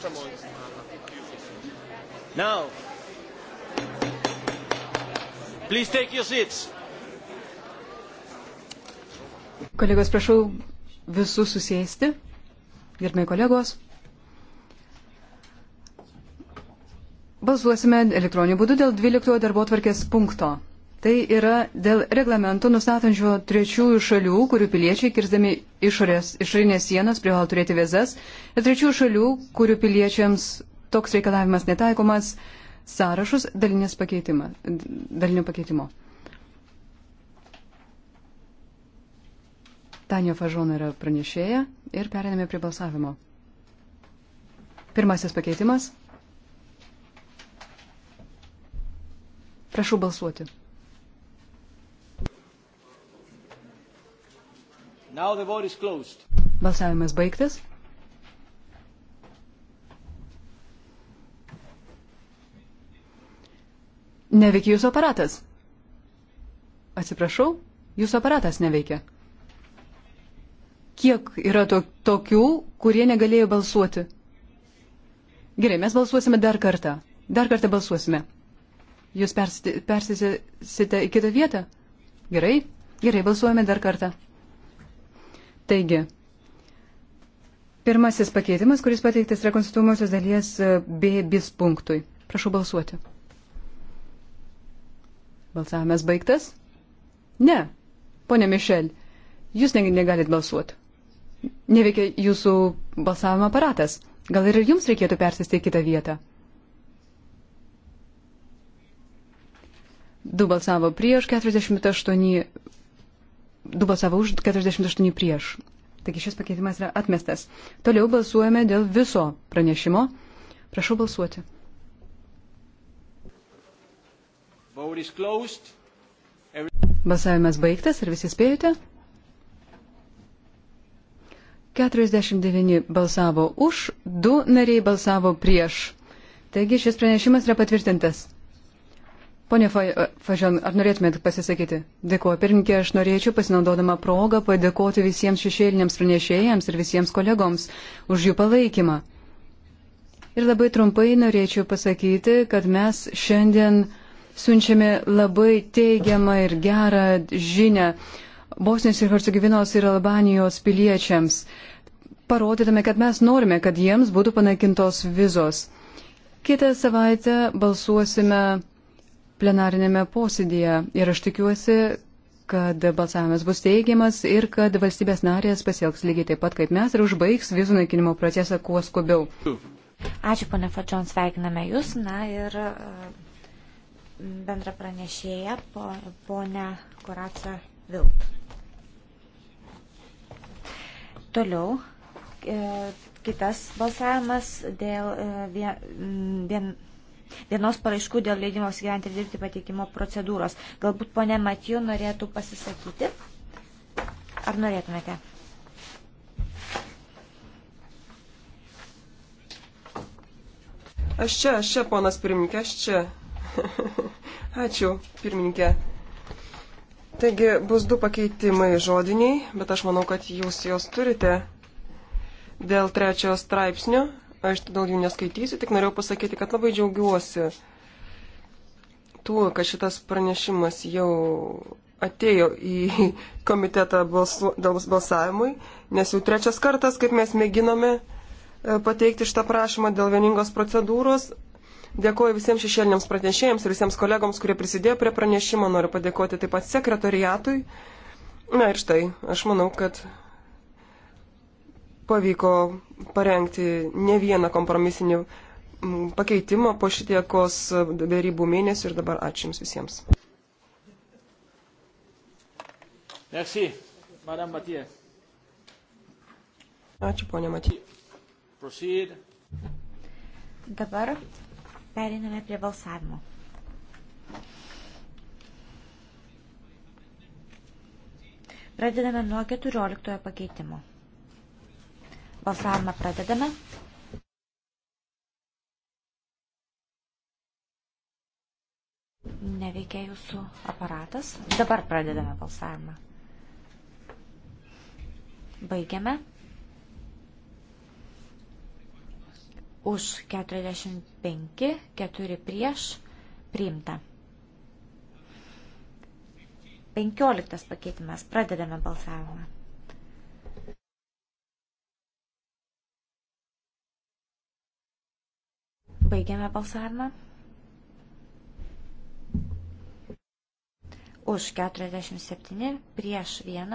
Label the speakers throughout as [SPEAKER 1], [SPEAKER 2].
[SPEAKER 1] facciamo
[SPEAKER 2] Now. Please take your seats.
[SPEAKER 3] Kolegos, prašau visus susėsti. Gerbėjai kolegos. Balsuosime elektroniniu būdu dėl 12 darbo tvarkės punkto. Tai yra dėl reglamento nustatančio trečiųjų šalių, kurių piliečiai kirzdami išorės, išorinės sienas privalo turėti vizas, ir trečiųjų šalių, kurių piliečiams toks reikalavimas netaikomas, sąrašus dalinės dalinio pakeitimo. Tanja Fažon yra pranešėja ir perėmėme prie balsavimo. Pirmasis pakeitimas. Prašau balsuoti.
[SPEAKER 2] Balsavimas
[SPEAKER 3] baigtas. Neveikia jūsų aparatas. Atsiprašau, jūsų aparatas neveikia. Kiek yra to, tokių, kurie negalėjo balsuoti? Gerai, mes balsuosime dar kartą. Dar kartą balsuosime. Jūs persisite į kitą vietą? Gerai, gerai, balsuojame dar kartą. Taigi, pirmasis pakeitimas, kuris pateiktas yra konstitucijos dalies e, B bis punktui. Prašau balsuoti. Balsavimas baigtas? Ne. Pone Mišel, jūs negalit balsuoti. Neveikia jūsų balsavimo aparatas. Gal ir jums reikėtų persisti į kitą vietą? Du balsavo prieš, 48 du balsavo už, 48 prieš. Taigi šis pakeitimas yra atmestas. Toliau balsuojame dėl viso pranešimo. Prašau balsuoti. Balsavimas baigtas, ar visi spėjote? 49 balsavo už, 2 nariai balsavo prieš. Taigi šis pranešimas yra patvirtintas. Pone e, Fažan, ar norėtumėt pasisakyti? Dėkuoju, pirmininkė, aš norėčiau pasinaudodama progą padėkoti visiems šešėliniams pranešėjams ir visiems kolegoms už jų palaikymą. Ir labai trumpai norėčiau pasakyti, kad mes šiandien siunčiame labai teigiamą ir gerą žinę Bosnijos ir Hercegovinos ir Albanijos piliečiams. Parodytame, kad mes norime, kad jiems būtų panaikintos vizos. Kitą savaitę balsuosime plenarinėme posėdėje ir aš tikiuosi, kad balsavimas bus teigiamas ir kad valstybės narės pasielgs lygiai taip pat kaip mes ir užbaigs vizų naikinimo procesą kuo skubiau.
[SPEAKER 4] Ačiū, ponė Fadžion, sveikiname Jūs. Na ir e, bendra pranešėja, ponė Kuraca Vilt. Toliau e, kitas balsavimas dėl e, vien, vien, vienos paraiškų dėl leidimos gyventi ir dirbti pateikimo procedūros. Galbūt ponė Matijų norėtų pasisakyti. Ar norėtumėte?
[SPEAKER 1] Aš čia, aš čia, ponas pirmininkė, aš čia. Ačiū, pirmininkė. Taigi bus du pakeitimai žodiniai, bet aš manau, kad jūs juos turite. Dėl trečiojo straipsnio aš todėl jų neskaitysiu, tik norėjau pasakyti, kad labai džiaugiuosi tuo, kad šitas pranešimas jau atėjo į komitetą balsu, balsavimui, nes jau trečias kartas, kaip mes mėginome e, pateikti šitą prašymą dėl vieningos procedūros. Dėkuoju visiems šešėliniams pranešėjams ir visiems kolegoms, kurie prisidėjo prie pranešimo. Noriu padėkoti taip pat sekretariatui. Na ir štai, aš manau, kad pavyko parengti ne vieną kompromisinį pakeitimą po šitiekos darybų mėnesių ir dabar ačiū Jums visiems.
[SPEAKER 2] Merci, Madame Matija.
[SPEAKER 1] Ačiū, ponė Matija.
[SPEAKER 2] Proceed.
[SPEAKER 4] Dabar periname prie balsavimo. Pradedame nuo 14 pakeitimo. Balsavimą pradedame. Neveikia jūsų aparatas. Dabar pradedame balsavimą. Baigiame. Už 45, 4 prieš, priimta. 15 pakeitimas. Pradedame balsavimą. Baigiame balsavimą. Už 47, prieš 1,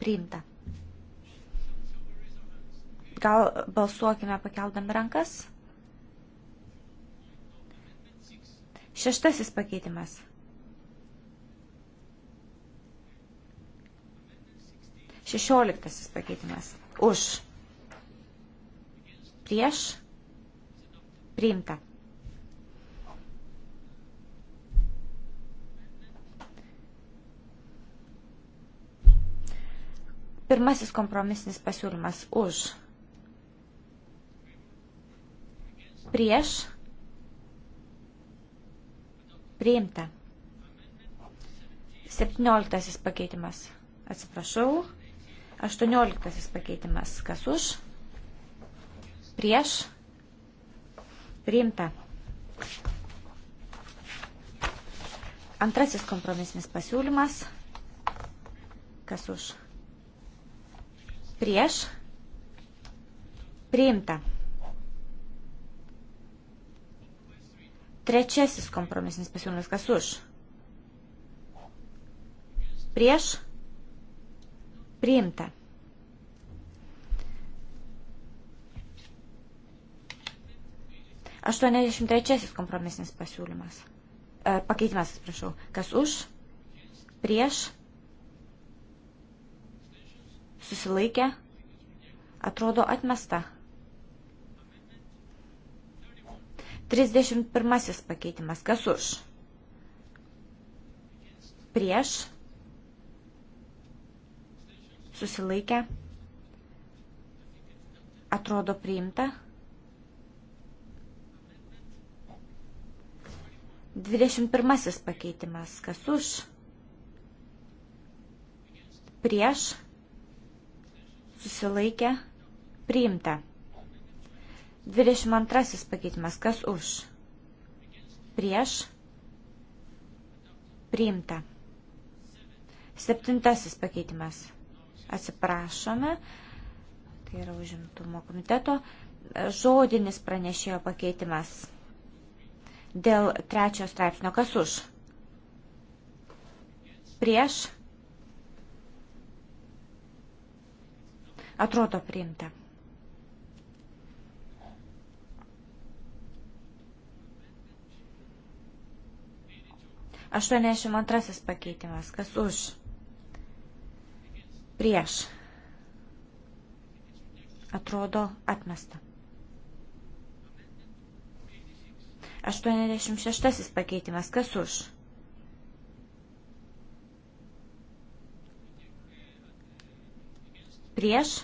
[SPEAKER 4] priimta. Gal balsuokime pakeldami rankas? Šeštasis pakeitimas. Šešioliktasis pakeitimas. Už. Prieš. Priimta. Pirmasis kompromisinis pasiūlymas už. Prieš. Priimta. 17 pakeitimas. Atsiprašau. 18 pakeitimas. Kas už? Prieš. Priimta. Antrasis kompromisinis pasiūlymas. Kas už? Prieš. Priimta. Trečiasis kompromisinis pasiūlymas. Kas už? Prieš. Priimta. 83 kompromisinis pasiūlymas. E, pakeitimas, prašau. Kas už? Prieš? Susilaikė? Atrodo atmesta. 31 pakeitimas. Kas už? Prieš? Susilaikė? Atrodo priimta. 21 pakeitimas. Kas už? Prieš? Susilaikė? Priimta. 22 pakeitimas. Kas už? Prieš? Priimta. Septintasis pakeitimas. Atsiprašome. Tai yra užimtumo komiteto. Žodinis pranešėjo pakeitimas Dėl trečio straipsnio, kas už? Prieš? Atrodo priimta. Aštuoniasdešimt antrasis pakeitimas, kas už? Prieš? Atrodo atmesta. 86 pakeitimas. Kas už? Prieš?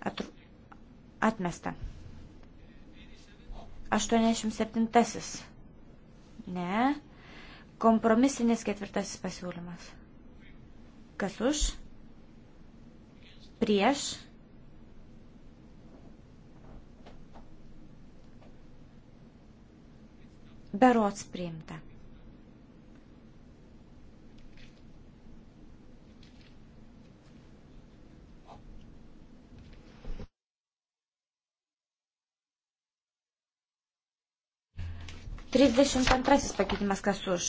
[SPEAKER 4] Atru... Atmesta. 87. Ne. Kompromisinis ketvirtasis pasiūlymas. Kas už? Prieš? Berots priimta. Trisdešimt antrasis pakeitimas kas už.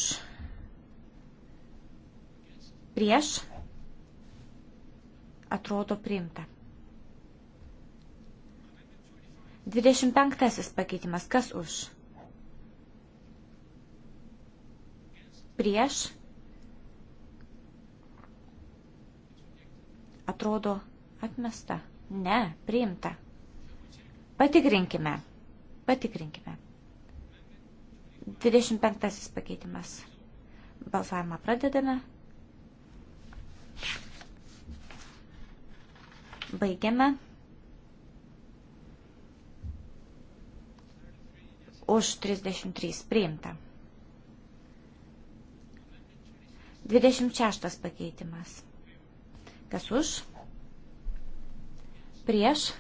[SPEAKER 4] Prieš. Atrodo priimta. 25 pakeitimas. Kas už? prieš. Atrodo atmesta. Ne, priimta. Patikrinkime. Patikrinkime. 25 pakeitimas. Balsavimą pradedame. Baigiame. Už 33 priimta. 26 pakeitimas. Kas už? Prieš?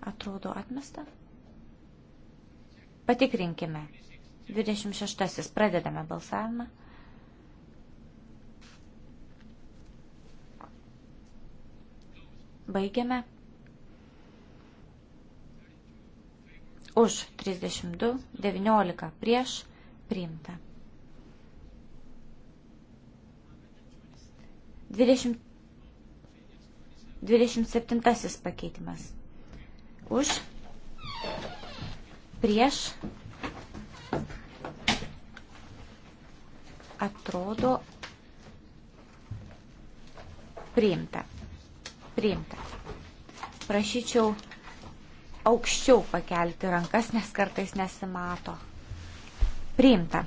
[SPEAKER 4] Atrodo atmesta. Patikrinkime. 26. Pradedame balsavimą. Baigiame. Už 32, 19 prieš priimta. 20, 27 pakeitimas. Už, prieš, atrodo, priimta. Priimta. Prašyčiau aukščiau pakelti rankas, nes kartais nesimato. Priimta.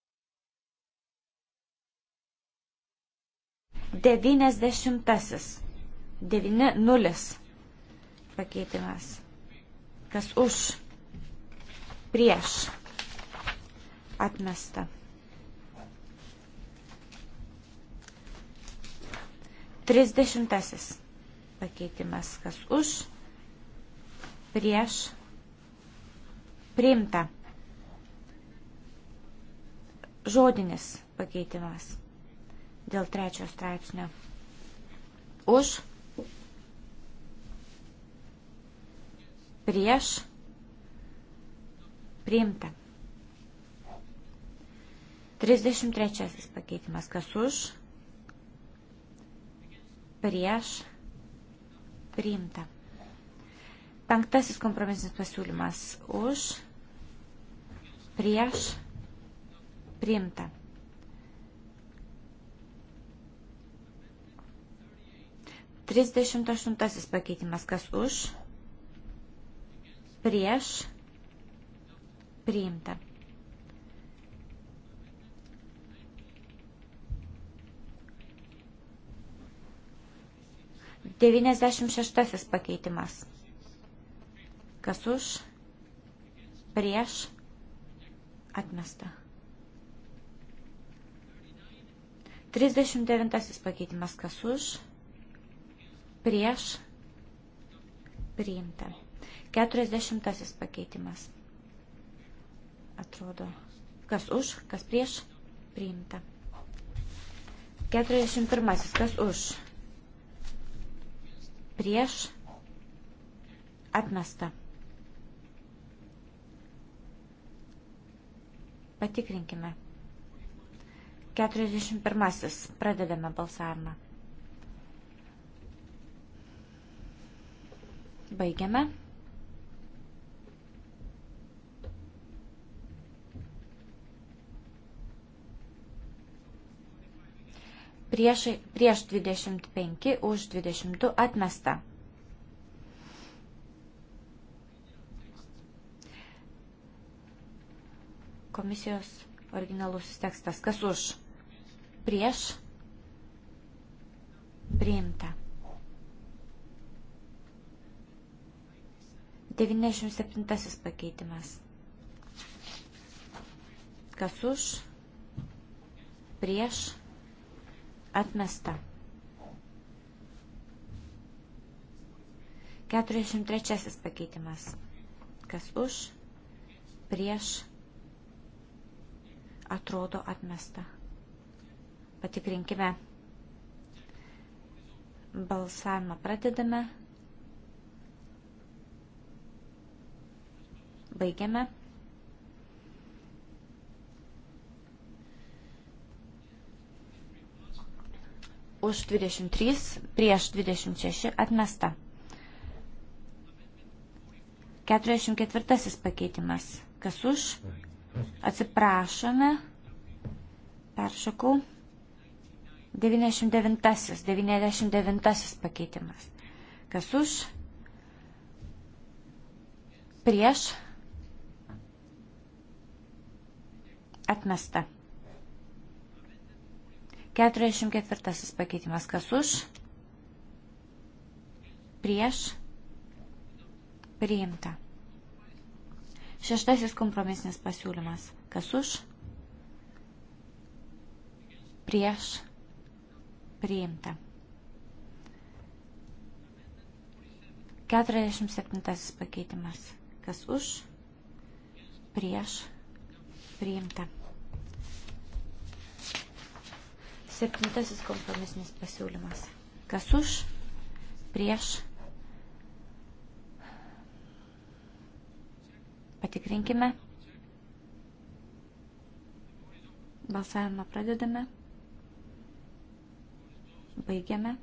[SPEAKER 4] 90. 90 pakeitimas. Kas už, prieš, atmesta. 30 pakeitimas. Kas už, prieš, priimta. Žodinis pakeitimas dėl trečio straipsnio. Už, prieš, priimta. 33 pakeitimas, kas už, prieš, priimta. Penktasis kompromisinis pasiūlymas už, prieš, priimta. 38 pakeitimas kas už, prieš, priimta. Devyniasdešimt šeštasis pakeitimas. Kas už, prieš, atmesta. 39 pakeitimas kas už, prieš prieš priimta. 40 pakeitimas. Atrodo, kas už, kas prieš priimta. 41. Kas už? Prieš atmesta. Patikrinkime. 41. Pradedame balsavimą. Baigiame. Prieš, prieš 25 už 22 atmesta. Komisijos originalusis tekstas. Kas už? Prieš priimta. 97 pakeitimas. Kas už, prieš, atmesta. 43 pakeitimas. Kas už, prieš, atrodo atmesta. Patikrinkime. Balsavimą pradedame. Baigiame. Už 23, prieš 26 atmesta. 44 pakeitimas. Kas už? Atsiprašome. Peršakau. 99, 99 pakeitimas. Kas už? Prieš Atmesta. 44 pakeitimas. Kas už? Prieš. Priimta. Šeštasis kompromisinis pasiūlymas. Kas už? Prieš. Priimta. 47 pakeitimas. Kas už? Prieš. Priimta. Septintasis kompromisinis pasiūlymas. Kas už, prieš. Patikrinkime. Balsavimą pradedame. Baigiame.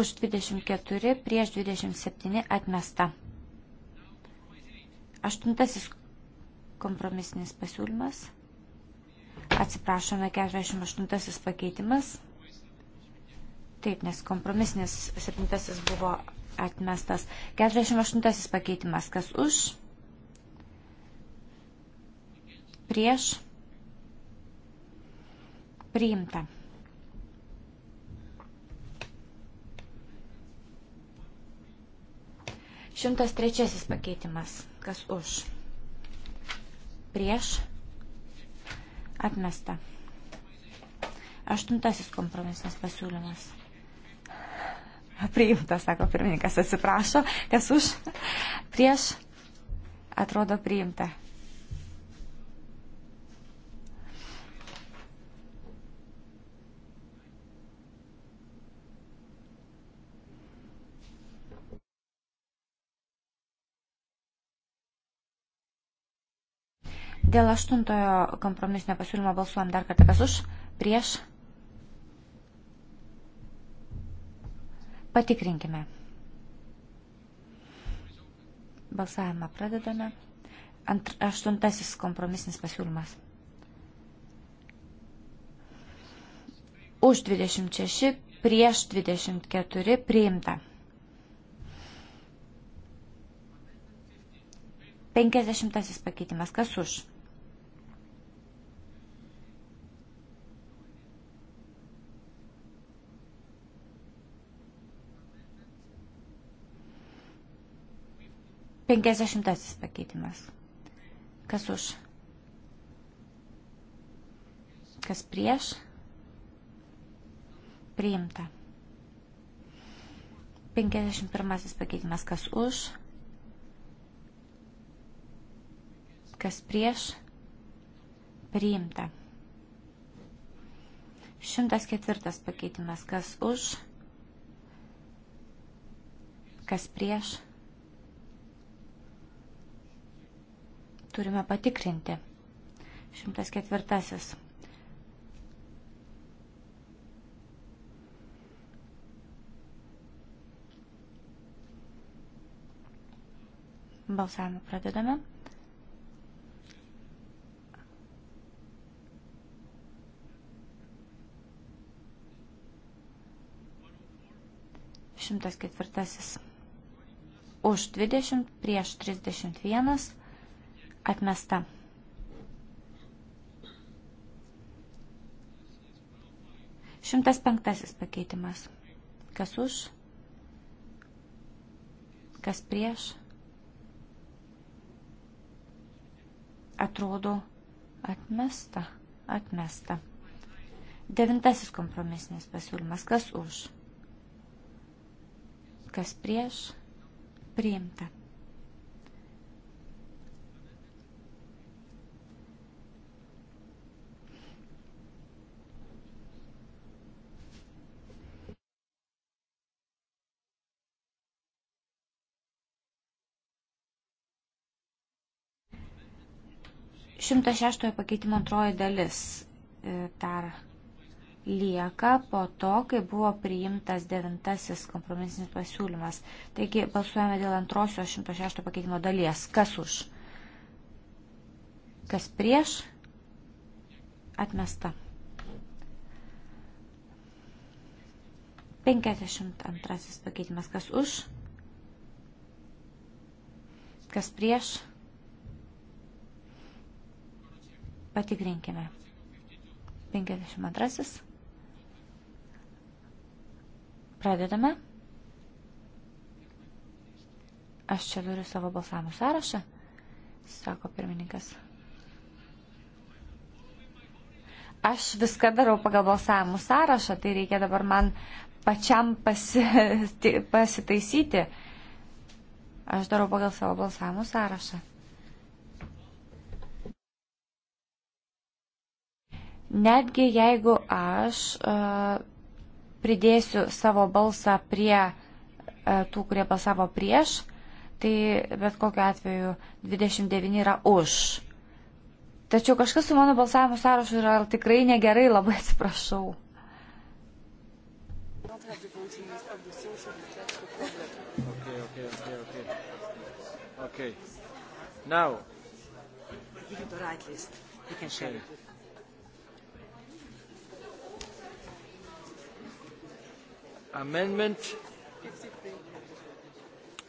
[SPEAKER 4] Už 24, prieš 27 atmesta. Aštuntasis kompromisinis pasiūlymas. Atsiprašome, 48 pakeitimas. Taip, nes kompromisinis 7 buvo atmestas. 48 pakeitimas. Kas už? Prieš? Priimta. Šimtas trečiasis pakeitimas. Kas už? prieš, atmesta. Aštuntasis kompromisinis pasiūlymas. Priimtas, sako pirmininkas, atsiprašo, kas už, prieš, atrodo priimta. Dėl aštuntojo kompromisinio pasiūlymo balsuojam dar kartą kas už, prieš. Patikrinkime. Balsavimą pradedame. Antr, aštuntasis kompromisinis pasiūlymas. Už 26, prieš 24 priimta. 50 pakeitimas. Kas už? 50 pakeitimas. Kas už? Kas prieš? Priimta. 51 pakeitimas. Kas už? Kas prieš? Priimta. 104 pakeitimas. Kas už? Kas prieš? Priimta turime patikrinti. 104. Balsavimą pradedame. Šimtas ketvirtasis. Už 20 prieš 31 atmesta. Šimtas penktasis pakeitimas. Kas už? Kas prieš? Atrodo atmesta, atmesta. Devintasis kompromisinis pasiūlymas. Kas už? Kas prieš? Priimta. 106 pakeitimo antroji dalis e, dar lieka po to, kai buvo priimtas devintasis kompromisinis pasiūlymas. Taigi balsuojame dėl antrosios 106 pakeitimo dalies. Kas už? Kas prieš? Atmesta. 52 pakeitimas. Kas už? Kas prieš? Patikrinkime. 52. Pradedame. Aš čia turiu savo balsavimų sąrašą, sako pirmininkas. Aš viską darau pagal balsavimų sąrašą, tai reikia dabar man pačiam pasi, pasitaisyti. Aš darau pagal savo balsavimų sąrašą. Netgi jeigu aš e, pridėsiu savo balsą prie e, tų, kurie balsavo prieš, tai bet kokiu atveju 29 yra už. Tačiau kažkas su mano balsavimo sąrašu yra tikrai negerai, labai atsiprašau.
[SPEAKER 2] Okay, okay, okay, okay. Okay. Now.
[SPEAKER 4] Give it the right list.
[SPEAKER 2] We can share it. Amendment 53.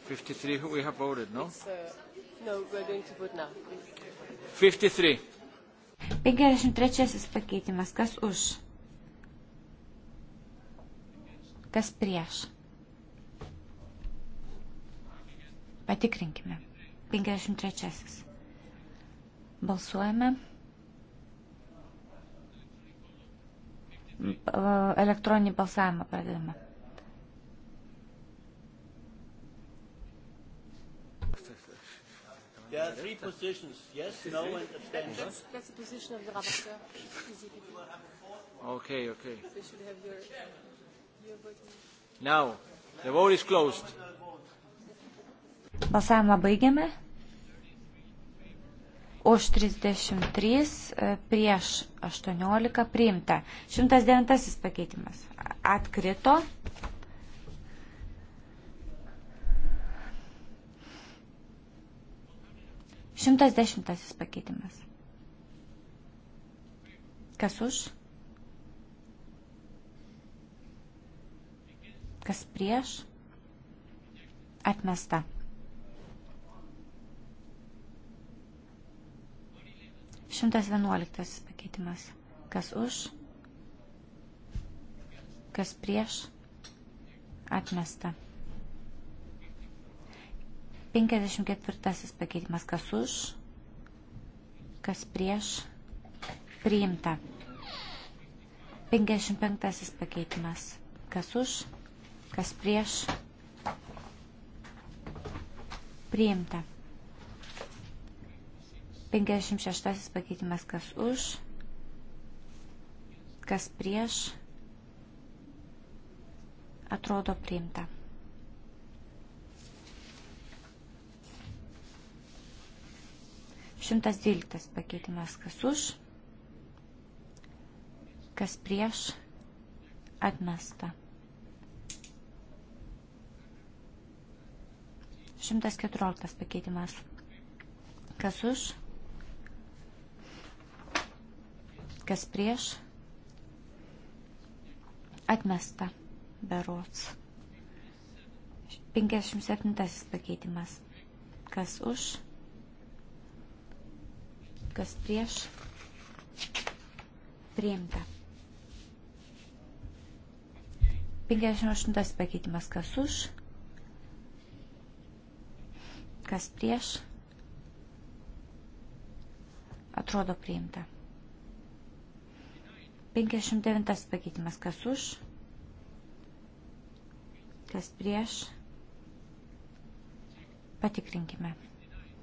[SPEAKER 2] 53, we have voted, no? It's, uh,
[SPEAKER 1] no, we're going to vote now.
[SPEAKER 2] 53.
[SPEAKER 4] 53 pakeitimas. Kas už? Kas prieš? Patikrinkime. 53. Balsuojame. Uh, elektroninį balsavimą pradedame.
[SPEAKER 2] There are three positions, yes, no, and abstention. That's, that's the position of the rapporteur.
[SPEAKER 4] okay, okay.
[SPEAKER 2] So you should have your, your voting. Now, the vote is closed.
[SPEAKER 4] Balsavimą baigiame. Už 33, e, prieš 18 priimta. 109 pakeitimas. Atkrito. 110 pakeitimas. Kas už? Kas prieš? Atmesta. Šimtas vienuoliktas pakeitimas. Kas už? Kas prieš? Atmesta. 54 pakeitimas kas už, kas prieš, priimta. 55 pakeitimas kas už, kas prieš, priimta. 56 pakeitimas kas už, kas prieš, atrodo priimta. 112 pakeitimas kas už, kas prieš, atmesta. 114 pakeitimas kas už, kas prieš, atmesta berots. 57 pakeitimas kas už, kas prieš kas prieš, priimta. 58 pakeitimas, kas už, kas prieš, atrodo priimta. 59 pakeitimas, kas už, kas prieš, patikrinkime.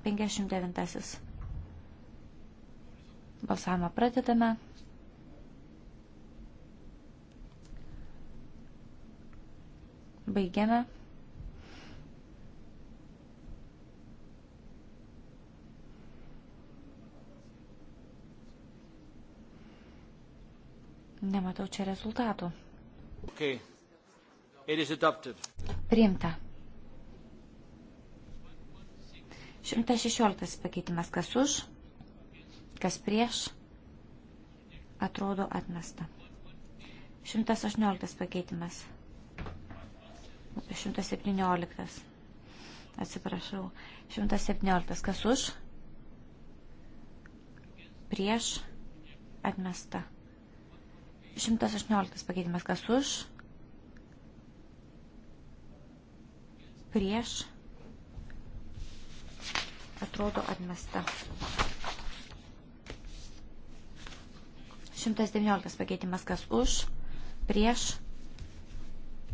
[SPEAKER 4] 59. Balsavimą pradedame. Baigiame. Nematau čia rezultatų. Okay. Priimta. 116 pakeitimas kas už? Kas prieš? Atrodo atmesta. 118 pakeitimas. 117. Atsiprašau. 117. Kas už? Prieš? Atmesta. 118 pakeitimas. Kas už? Prieš? Atrodo atmesta. 119 pakeitimas kas už, prieš,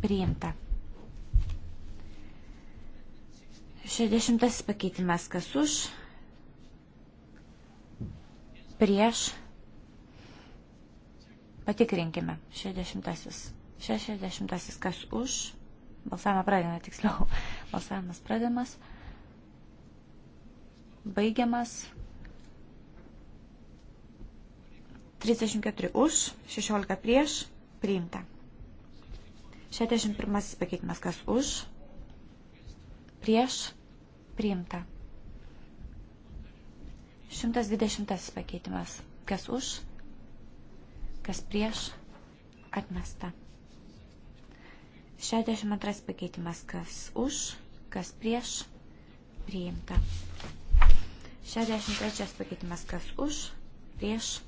[SPEAKER 4] priimta. 60 pakeitimas kas už, prieš, patikrinkime. 60. 60 kas už, balsavimą pradėjome tiksliau, balsavimas pradėmas, baigiamas. 34 už, 16 prieš, priimta. 61 pakeitimas kas už, prieš, priimta. 120 pakeitimas kas už, kas prieš, atmesta. 62 pakeitimas kas už, kas prieš, priimta. 63 pakeitimas kas už, prieš, atmesta.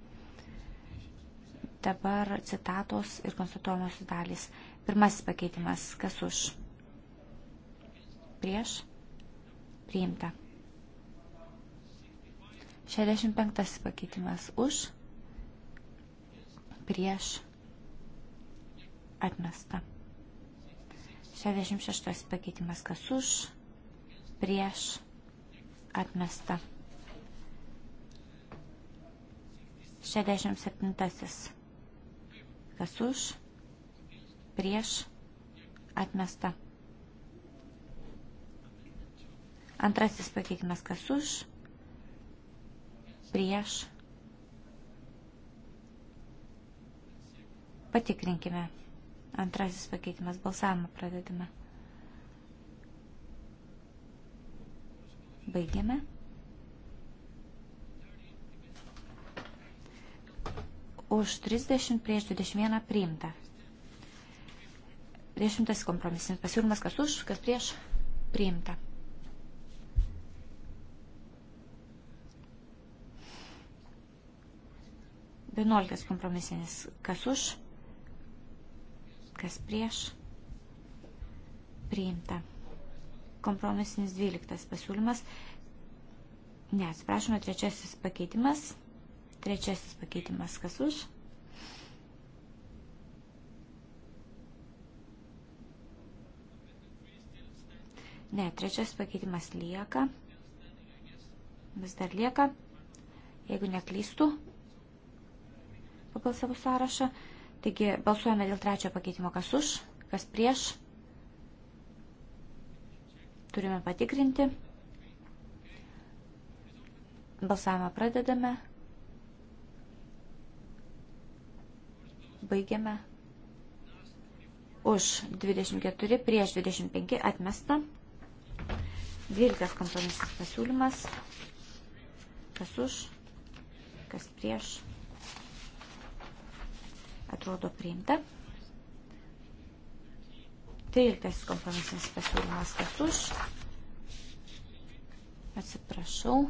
[SPEAKER 4] Dabar citatos ir konstatuojamos dalys. Pirmasis pakeitimas. Kas už? Prieš? Priimta. 65 pakeitimas. Už? Prieš? Atmesta. 66 pakeitimas. Kas už? Prieš? Atmesta. 67. Kas už? Prieš? Atmesta. Antrasis pakeitimas. Kas už? Prieš? Patikrinkime. Antrasis pakeitimas. Balsavimą pradedame. Baigiame. už 30 prieš 21 priimta. Dešimtas kompromisinis pasiūlymas, kas už, kas prieš priimta. Vienuoliktas kompromisinis, kas už, kas prieš priimta. Kompromisinis dvyliktas pasiūlymas, ne, atsiprašome, trečiasis pakeitimas Trečiasis pakeitimas kas už? Ne, trečias pakeitimas lieka. Vis dar lieka. Jeigu neklystų pagal savo sąrašą. Taigi balsuojame dėl trečio pakeitimo kas už, kas prieš. Turime patikrinti. Balsavimą pradedame. Baigiame. Už 24, prieš 25 atmesta. 12 kompromisas pasiūlymas. Kas už, kas prieš. Atrodo priimta. 13 kompromisinis pasiūlymas. Kas už. Atsiprašau.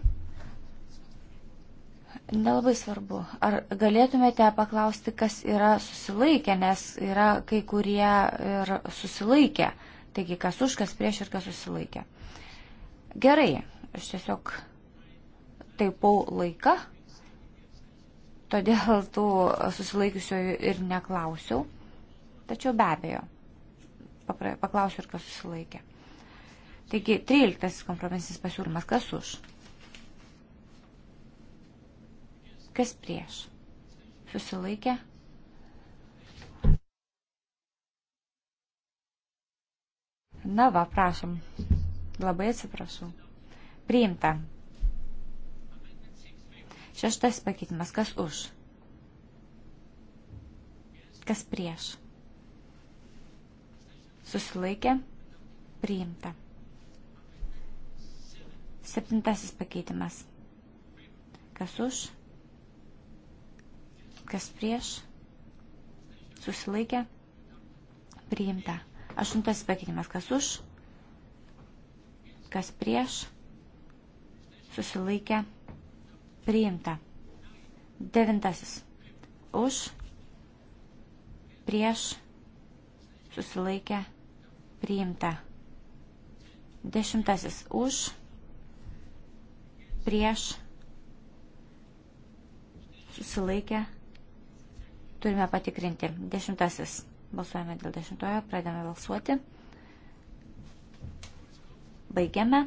[SPEAKER 4] Nelabai svarbu. Ar galėtumėte paklausti, kas yra susilaikę, nes yra kai kurie ir susilaikę. Taigi, kas už, kas prieš ir kas susilaikė. Gerai, aš tiesiog taipau laiką, todėl tų susilaikiusiojų ir neklausiau. Tačiau be abejo, paklausiu ir kas susilaikė. Taigi, 13 kompromisinis pasiūlymas, kas už? Kas prieš? Susilaikė? Na va, prašom. Labai atsiprašau. Priimta. Šeštas pakeitimas. Kas už? Kas prieš? Susilaikė? Priimta. Septintasis pakeitimas. Kas už? kas prieš, susilaikė, priimta. Aštuntas pakeitimas, kas už, kas prieš, susilaikė, priimta. Devintasis, už, prieš, susilaikė, priimta. Dešimtasis, už, prieš, susilaikė, priimta susilaikė Turime patikrinti. Dešimtasis. Balsuojame dėl dešimtojo. Pradame balsuoti. Baigiame.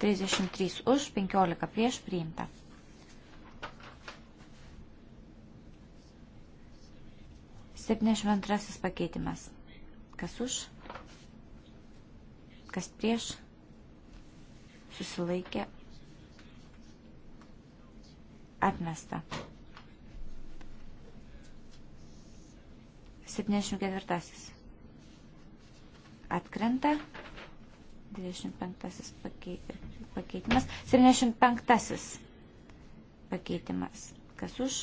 [SPEAKER 4] 33 už, 15 prieš priimta. Septyniasdešimt antrasis pakeitimas. Kas už? Kas prieš? Susilaikė Atmesta. 74. Atkrenta. 25 pakeitimas. 75 pakeitimas. Kas už?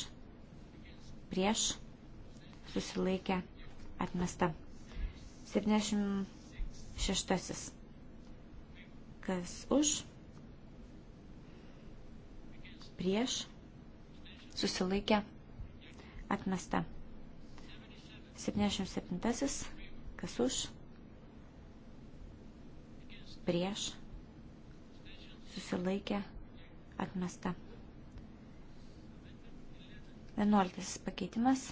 [SPEAKER 4] Prieš. Susilaikė. Atmesta. 76. Kas už? Prieš susilaikė, atmesta. 77. Kas už? Prieš. Susilaikė. Atmesta. 11. Pakeitimas.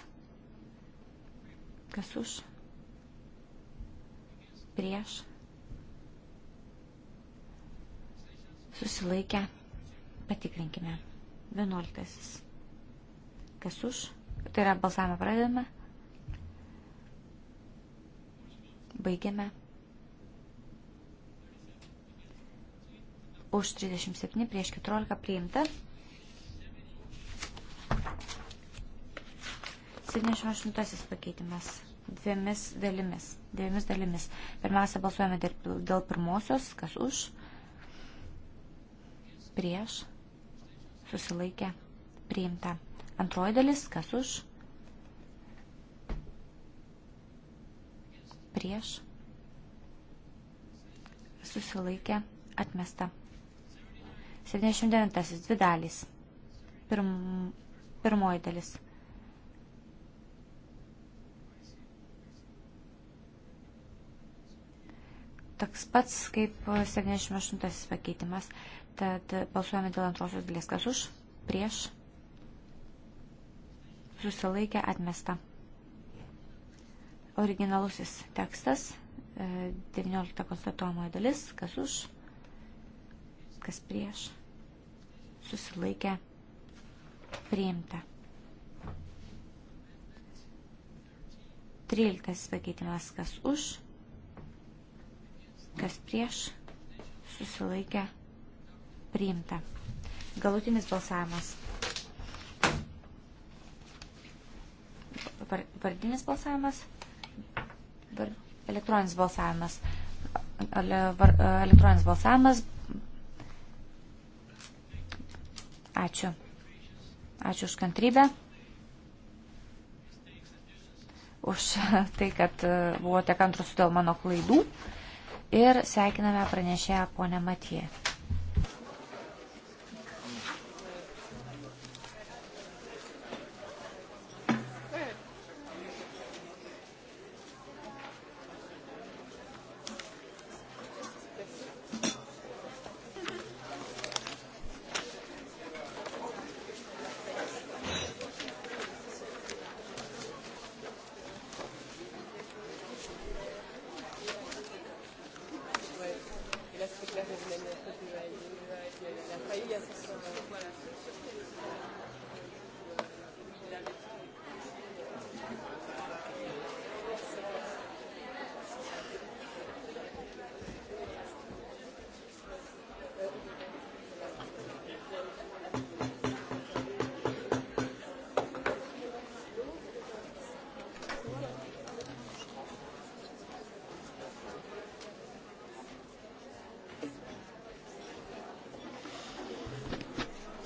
[SPEAKER 4] Kas už? Prieš. Susilaikę. Patikrinkime. 11. Kas už? Tai yra balsavimą pradedame. Baigiame. Už 37 prieš 14 priimta. 78 pakeitimas dviemis dalimis. Dviemis dalimis. Pirmiausia, balsuojame dėl pirmosios, kas už, prieš, susilaikę, priimta. Antroji dalis, kas už? Prieš. Susilaikė, atmesta. 79. Dvi dalys. Pirm, pirmoji dalis. toks pats kaip 78 pakeitimas. Tad balsuojame dėl antrosios dalies. Kas už? Prieš? susilaikė atmesta. Originalusis tekstas, 19 e, konstatuojamoji dalis, kas už, kas prieš, susilaikė priimta. 13 pakeitimas, kas už, kas prieš, susilaikė priimta. Galutinis balsavimas. vardinis balsavimas, var, elektroninis balsavimas, ele, var, e, elektroninis balsavimas. Ačiū. Ačiū už kantrybę, už tai, kad e, buvote kantrus dėl mano klaidų ir sveikiname pranešėją ponę Matiją.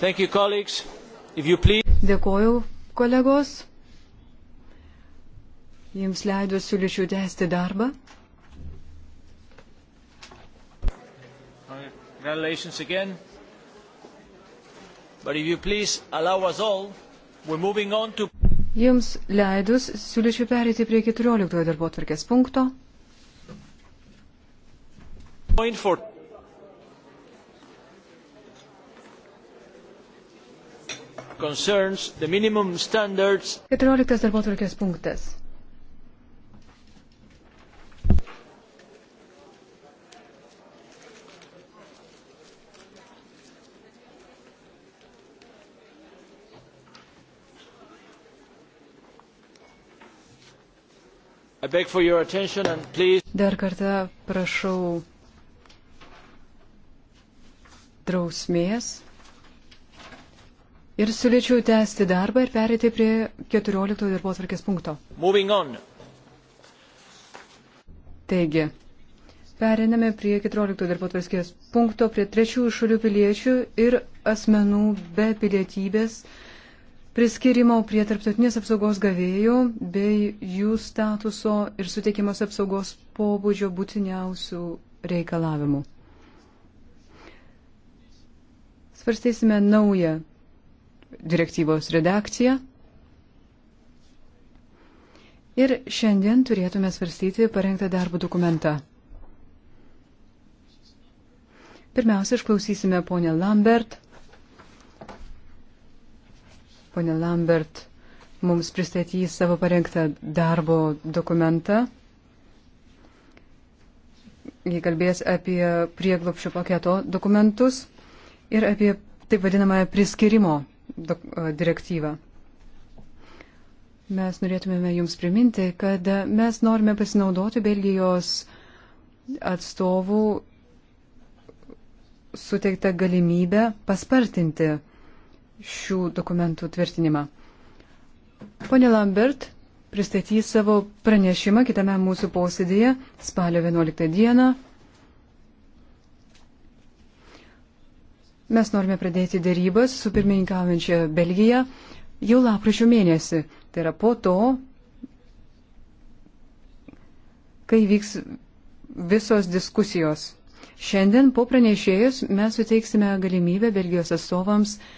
[SPEAKER 2] You,
[SPEAKER 3] Dėkoju, kolegos. Jums leidus siūlyčiau tęsti darbą.
[SPEAKER 2] Congratulations again. But if you please allow us all, we're moving on to.
[SPEAKER 3] Jums leidus siūlyčiau perėti prie 14 darbo tvarkės punkto.
[SPEAKER 2] Point for 14
[SPEAKER 3] darbo tvarkės punktas. Dar kartą prašau drausmės. Ir siūlyčiau tęsti darbą ir perėti prie 14 darbo atvarkės punkto. Taigi, periname prie 14 darbo atvarkės punkto, prie trečiųjų šalių piliečių ir asmenų be pilietybės priskirimo prie tarptautinės apsaugos gavėjų bei jų statuso ir suteikimos apsaugos pobūdžio būtiniausių reikalavimų. Svarstysime naują direktyvos redakciją. Ir šiandien turėtume svarstyti parengtą darbo dokumentą. Pirmiausia, išklausysime ponę Lambert. Pone Lambert mums pristatys savo parengtą darbo dokumentą. Jie kalbės apie prieglopšio paketo dokumentus ir apie taip vadinamąją priskirimo direktyvą. Mes norėtumėme Jums priminti, kad mes norime pasinaudoti Belgijos atstovų suteikta galimybė paspartinti šių dokumentų tvirtinimą. Pone Lambert pristatys savo pranešimą kitame mūsų posėdėje spalio 11 dieną Mes norime pradėti dėrybas su pirmininkaujančia Belgija jau lapkričio mėnesį. Tai yra po to, kai vyks visos diskusijos. Šiandien po pranešėjus mes suteiksime galimybę Belgijos atstovams uh,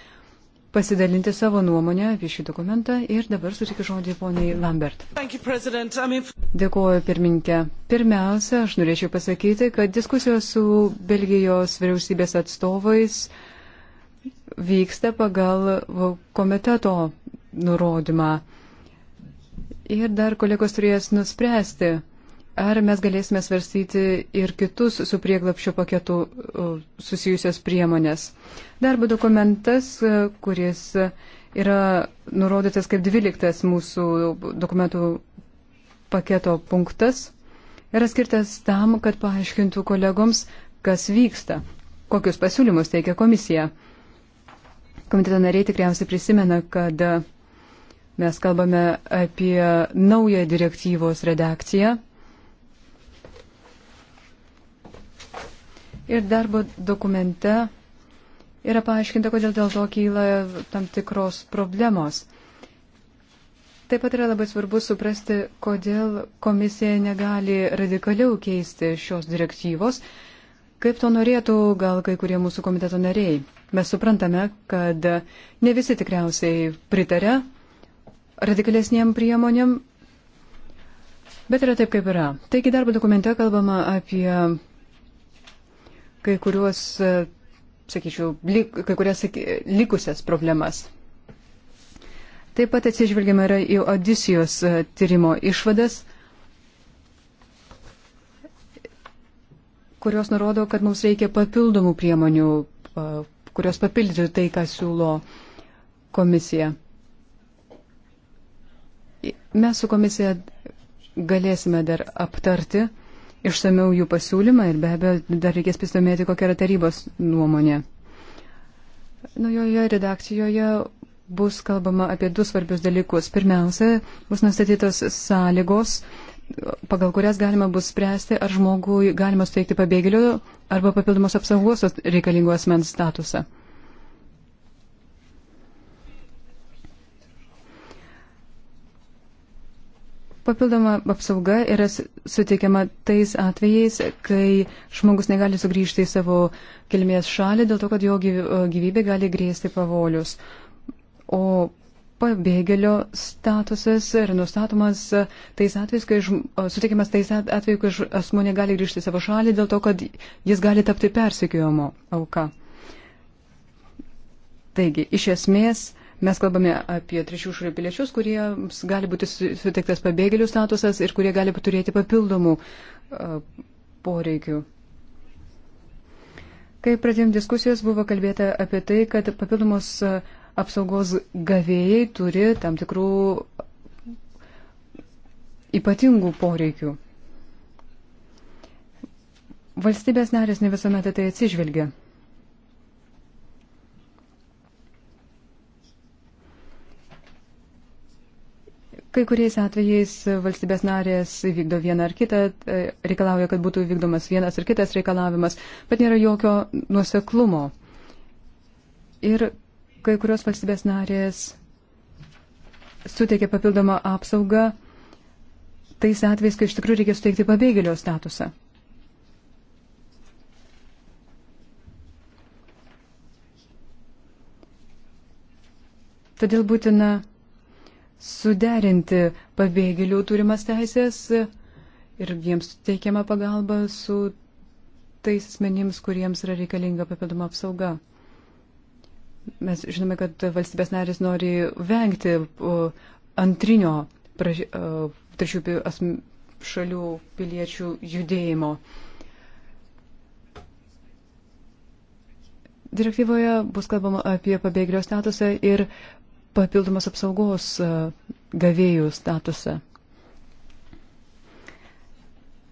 [SPEAKER 3] pasidalinti savo nuomonę apie šį dokumentą ir dabar sutikiu žodį poniai Lambert. Dėkuoju pirmininkė. Pirmiausia, aš norėčiau pasakyti, kad diskusijos su Belgijos vyriausybės atstovais vyksta pagal komiteto nurodymą. Ir dar kolegos turės nuspręsti, ar mes galėsime svarstyti ir kitus su prieglapščio paketu e, susijusias priemonės. Darbo dokumentas, e, kuris yra nurodytas kaip 12 mūsų dokumentų paketo punktas, yra skirtas tam, kad paaiškintų kolegoms, kas vyksta, kokius pasiūlymus teikia komisija. Komiteto nariai tikriausiai prisimena, kad mes kalbame apie naują direktyvos redakciją Ir darbo dokumente yra paaiškinta, kodėl dėl to kyla tam tikros problemos. Taip pat yra labai svarbu suprasti, kodėl komisija negali radikaliau keisti šios direktyvos, kaip to norėtų gal kai kurie mūsų komiteto nariai. Mes suprantame, kad ne visi tikriausiai pritarė radikalesniem priemonėm, bet yra taip, kaip yra. Taigi darbo dokumente kalbama apie kai kuriuos, e, sakyčiau, lik, kai kurias saky, e, likusias problemas. Taip pat atsižvelgiame yra į Odisijos e, tyrimo išvadas, kurios nurodo, kad mums reikia papildomų priemonių, kurios papildytų tai, ką siūlo komisija. Mes su komisija galėsime dar aptarti išsameu jų pasiūlymą ir be abejo dar reikės pasidomėti, kokia yra tarybos nuomonė. Naujoje redakcijoje bus kalbama apie du svarbius dalykus. Pirmiausia, bus nustatytos sąlygos, pagal kurias galima bus spręsti, ar žmogui galima suteikti pabėgėlio arba papildomos apsaugos reikalingos mens statusą. Papildoma apsauga yra suteikiama tais atvejais, kai žmogus negali sugrįžti į savo kilmės šalį dėl to, kad jo gyvybė gali grėsti pavolius. O pabėgėlio statusas yra nustatomas tais atvejais, kai žm... suteikiamas tais atvejais, kai asmo negali grįžti į savo šalį dėl to, kad jis gali tapti persikėjimo auka. Taigi, iš esmės, Mes kalbame apie trečių šalių piliečius, kuriems gali būti suteiktas pabėgėlių statusas ir kurie gali turėti papildomų poreikių. Kai pradėjom diskusijos, buvo kalbėta apie tai, kad papildomos apsaugos gavėjai turi tam tikrų ypatingų poreikių. Valstybės narės ne visuomet tai atsižvelgia. Kai kuriais atvejais valstybės narės vykdo vieną ar kitą, e, reikalauja, kad būtų vykdomas vienas ar kitas reikalavimas, bet nėra jokio nuoseklumo. Ir kai kurios valstybės narės suteikia papildomą apsaugą tais atvejais, kai iš tikrųjų reikia suteikti pabėgėlio statusą. Todėl būtina suderinti pabėgėlių turimas teisės ir jiems teikiama pagalba su tais asmenims, kuriems yra reikalinga papildoma apsauga. Mes žinome, kad valstybės narės nori vengti antrinio praž... trečių šalių piliečių judėjimo. Direktyvoje bus kalbama apie pabėgėlio statusą ir papildomos apsaugos e, gavėjų statusą.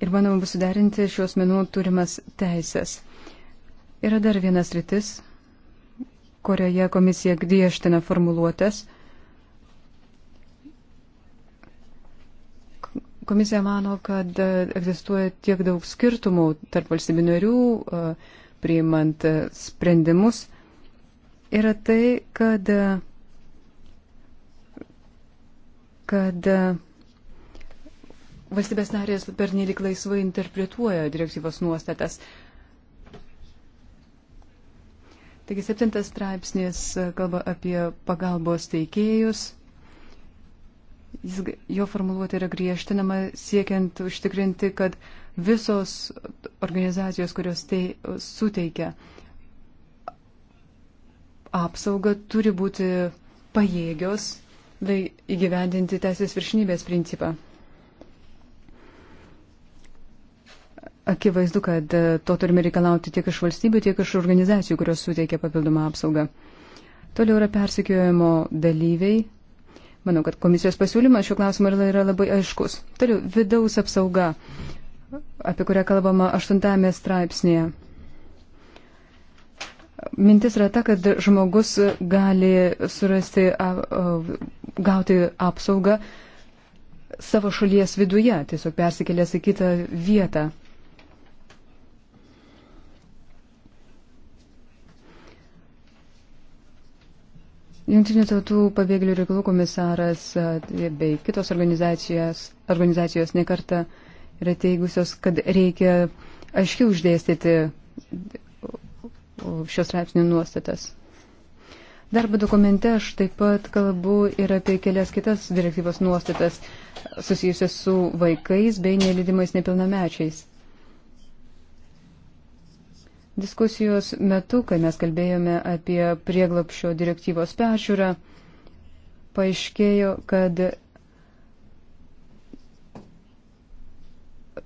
[SPEAKER 3] Ir bandoma bus suderinti šios menų turimas teisės. Yra dar vienas rytis, kurioje komisija griežtina formuluotės. Komisija mano, kad e, egzistuoja tiek daug skirtumų tarp valstybinarių, e, priimant sprendimus. Yra tai, kad kad e, valstybės narės pernelik laisvai interpretuoja direktyvos nuostatas. Taigi septintas straipsnis e, kalba apie pagalbos teikėjus. Jis, jo formuluotė yra griežtinama siekiant užtikrinti, kad visos organizacijos, kurios tai suteikia apsaugą, turi būti pajėgios bei tai įgyvendinti teisės viršinybės principą. Akivaizdu, kad e, to turime reikalauti tiek iš valstybių, tiek iš organizacijų, kurios suteikia papildomą apsaugą. Toliau yra persekiojimo dalyviai. Manau, kad komisijos pasiūlymas šiuo klausimu yra labai aiškus. Toliau vidaus apsauga, apie kurią kalbama aštuntame straipsnėje. Mintis yra ta, kad žmogus gali surasti, gauti apsaugą savo šalies viduje, tiesiog persikėlęs į kitą vietą. Junktinių tautų pabėgėlių reikalų komisaras bei kitos organizacijos, organizacijos nekarta yra teigusios, kad reikia aiškiau uždėstyti šios straipsnių nuostatas. Darbo dokumente aš taip pat kalbu ir apie kelias kitas direktyvos nuostatas susijusias su vaikais bei nelydimais nepilnamečiais. Diskusijos metu, kai mes kalbėjome apie prieglapšio direktyvos peržiūrą, paaiškėjo, kad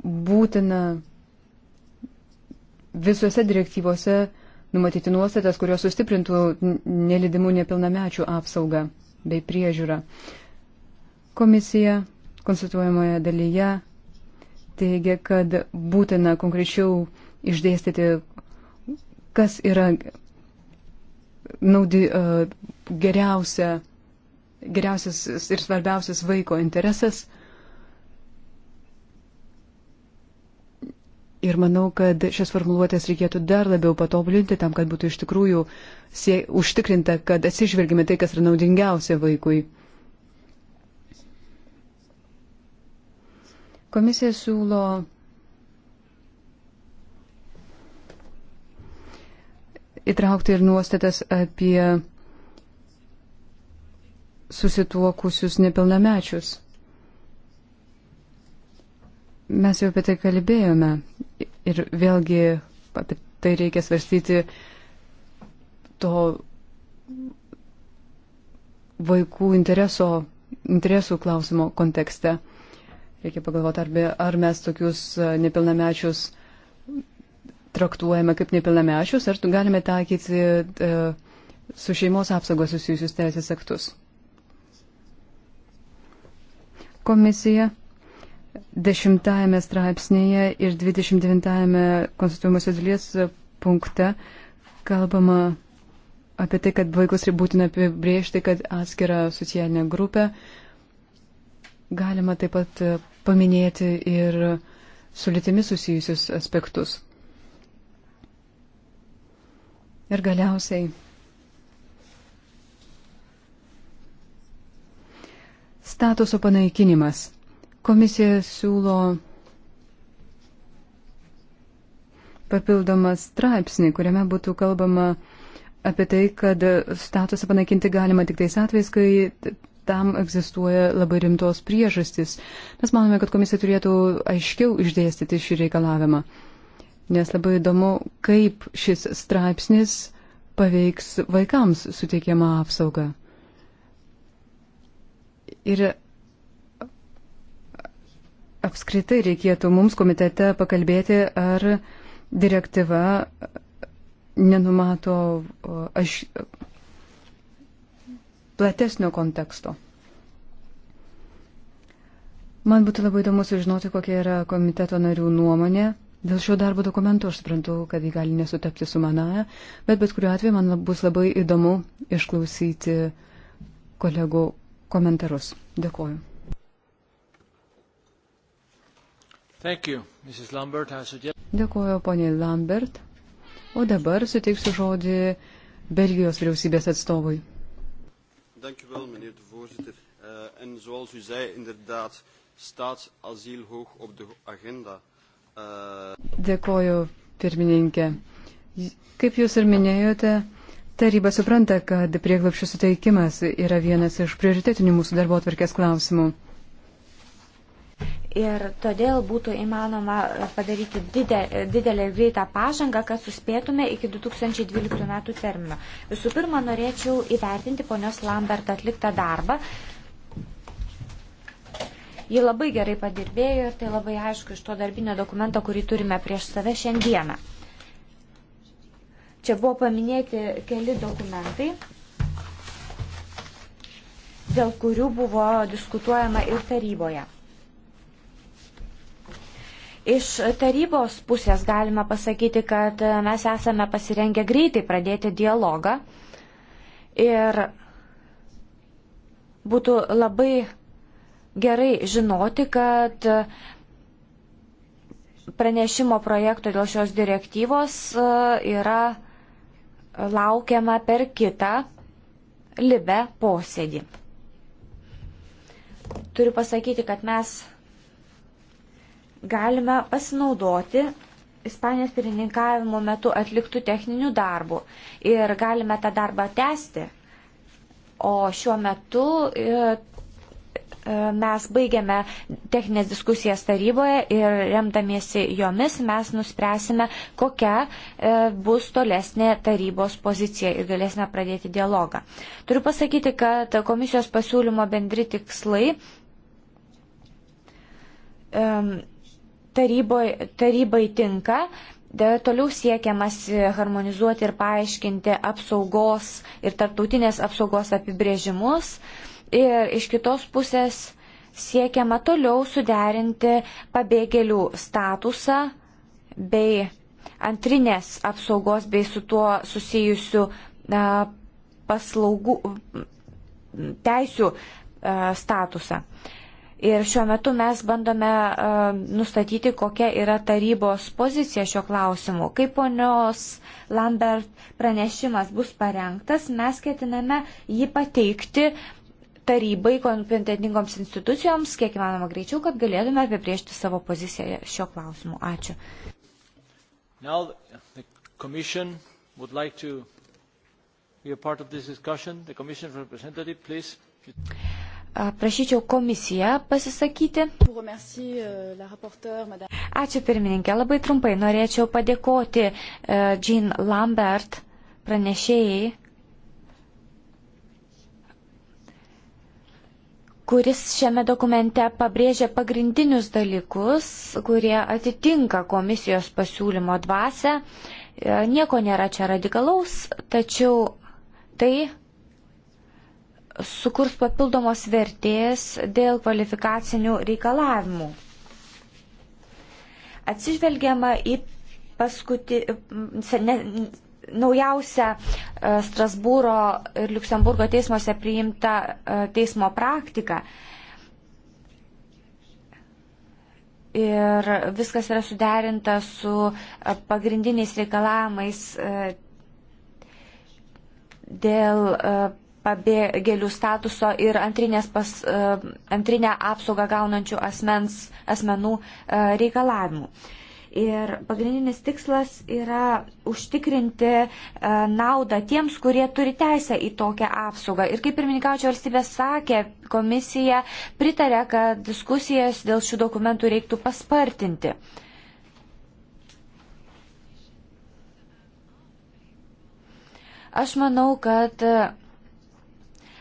[SPEAKER 3] būtina visose direktyvose numatyti nuostatas, kurios sustiprintų nelidimų nepilnamečių apsaugą bei priežiūrą. Komisija konstituojamoje dalyje teigia, kad būtina konkrečiau išdėstyti, kas yra naudi, e, geriausia, geriausias ir svarbiausias vaiko interesas Ir manau, kad šias formuluotės reikėtų dar labiau patobulinti tam, kad būtų iš tikrųjų sie... užtikrinta, kad atsižvelgime tai, kas yra naudingiausia vaikui. Komisija siūlo įtraukti ir nuostatas apie susituokusius nepilnamečius. Mes jau apie tai kalbėjome ir vėlgi apie tai reikia svarstyti to vaikų intereso, interesų klausimo kontekste. Reikia pagalvoti, ar, be, ar mes tokius e, nepilnamečius traktuojame kaip nepilnamečius, ar galime taikyti e, su šeimos apsaugos susijusius teisės aktus. Komisija 10 straipsnėje ir 29 konstitucijos dalies punkte kalbama apie tai, kad vaikus būtina apibriežti, kad atskira socialinė grupė. Galima taip pat paminėti ir su lytimi susijusius aspektus. Ir galiausiai statuso panaikinimas. Komisija siūlo papildomą straipsnį, kuriame būtų kalbama apie tai, kad statusą panaikinti galima tik tais atvejais, kai tam egzistuoja labai rimtos priežastys. Mes manome, kad komisija turėtų aiškiau išdėstyti šį reikalavimą, nes labai įdomu, kaip šis straipsnis paveiks vaikams suteikiamą apsaugą. Ir apskritai reikėtų mums komitete pakalbėti, ar direktyva nenumato aš, platesnio konteksto. Man būtų labai įdomu sužinoti, kokia yra komiteto narių nuomonė. Dėl šio darbo dokumento aš suprantu, kad jį gali nesutapti su manaja, bet bet kuriuo atveju man bus labai įdomu išklausyti kolegų komentarus. Dėkuoju.
[SPEAKER 2] You, Lambert,
[SPEAKER 3] Dėkuoju, ponė Lambert. O dabar suteiksiu žodį Belgijos vyriausybės atstovui.
[SPEAKER 2] Dankjewel, meneer de voorzitter. Uh, en zoals u zei, inderdaad, staat asiel hoog op de agenda. Uh...
[SPEAKER 3] Dėkoju, pirmininkė. Kaip jūs ir minėjote, taryba supranta, kad prieglapščių suteikimas yra vienas iš prioritetinių mūsų darbo atvarkės klausimų
[SPEAKER 4] ir todėl būtų įmanoma padaryti didelę ir greitą pažangą, kad suspėtume iki 2012 metų termino. Visų pirma, norėčiau įvertinti ponios Lambert atliktą darbą. Ji labai gerai padirbėjo ir tai labai aišku iš to darbinio dokumento, kurį turime prieš save šiandieną. Čia buvo paminėti keli dokumentai, dėl kurių buvo diskutuojama ir taryboje. Iš tarybos pusės galima pasakyti, kad mes esame pasirengę greitai pradėti dialogą ir būtų labai gerai žinoti, kad pranešimo projekto dėl šios direktyvos e, yra laukiama per kitą libe posėdį. Turiu pasakyti, kad mes galime pasinaudoti Ispanijos pirmininkavimo metu atliktų techninių darbų ir galime tą darbą tęsti. O šiuo metu e, e, mes baigiame techninės diskusijas taryboje ir remdamiesi jomis mes nuspręsime, kokia e, bus tolesnė tarybos pozicija ir galėsime pradėti dialogą. Turiu pasakyti, kad komisijos pasiūlymo bendri tikslai. Um, taryboj, tarybai tinka. Toliau siekiamas harmonizuoti ir paaiškinti apsaugos ir tarptautinės apsaugos apibrėžimus. Ir iš kitos pusės siekiama toliau suderinti pabėgėlių statusą bei antrinės apsaugos bei su tuo susijusių paslaugų teisių e, statusą. Ir šiuo metu mes bandome uh, nustatyti, kokia yra tarybos pozicija šiuo klausimu. Kai ponios Lambert pranešimas bus parengtas, mes ketiname jį pateikti tarybai kompetentingoms institucijoms, kiek įmanoma greičiau, kad galėtume apibriežti savo poziciją šiuo klausimu. Ačiū.
[SPEAKER 2] Now, like to be a part of this discussion. The Commission representative, please.
[SPEAKER 4] Prašyčiau komisiją pasisakyti.
[SPEAKER 3] Euh,
[SPEAKER 4] Ačiū pirmininkė. Labai trumpai norėčiau padėkoti e, Jean Lambert pranešėjai, kuris šiame dokumente pabrėžia pagrindinius dalykus, kurie atitinka komisijos pasiūlymo dvasę. E, nieko nėra čia radikalaus, tačiau tai sukurs papildomos vertės dėl kvalifikacinių reikalavimų. Atsižvelgiama į paskutį, ne, naujausią e, Strasbūro ir Luksemburgo teismuose priimtą e, teismo praktiką. Ir viskas yra suderinta su e, pagrindiniais reikalavimais dėl pabėgėlių statuso ir antrinės pas, e, antrinę apsaugą gaunančių asmens, asmenų e, reikalavimų. Ir pagrindinis tikslas yra užtikrinti e, naudą tiems, kurie turi teisę į tokią apsaugą. Ir kaip pirmininkaučio valstybė sakė, komisija pritarė, kad diskusijas dėl šių dokumentų reiktų paspartinti. Aš manau, kad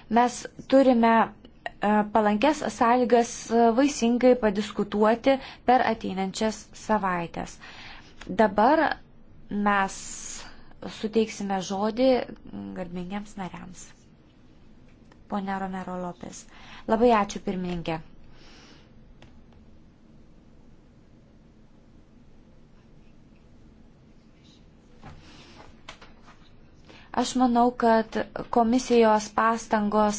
[SPEAKER 4] Mes turime e, palankes sąlygas e, vaisingai padiskutuoti per ateinančias savaitės. Dabar mes suteiksime žodį garbingiems nariams. Pone Romero Lopes. Labai ačiū pirmininkė. Aš manau, kad komisijos pastangos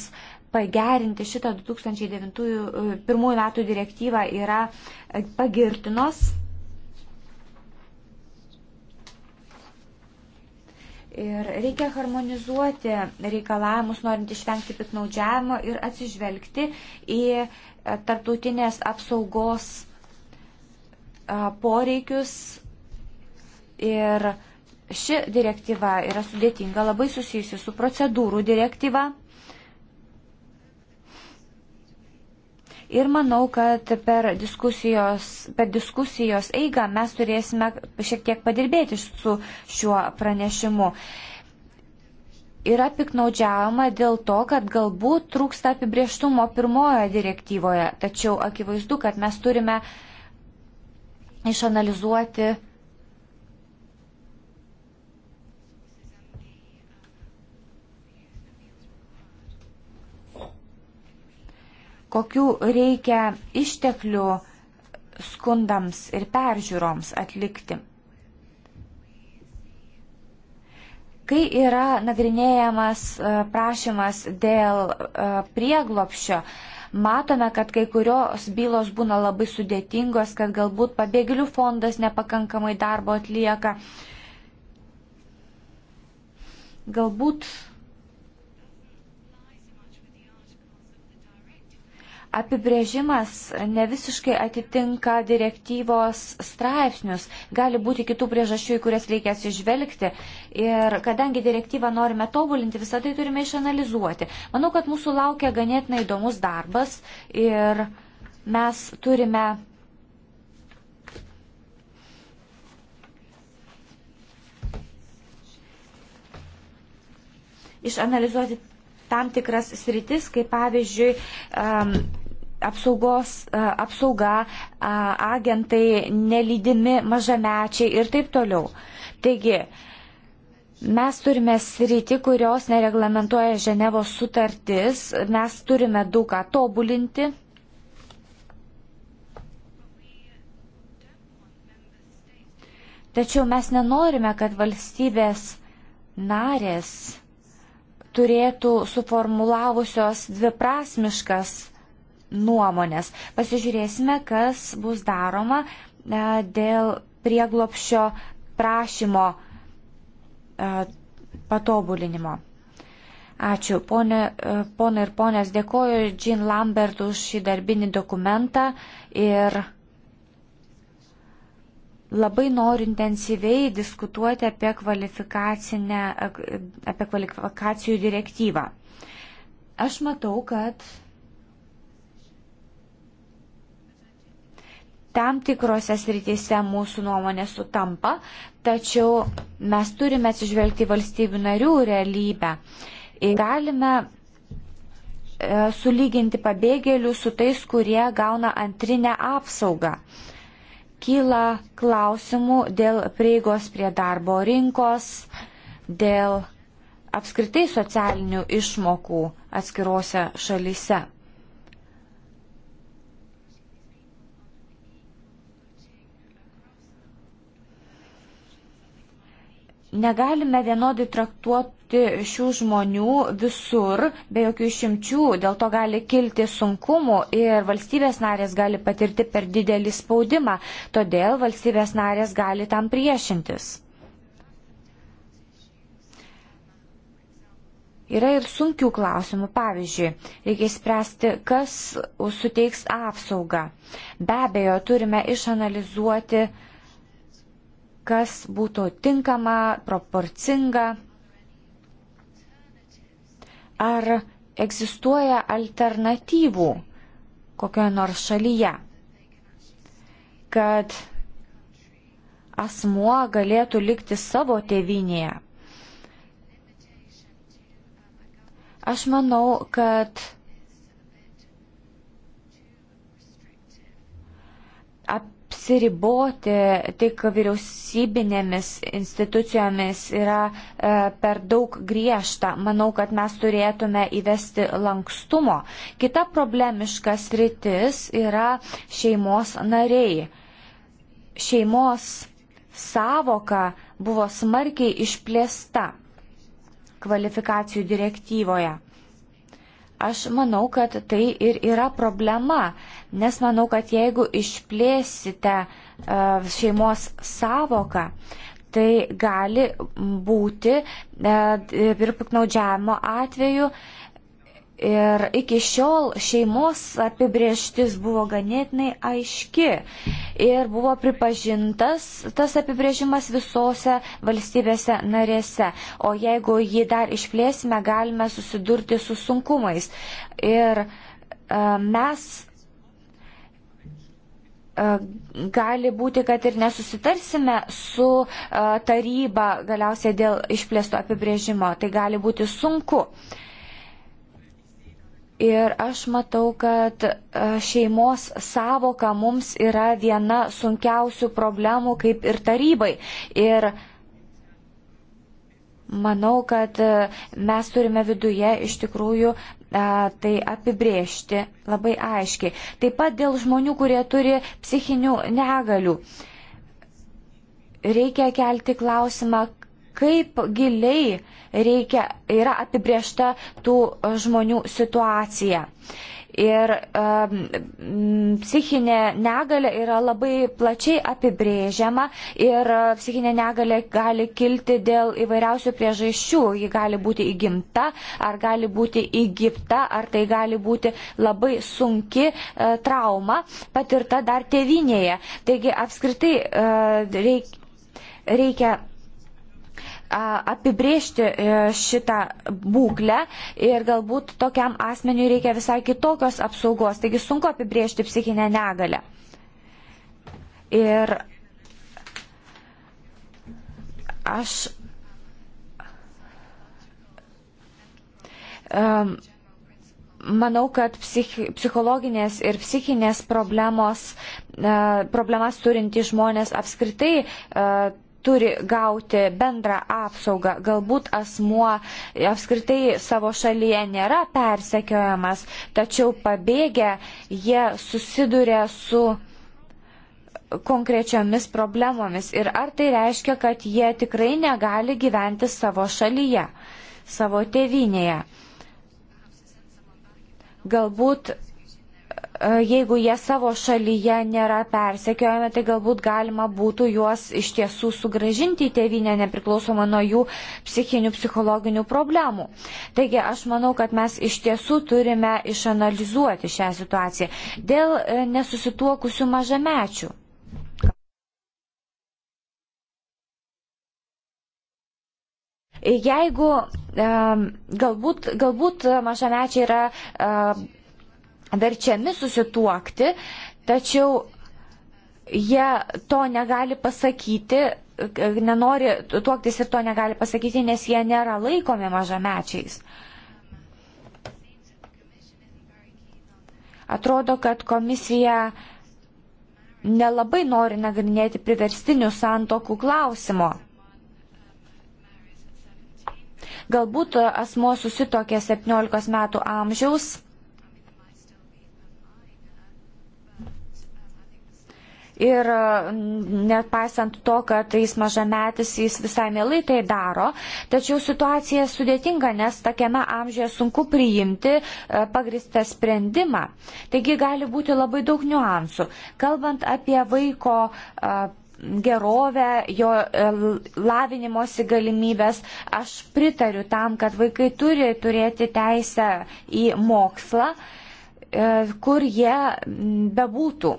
[SPEAKER 4] pagerinti šitą 2001 metų direktyvą yra pagirtinos. Ir reikia harmonizuoti reikalavimus, norint išvengti piknaudžiavimo ir atsižvelgti į e, tarptautinės apsaugos e, poreikius ir Ši direktyva yra sudėtinga, labai susijusi su procedūrų direktyva. Ir manau, kad per diskusijos, per diskusijos eigą mes turėsime šiek tiek padirbėti su šiuo pranešimu. Yra piknaudžiavama dėl to, kad galbūt trūksta apibrieštumo pirmojoje direktyvoje, tačiau akivaizdu, kad mes turime išanalizuoti kokių reikia išteklių skundams ir peržiūroms atlikti. Kai yra nagrinėjamas e, prašymas dėl e, prieglopščio, matome, kad kai kurios bylos būna labai sudėtingos, kad galbūt pabėgėlių fondas nepakankamai darbo atlieka. Galbūt apibrėžimas ne visiškai atitinka direktyvos straipsnius. Gali būti kitų priežasčių, į kurias reikia atsižvelgti. Ir kadangi direktyvą norime tobulinti, visą tai turime išanalizuoti. Manau, kad mūsų laukia ganėtinai įdomus darbas ir mes turime išanalizuoti tam tikras sritis, kaip pavyzdžiui, um, apsaugos, e, apsauga, agentai, nelydimi mažamečiai ir taip toliau. Taigi, mes turime sritį, kurios nereglamentuoja Ženevos sutartis, mes turime daug ką tobulinti. Tačiau mes nenorime, kad valstybės narės turėtų suformulavusios dviprasmiškas nuomonės. Pasižiūrėsime, kas bus daroma e, dėl prieglopšio prašymo e, patobulinimo. Ačiū, ponė, e, ponai ir ponės, dėkoju Jean Lambert už šį darbinį dokumentą ir labai noriu intensyviai diskutuoti apie, apie kvalifikacijų direktyvą. Aš matau, kad Tam tikrose srityse mūsų nuomonė sutampa, tačiau mes turime atsižvelgti valstybių narių realybę. Ir galime e, sulyginti pabėgėlių su tais, kurie gauna antrinę apsaugą. Kyla klausimų dėl prieigos prie darbo rinkos, dėl apskritai socialinių išmokų atskirose šalyse. Negalime vienodai traktuoti šių žmonių visur, be jokių išimčių, dėl to gali kilti sunkumų ir valstybės narės gali patirti per didelį spaudimą, todėl valstybės narės gali tam priešintis. Yra ir sunkių klausimų, pavyzdžiui, reikia spręsti, kas suteiks apsaugą. Be abejo, turime išanalizuoti uh, kas būtų tinkama, proporcinga. Ar egzistuoja alternatyvų kokioje nors šalyje, kad asmuo galėtų likti savo tėvinėje. Aš manau, kad apsiriboti tik vyriausybinėmis institucijomis yra e, per daug griežta. Manau, kad mes turėtume įvesti lankstumo. Kita problemiška sritis yra šeimos nariai. Šeimos savoka buvo smarkiai išplėsta kvalifikacijų direktyvoje. Aš manau, kad tai ir yra problema nes manau, kad jeigu išplėsite e, šeimos savoką, tai gali būti e, ir piknaudžiavimo atveju. Ir iki šiol šeimos apibrieštis buvo ganėtinai aiški ir buvo pripažintas tas apibrėžimas visose valstybėse narėse. O jeigu jį dar išplėsime, galime susidurti su sunkumais. Ir e, mes E, gali būti, kad ir nesusitarsime su e, taryba galiausiai dėl išplėsto apibrėžimo. Tai gali būti sunku. Ir aš matau, kad e, šeimos savoka mums yra viena sunkiausių problemų, kaip ir tarybai. Ir manau, kad mes turime viduje iš tikrųjų tai apibriežti labai aiškiai. Taip pat dėl žmonių, kurie turi psichinių negalių. Reikia kelti klausimą, kaip giliai reikia, yra apibriešta tų žmonių situacija. Uh, Ir um, psichinė negalė yra labai plačiai apibrėžiama ir uh, psichinė negalė gali kilti dėl įvairiausių priežasčių. Ji gali būti įgimta, ar gali būti įgypta, ar tai gali būti labai sunki uh, trauma patirta dar tevinėje. Taigi apskritai uh, reikia. reikia apibriežti e, šitą būklę ir galbūt tokiam asmeniui reikia visai kitokios apsaugos, taigi sunku apibriežti psichinę negalę. Ir aš. Um, manau, kad psich, psichologinės ir psichinės problemos, e, problemas turinti žmonės apskritai e, turi gauti bendrą apsaugą. Galbūt asmuo apskritai savo šalyje nėra persekiojamas, tačiau pabėgę jie susiduria su konkrečiomis problemomis ir ar tai reiškia, kad jie tikrai negali gyventi savo šalyje, savo tėvinėje. Galbūt E, jeigu jie savo šalyje nėra persekiojami, tai galbūt galima būtų juos iš tiesų sugražinti į tėvynę nepriklausomai nuo jų psichinių, psichologinių problemų. Taigi aš manau, kad mes iš tiesų turime išanalizuoti šią situaciją dėl e, nesusituokusių mažamečių. Jeigu e, galbūt, galbūt mažamečiai yra verčiami susituokti, tačiau jie to negali pasakyti, nenori tuoktis ir to negali pasakyti, nes jie nėra laikomi mažamečiais. Atrodo, kad komisija nelabai nori nagrinėti priverstinių santokų klausimo. Galbūt asmo susitokė 17 metų amžiaus ir nepaisant to, kad jis mažametis, jis visai mielai tai daro, tačiau situacija sudėtinga, nes tokiame amžiuje sunku priimti e, pagristą sprendimą. Taigi gali būti labai daug niuansų. Kalbant apie vaiko e, gerovę, jo e, lavinimosi galimybės. Aš pritariu tam, kad vaikai turi turėti teisę į mokslą, kur jie bebūtų.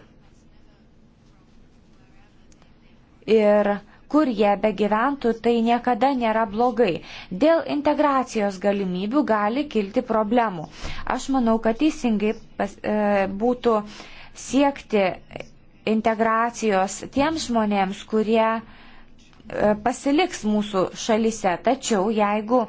[SPEAKER 4] ir kur jie begyventų, tai niekada nėra blogai. Dėl integracijos galimybių gali kilti problemų. Aš manau, kad teisingai pas, e, būtų siekti integracijos tiems žmonėms, kurie e, pasiliks mūsų šalise. Tačiau jeigu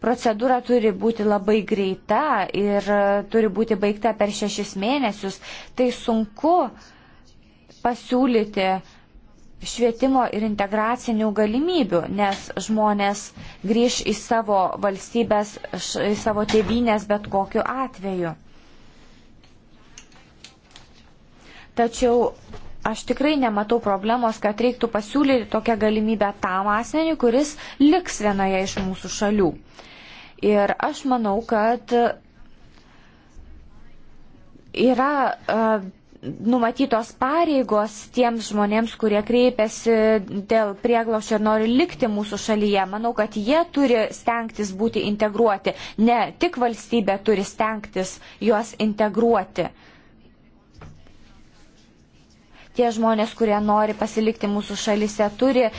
[SPEAKER 4] procedūra turi būti labai greita ir e, turi būti baigta per šešis mėnesius, tai sunku uh, pasiūlyti švietimo ir integracinių galimybių, nes žmonės grįž į savo valstybės, į savo tėvynės bet kokiu atveju. Tačiau aš tikrai nematau problemos, kad reiktų pasiūlyti tokią galimybę tam asmeniui, kuris liks vienoje iš mūsų šalių. Ir aš manau, kad yra numatytos pareigos tiems žmonėms, kurie kreipiasi dėl prieglaušio ir nori likti mūsų šalyje. Manau, kad jie turi stengtis būti integruoti. Ne tik valstybė turi stengtis juos integruoti. Tie žmonės, kurie nori pasilikti mūsų šalyse, turi e,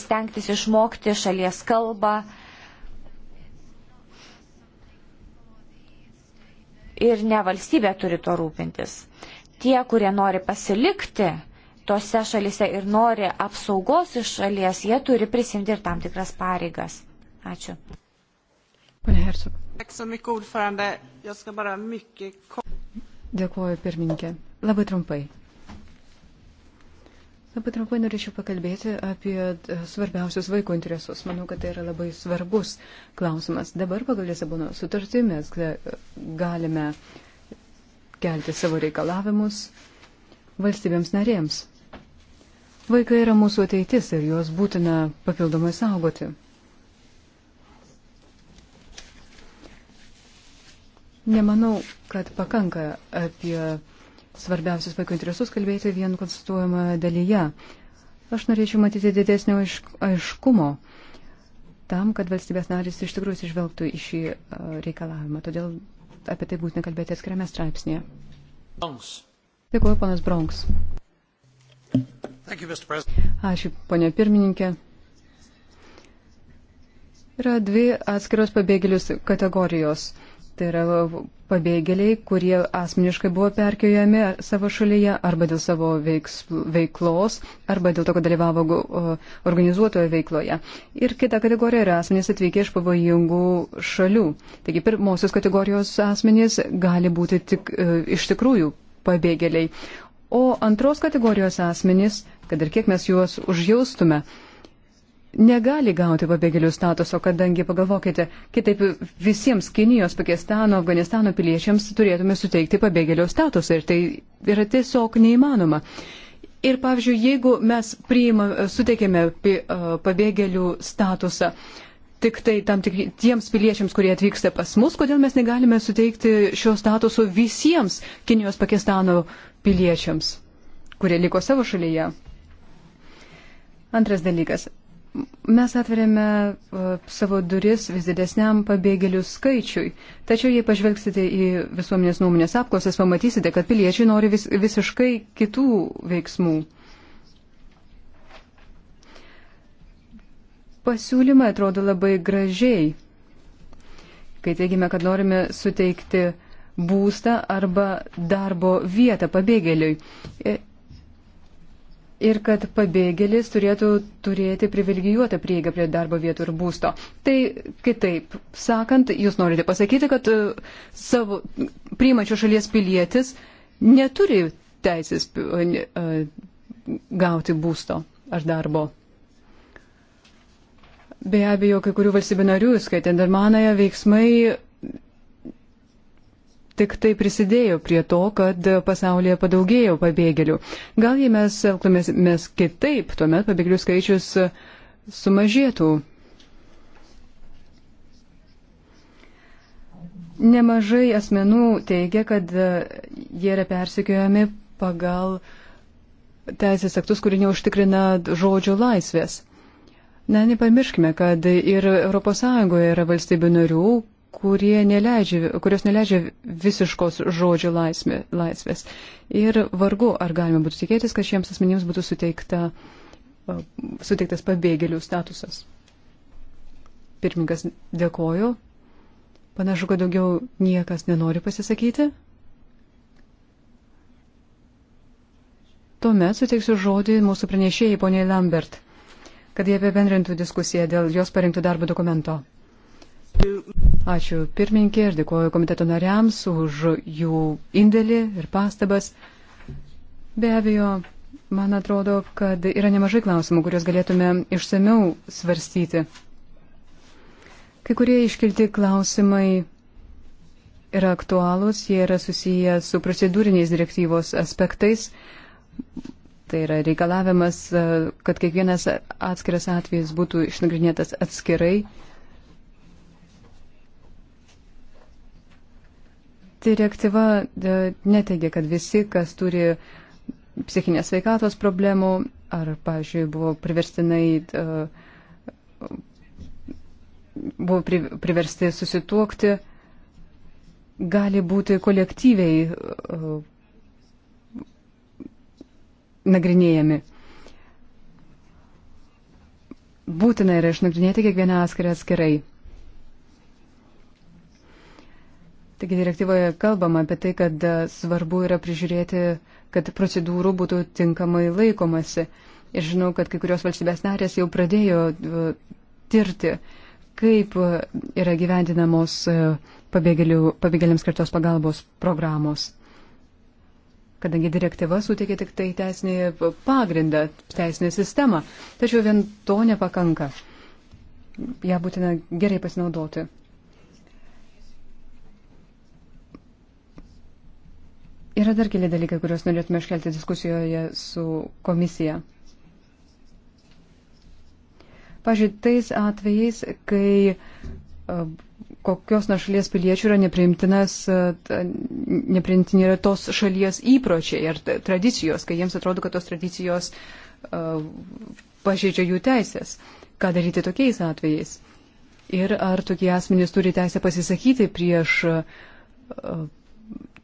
[SPEAKER 4] stengtis išmokti šalies kalbą. Ir ne valstybė turi to rūpintis tie, kurie nori pasilikti tose šalise ir nori apsaugos iš šalies, jie turi prisimti ir tam tikras pareigas. Ačiū. Pane Hersuk. Dėkuoju, pirmininkė. Labai trumpai.
[SPEAKER 3] Labai trumpai norėčiau pakalbėti apie e, svarbiausius vaiko interesus. Manau, kad tai yra labai svarbus klausimas. Dabar pagal Lisabono sutartį mes e, galime uh, kelti savo reikalavimus valstybėms narėms. Vaikai yra mūsų ateitis ir juos būtina papildomai saugoti. Nemanau, kad pakanka apie svarbiausius vaiko interesus kalbėti vien konstatuojamoje dalyje. Aš norėčiau matyti didesnio aiškumo tam, kad valstybės narys iš tikrųjų išvelgtų į šį reikalavimą. Todėl apie tai būtina kalbėti atskiriame straipsnėje. Dėkuoju, ponas Bronks. Ačiū, ponė pirmininkė. Yra dvi atskiros pabėgėlius kategorijos. Tai yra pabėgėliai, kurie asmeniškai buvo perkiojami savo šalyje arba dėl savo veiks, veiklos, arba dėl to, kad dalyvavo organizuotojo veikloje. Ir kita kategorija yra asmenys atvykę iš pavojingų šalių. Taigi pirmosios kategorijos asmenys gali būti tik, e, iš tikrųjų pabėgėliai. O antros kategorijos asmenys, kad ir kiek mes juos užjaustume, negali gauti pabėgėlių statuso, kadangi pagalvokite, kitaip visiems Kinijos, Pakistano, Afganistano piliečiams turėtume suteikti pabėgėlių statusą ir tai yra tiesiog neįmanoma. Ir pavyzdžiui, jeigu mes priima, suteikėme pabėgėlių statusą tik tai tam tik tiems piliečiams, kurie atvyksta pas mus, kodėl mes negalime suteikti šio statuso visiems Kinijos, Pakistano piliečiams, kurie liko savo šalyje. Antras dalykas. Mes atverėme e, savo duris vis didesniam pabėgėlių skaičiui, tačiau jei pažvelgsite į visuomenės nuomonės apklausas, pamatysite, kad piliečiai nori vis, visiškai kitų veiksmų. Pasiūlymai atrodo labai gražiai, kai teigime, kad norime suteikti būstą arba darbo vietą pabėgėliui. E, ir kad pabėgėlis turėtų turėti privilegijuotą prieigą prie darbo vietų ir būsto. Tai kitaip sakant, jūs norite pasakyti, kad e, savo priimančio šalies pilietis neturi teisės e, e, gauti būsto ar darbo. Be abejo, kai kurių valstybių narių, skaitant ir manąją, veiksmai tik tai prisidėjo prie to, kad pasaulyje padaugėjo pabėgėlių. Gal jei mes elgtumės kitaip, tuomet pabėgėlių skaičius sumažėtų. Nemažai asmenų teigia, kad jie yra persikiojami pagal teisės aktus, kurie neužtikrina žodžio laisvės. Na, nepamirškime, kad ir ES yra valstybių narių, neleidžia, kurios neleidžia visiškos žodžio laisvė, laisvės. Ir vargu, ar galima būtų tikėtis, kad šiems asmenims būtų suteikta, suteiktas pabėgėlių statusas. Pirmininkas dėkoju. Panašu, kad daugiau niekas nenori pasisakyti. Tuomet suteiksiu žodį mūsų pranešėjai poniai Lambert, kad jie apibendrintų diskusiją dėl jos parinktų darbo dokumento. Ačiū pirmininkė ir dėkuoju komiteto nariams už jų indėlį ir pastabas. Be abejo, man atrodo, kad yra nemažai klausimų, kuriuos galėtume išsameu svarstyti. Kai kurie iškilti klausimai yra aktualūs, jie yra susiję su procedūriniais direktyvos aspektais. Tai yra reikalavimas, kad kiekvienas atskiras atvejis būtų išnagrinėtas atskirai. Direktyva e, neteigia, kad visi, kas turi psichinės veikatos problemų ar, pavyzdžiui, buvo priverstinai e, buvo priversti susituokti, gali būti kolektyviai e, nagrinėjami. Būtina yra išnagrinėti kiekvieną atskirą atskirai. Taigi direktyvoje kalbama apie tai, kad e, svarbu yra prižiūrėti, kad procedūrų būtų tinkamai laikomasi. Ir žinau, kad kai kurios valstybės narės jau pradėjo e, tirti, kaip e, yra gyvendinamos pabėgėliams skirtos pagalbos programos. Kadangi direktyva suteikia tik tai teisinį pagrindą, teisinę sistemą, tačiau vien to nepakanka. Ja būtina gerai pasinaudoti. Yra dar keli dalykai, kuriuos norėtume iškelti diskusijoje su komisija. Pavyzdžiui, tais atvejais, kai e, kokios nors šalies piliečių yra nepriimtinas, e, nepriimtini yra tos šalies įpročiai ar tradicijos, kai jiems atrodo, kad tos tradicijos e, pažeidžia jų teisės. Ką daryti tokiais atvejais? Ir ar tokie asmenys turi teisę pasisakyti prieš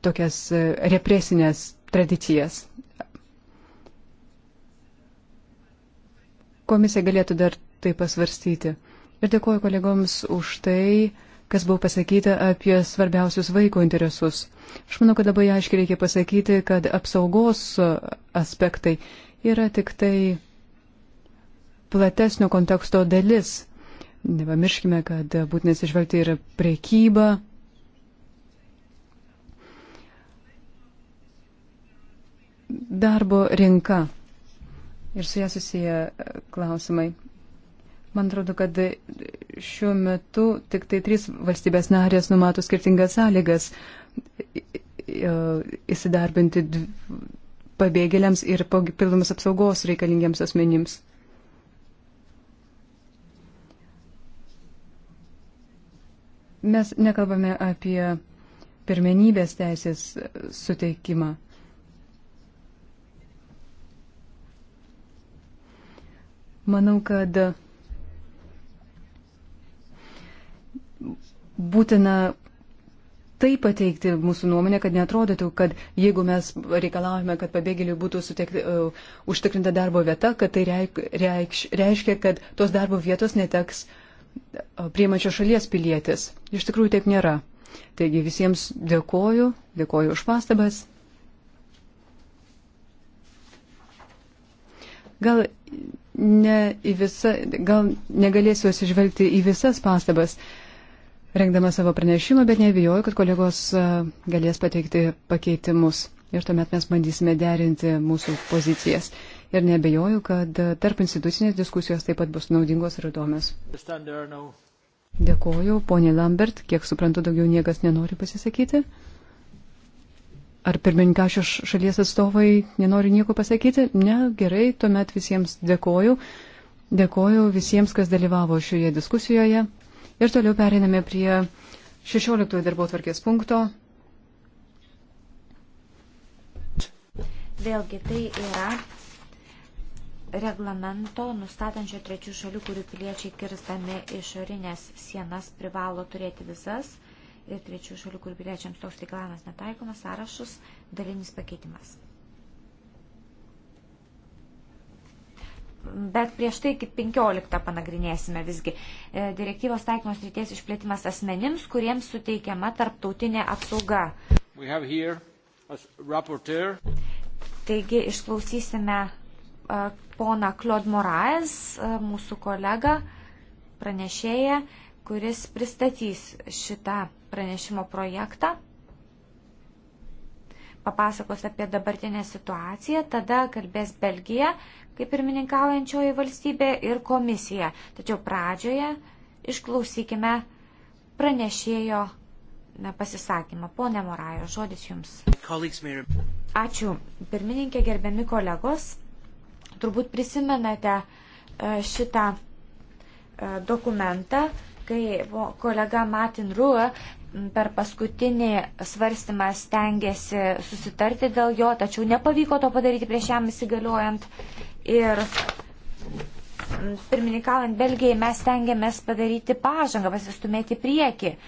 [SPEAKER 3] tokias e, represinės tradicijas. Komisija galėtų dar tai pasvarstyti. Ir dėkuoju kolegoms už tai, kas buvo pasakyta apie svarbiausius vaiko interesus. Aš manau, kad labai aiškiai reikia pasakyti, kad apsaugos aspektai yra tik tai platesnio konteksto dalis. Nepamirškime, kad būtinės išvelgti yra priekyba, darbo rinka ir su ją susiję e, klausimai. Man atrodo, kad šiuo metu tik tai trys valstybės narės numato skirtingas sąlygas e, įsidarbinti pabėgėliams ir papildomas apsaugos reikalingiems asmenims. Mes nekalbame apie pirmenybės teisės suteikimą. Manau, kad būtina tai pateikti mūsų nuomonę, kad netrodytų, kad jeigu mes reikalavome, kad pabėgėliui būtų sutekti, uh, e, užtikrinta darbo vieta, kad tai reik, reikš, reiškia, kad tos darbo vietos neteks uh, e, priemačio šalies pilietis. Iš tikrųjų taip nėra. Taigi visiems dėkoju, dėkoju už pastabas. Gal ne į visą, gal negalėsiu atsižvelgti į visas pastabas, rengdama savo pranešimą, bet nebijoju, kad kolegos galės pateikti pakeitimus. Ir tuomet mes bandysime derinti mūsų pozicijas. Ir nebejoju, kad tarp institucinės diskusijos taip pat bus naudingos ir įdomios. Dėkoju, ponė Lambert, kiek suprantu, daugiau niekas nenori pasisakyti. Ar pirmininkašios šalies atstovai nenori nieko pasakyti? Ne, gerai, tuomet visiems dėkoju. Dėkoju visiems, kas dalyvavo šioje diskusijoje. Ir toliau periname prie 16 darbo tvarkės punkto.
[SPEAKER 4] Vėlgi tai yra reglamento nustatančio trečių šalių, kurių piliečiai kirstami išorinės sienas privalo turėti visas ir trečių šalių, kur piliečiams toks reikalavimas netaikomas, sąrašus dalinis pakeitimas. Bet prieš tai iki 15 panagrinėsime visgi. E, direktyvos taikymos ryties išplėtimas asmenims, kuriems suteikiama tarptautinė apsauga. Taigi išklausysime e, pona Claude Moraes, e, mūsų kolega, pranešėja, kuris pristatys šitą pranešimo projektą, papasakos apie dabartinę situaciją, tada kalbės Belgija, kaip pirmininkaujančioji valstybė ir komisija. Tačiau pradžioje išklausykime pranešėjo pasisakymą. Pone Morajo, žodis jums. Ačiū. Pirmininkė, gerbiami kolegos, turbūt prisimenate e, šitą e, dokumentą, kai kolega Martin Rue per paskutinį svarstymą stengiasi susitarti dėl jo, tačiau nepavyko to padaryti prieš jam įsigaliojant. Ir mm, pirmininkaujant Belgijai mes stengiamės padaryti pažangą, pasistumėti prieki e,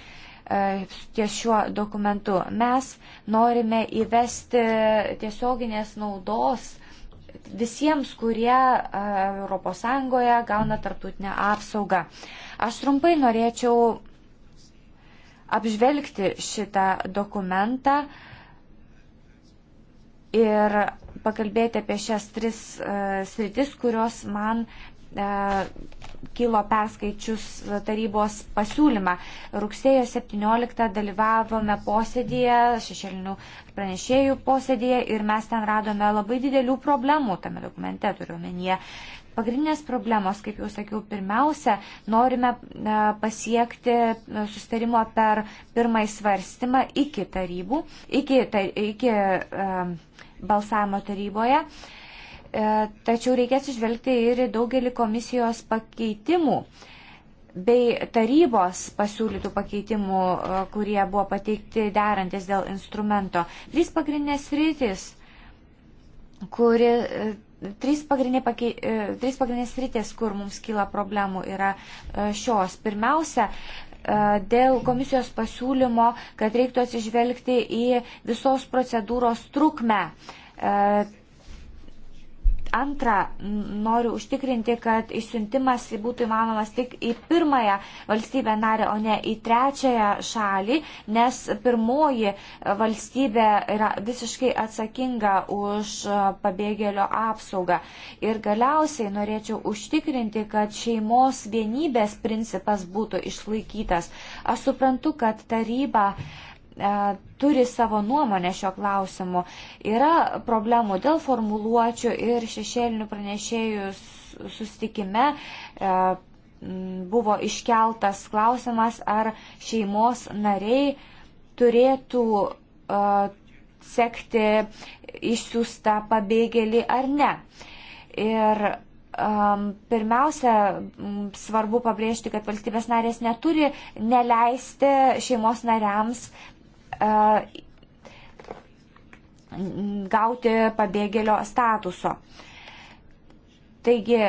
[SPEAKER 4] ties šiuo dokumentu. Mes norime įvesti tiesioginės naudos visiems, kurie ES gauna tartutinę apsaugą. Aš trumpai norėčiau apžvelgti šitą dokumentą ir pakalbėti apie šias tris uh, sritis, kurios man uh, kilo perskaičius tarybos pasiūlymą. Rugsėjo 17 dalyvavome posėdėje, šešėlinių pranešėjų posėdėje ir mes ten radome labai didelių problemų tame dokumente, turiu menyje Pagrindinės problemos, kaip jau sakiau, pirmiausia, norime e, pasiekti e, sustarimo per pirmąjį svarstymą iki tarybų, iki, tar, iki e, balsavimo taryboje. Tačiau reikės išvelgti ir daugelį komisijos pakeitimų bei tarybos pasiūlytų pakeitimų, kurie buvo pateikti derantis dėl instrumento. Trys pagrindinės rytis, kuri, E, trys pagrindinės, pakei, trys pagrindinės rytės, kur mums kyla problemų, yra e, šios. Pirmiausia, e, dėl komisijos pasiūlymo, kad reiktų atsižvelgti į visos procedūros trukmę Antra, noriu užtikrinti, kad išsiuntimas būtų įmanomas tik į pirmąją valstybę narę, o ne į trečiąją šalį, nes pirmoji valstybė yra visiškai atsakinga už e, pabėgėlio apsaugą. Ir galiausiai norėčiau užtikrinti, kad šeimos vienybės principas būtų išlaikytas. Aš suprantu, kad taryba E, turi savo nuomonę šio klausimu. Yra problemų dėl formuluočių ir šešėlinių pranešėjų sustikime e, buvo iškeltas klausimas, ar šeimos nariai turėtų e, sekti išsiųstą pabėgėlį ar ne. Ir um, pirmiausia, m, svarbu pabrėžti, kad valstybės narės neturi neleisti šeimos nariams E, gauti pabėgėlio statuso. Taigi e,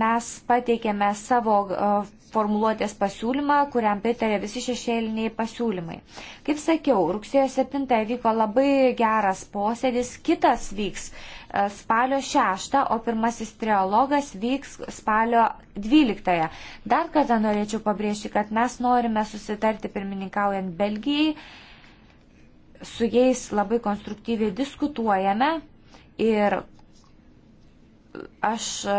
[SPEAKER 4] mes pateikėme savo e, formuluotės pasiūlymą, kuriam pritarė visi šešėliniai pasiūlymai. Kaip sakiau, rugsėjo 7 vyko labai geras posėdis, kitas vyks E, spalio 6, o pirmasis trialogas vyks spalio 12. Dar kartą norėčiau pabrėžti, kad mes norime susitarti pirmininkaujant Belgijai, su jais labai konstruktyviai diskutuojame ir aš e,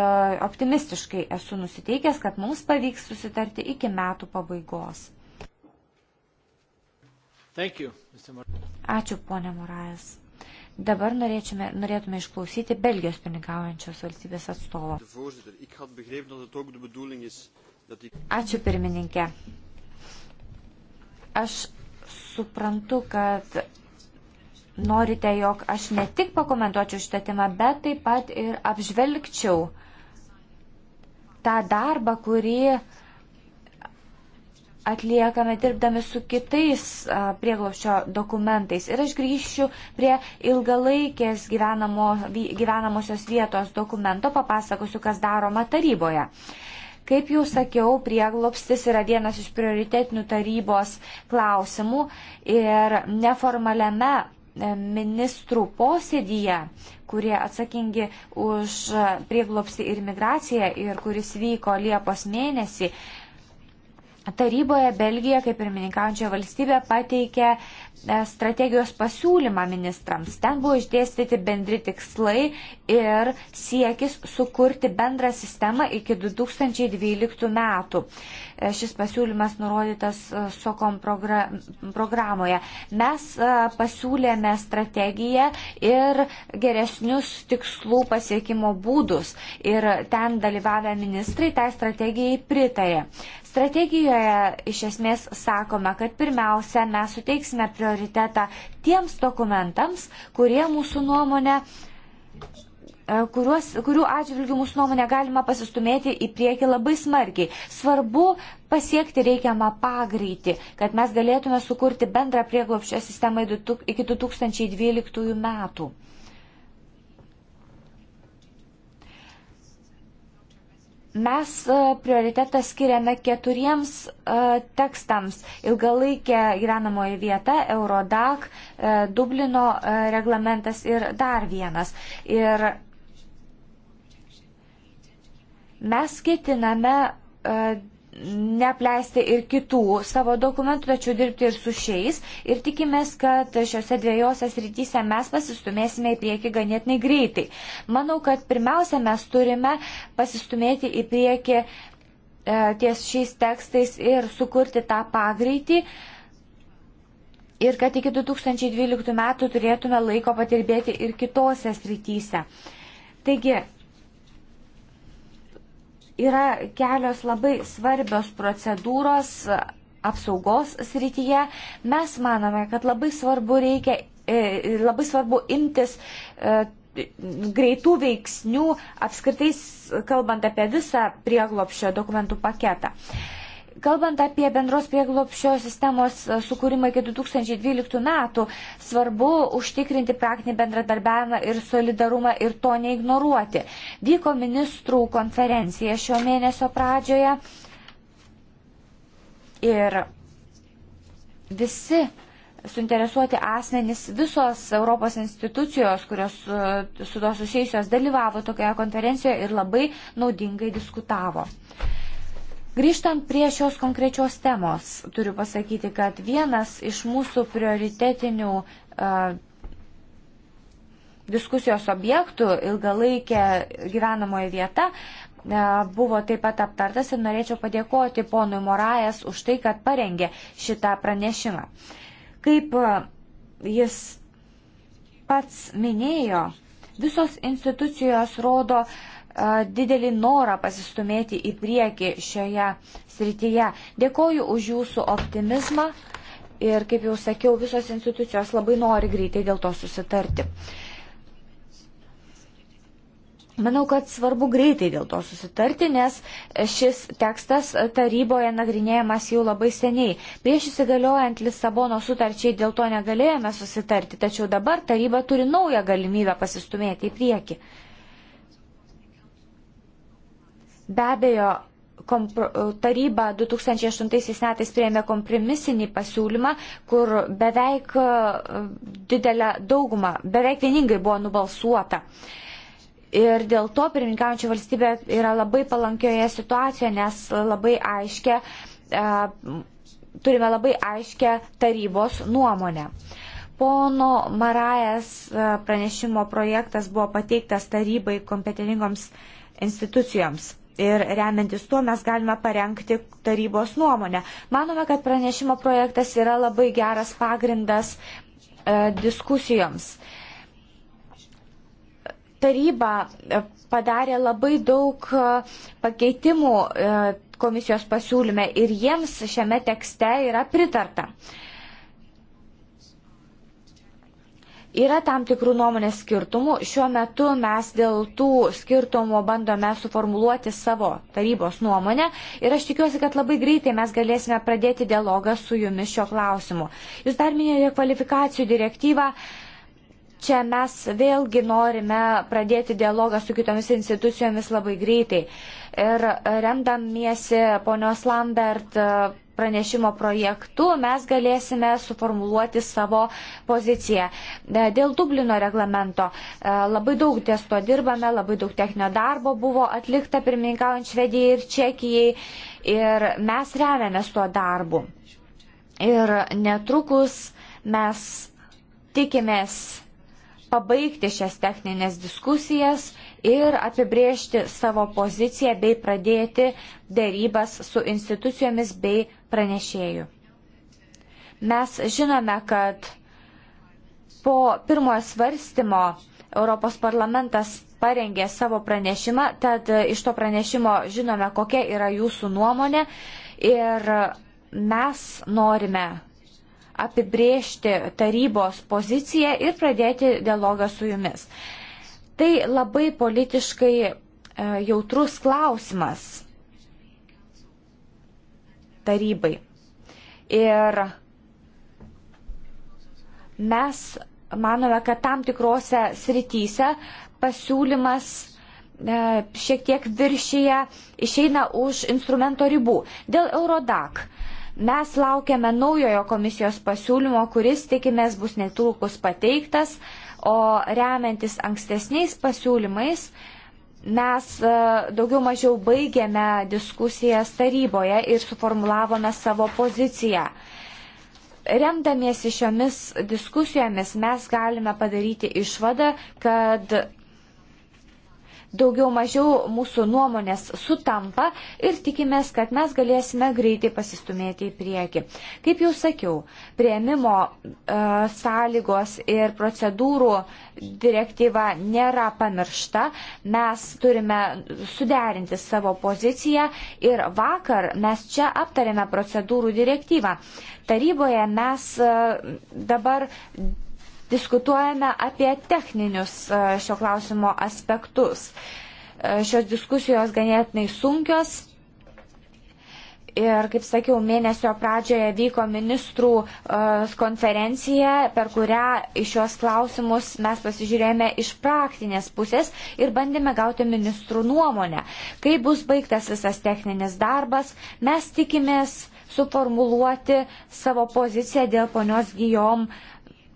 [SPEAKER 4] optimistiškai esu nusiteikęs, kad mums pavyks susitarti iki metų pabaigos. Ačiū, ponė Morais. Dabar norėtume, norėtume išklausyti Belgijos pirmininkaujančios valstybės atstovo.
[SPEAKER 2] Ačiū pirmininkė.
[SPEAKER 4] Aš suprantu, kad norite, jog aš ne tik pakomentuočiau šitą temą, bet taip pat ir apžvelgčiau tą darbą, kurį atliekame dirbdami su kitais prieglopščio dokumentais. Ir aš grįšiu prie ilgalaikės gyvenamo, gyvenamosios vietos dokumento, papasakosiu, kas daroma taryboje. Kaip jau sakiau, prieglopstis yra vienas iš prioritetinių tarybos klausimų ir neformaliame e, ministrų posėdyje, kurie atsakingi už prieglopstį ir migraciją ir kuris vyko Liepos mėnesį, Taryboje Belgija, kaip pirmininkaujančia valstybė, pateikė e, strategijos pasiūlymą ministrams. Ten buvo išdėstyti bendri tikslai ir siekis sukurti bendrą sistemą iki 2012 metų. E, šis pasiūlymas nurodytas e, SOKOM programoje. Mes e, pasiūlėme strategiją ir geresnius tikslų pasiekimo būdus ir ten dalyvavę ministrai tai strategijai pritarė. Strategijoje iš esmės sakome, kad pirmiausia mes suteiksime prioritetą tiems dokumentams, kurie mūsų nuomonė uh, E, kuriuos, kurių atžvilgių mūsų nuomonė galima pasistumėti į priekį labai smarkiai. Svarbu pasiekti reikiamą pagreitį, kad mes galėtume sukurti bendrą prieglopščio sistemą iki 2012 metų. Mes e, prioritetą skiriame keturiems e, tekstams - ilgalaikė gyvenamoji vieta, Eurodac, Dublino reglamentas ir dar vienas. Ir Mes ketiname e, neapleisti ir kitų savo dokumentų, tačiau dirbti ir su šiais. Ir tikimės, kad šiuose dviejose srityse mes pasistumėsime į priekį ganėtinai greitai. Manau, kad pirmiausia, mes turime pasistumėti į priekį e, ties šiais tekstais ir sukurti tą pagreitį. Ir kad iki 2012 metų turėtume laiko patirbėti ir kitose srityse. Taigi, Yra kelios labai svarbios procedūros apsaugos srityje. Mes manome, kad labai svarbu, reikia, e, labai svarbu imtis e, greitų veiksnių, apskritai kalbant apie visą prieglopšio dokumentų paketą. E, Kalbant apie bendros prieglopščio sistemos e, sukūrimą iki 2012 metų, svarbu užtikrinti praktinį bendradarbiavimą ir solidarumą ir to neignoruoti. Vyko ministrų konferencija šio mėnesio pradžioje ir visi suinteresuoti asmenys, visos Europos institucijos, kurios e, su to susijusios dalyvavo tokioje konferencijoje ir labai naudingai diskutavo. Grįžtant prie šios konkrečios temos, turiu pasakyti, kad vienas iš mūsų prioritetinių uh, diskusijos objektų ilgalaikė gyvenamoji vieta buvo taip pat aptartas ir norėčiau padėkoti ponui Morajas už tai, kad parengė šitą pranešimą. Kaip jis pats minėjo, visos institucijos rodo uh, didelį norą pasistumėti į priekį šioje srityje. Dėkoju už jūsų optimizmą ir, kaip jau sakiau, visos institucijos labai nori greitai dėl to susitarti. Manau, kad svarbu greitai dėl to susitarti, nes šis tekstas taryboje nagrinėjamas jau labai seniai. Prieš įsigaliojant Lisabono sutarčiai dėl to negalėjome susitarti, tačiau dabar taryba turi naują galimybę pasistumėti į priekį. Be abejo, taryba 2008 metais prieėmė kompromisinį pasiūlymą, kur beveik e, didelę daugumą, beveik vieningai buvo nubalsuota. Ir dėl to pirmininkaujančia valstybė yra labai palankioje situacijoje, nes labai aiškia, e, turime labai aiškę tarybos nuomonę. Pono Marajas e, pranešimo projektas buvo pateiktas tarybai kompetitingoms institucijoms ir remiantis tuo mes galime parengti tarybos nuomonę. Manome, kad pranešimo projektas yra labai geras pagrindas e, diskusijoms. Taryba e, padarė labai daug e, pakeitimų e, komisijos pasiūlyme ir jiems šiame tekste yra pritarta. E, Yra tam tikrų nuomonės skirtumų. Šiuo metu mes dėl tų skirtumų bandome suformuluoti savo tarybos nuomonę ir aš tikiuosi, kad labai greitai mes galėsime pradėti dialogą su jumis šio klausimu. Jūs dar minėjote kvalifikacijų direktyvą. Čia mes vėlgi norime pradėti dialogą su kitomis institucijomis labai greitai. Ir remdamiesi ponios Lambert pranešimo projektu mes galėsime suformuluoti savo poziciją. E, dėl Dublino reglamento e, labai daug ties to dirbame, labai daug techninio darbo buvo atlikta pirmininkaujant Švedijai ir Čekijai ir mes remiamės tuo darbu. Ir netrukus mes tikimės pabaigti šias techninės diskusijas ir apibriežti savo poziciją bei pradėti dėrybas su institucijomis bei pranešėjų. Mes žinome, kad po pirmojo svarstymo Europos parlamentas parengė savo pranešimą, tad iš to pranešimo žinome, kokia yra jūsų nuomonė ir mes norime apibriežti tarybos poziciją ir pradėti dialogą su jumis. Tai labai politiškai e, jautrus klausimas tarybai. Ir mes manome, kad tam tikrose srityse pasiūlymas e, šiek tiek viršyje išeina už instrumento ribų. Dėl Eurodak mes laukiame naujojo komisijos pasiūlymo, kuris tikimės bus netrukus pateiktas. Uh, o remiantis ankstesniais pasiūlymais mes e, daugiau mažiau baigėme diskusijas taryboje ir suformulavome savo poziciją. Remdamiesi šiomis diskusijomis mes galime padaryti išvadą, kad daugiau mažiau mūsų nuomonės sutampa ir tikimės, kad mes galėsime greitai pasistumėti į priekį. Kaip jau sakiau, prieimimo e, sąlygos ir procedūrų direktyva nėra pamiršta. Mes turime suderinti savo poziciją ir vakar mes čia aptarėme procedūrų direktyvą. Taryboje mes e, dabar diskutuojame apie techninius e, šio klausimo aspektus. E, šios diskusijos ganėtinai sunkios. Ir, kaip sakiau, mėnesio pradžioje vyko ministrų e, konferencija, per kurią iš šios klausimus mes pasižiūrėjome iš praktinės pusės ir bandėme gauti ministrų nuomonę. Kai bus baigtas visas techninis darbas, mes tikimės suformuluoti savo poziciją dėl ponios Gijom uh,